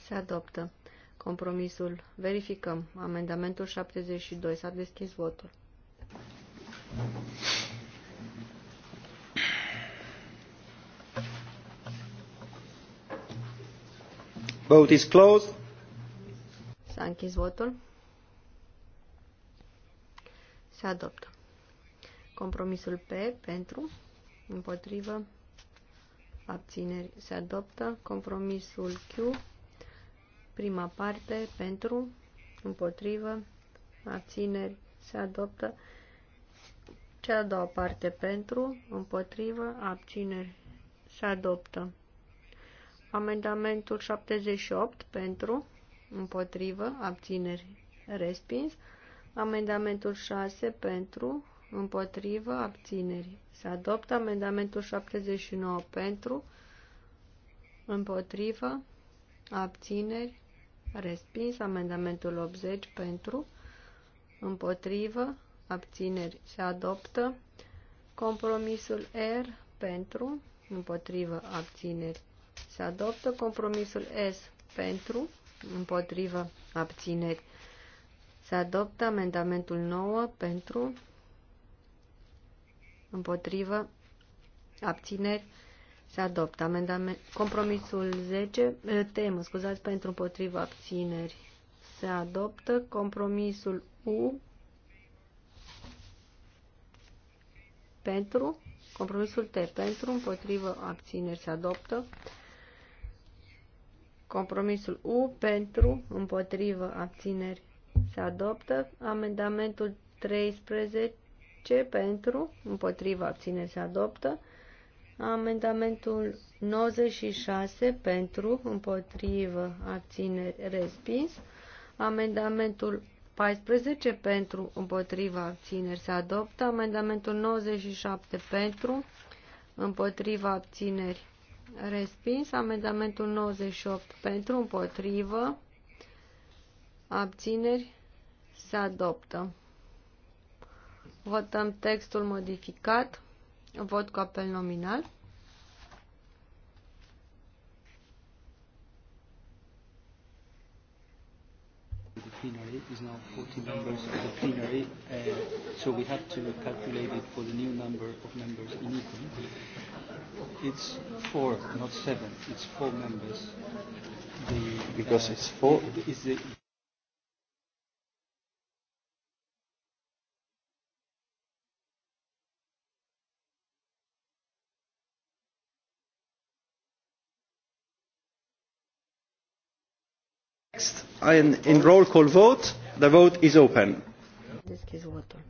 se adoptă. Compromisul. Verificăm. Amendamentul 72. S-a deschis votul. Vote is closed. S-a închis votul. Se adoptă. Compromisul P pentru, împotrivă, abțineri se adoptă. Compromisul Q, prima parte, pentru, împotrivă, abțineri se adoptă. Cea doua parte pentru, împotrivă, abțineri se adoptă. Amendamentul 78 pentru, împotrivă, abțineri respins. Amendamentul 6 pentru, Împotrivă. abținerii. Se adoptă amendamentul 79 pentru. Împotrivă. Abțineri. Respins amendamentul 80 pentru. Împotrivă. Abțineri. Se adoptă compromisul R pentru. Împotrivă. Abțineri. Se adoptă compromisul S pentru. Împotrivă. Abțineri. Se adoptă amendamentul 9 pentru, Împotrivă. Abțineri. Se adoptă. Amendament. Compromisul 10. Temă, scuzați, pentru împotrivă abțineri. Se adoptă. Compromisul U. Pentru. Compromisul T. Pentru împotrivă abțineri. Se adoptă. Compromisul U. Pentru împotrivă abțineri. Se adoptă. Amendamentul 13 C pentru, împotriva abțineri se adoptă. Amendamentul 96 pentru, împotrivă, abțineri respins. Amendamentul 14 pentru, împotriva abțineri se adoptă. Amendamentul 97 pentru, împotriva abțineri respins. Amendamentul 98 pentru, împotrivă, abțineri se adoptă. Votăm textul modificat. Vot cu apel nominal. the plenary is now 40 members of the plenary, uh, so we have to calculate it for the new number of members in It's four, not seven. It's four members. The, because uh, it's four. the Next, in, in roll call vote, the vote is open. votul.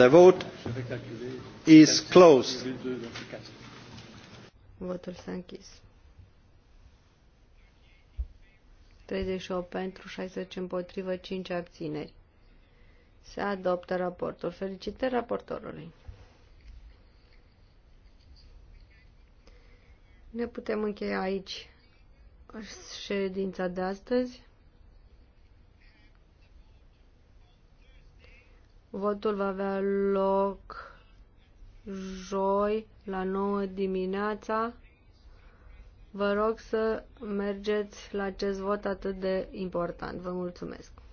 The vote is closed. Votul s-a închis. 38 pentru, 60 împotrivă, 5 abțineri. Se adoptă raportul. Felicitări raportorului. Ne putem încheia aici ședința de astăzi. Votul va avea loc joi la 9 dimineața. Vă rog să mergeți la acest vot atât de important. Vă mulțumesc!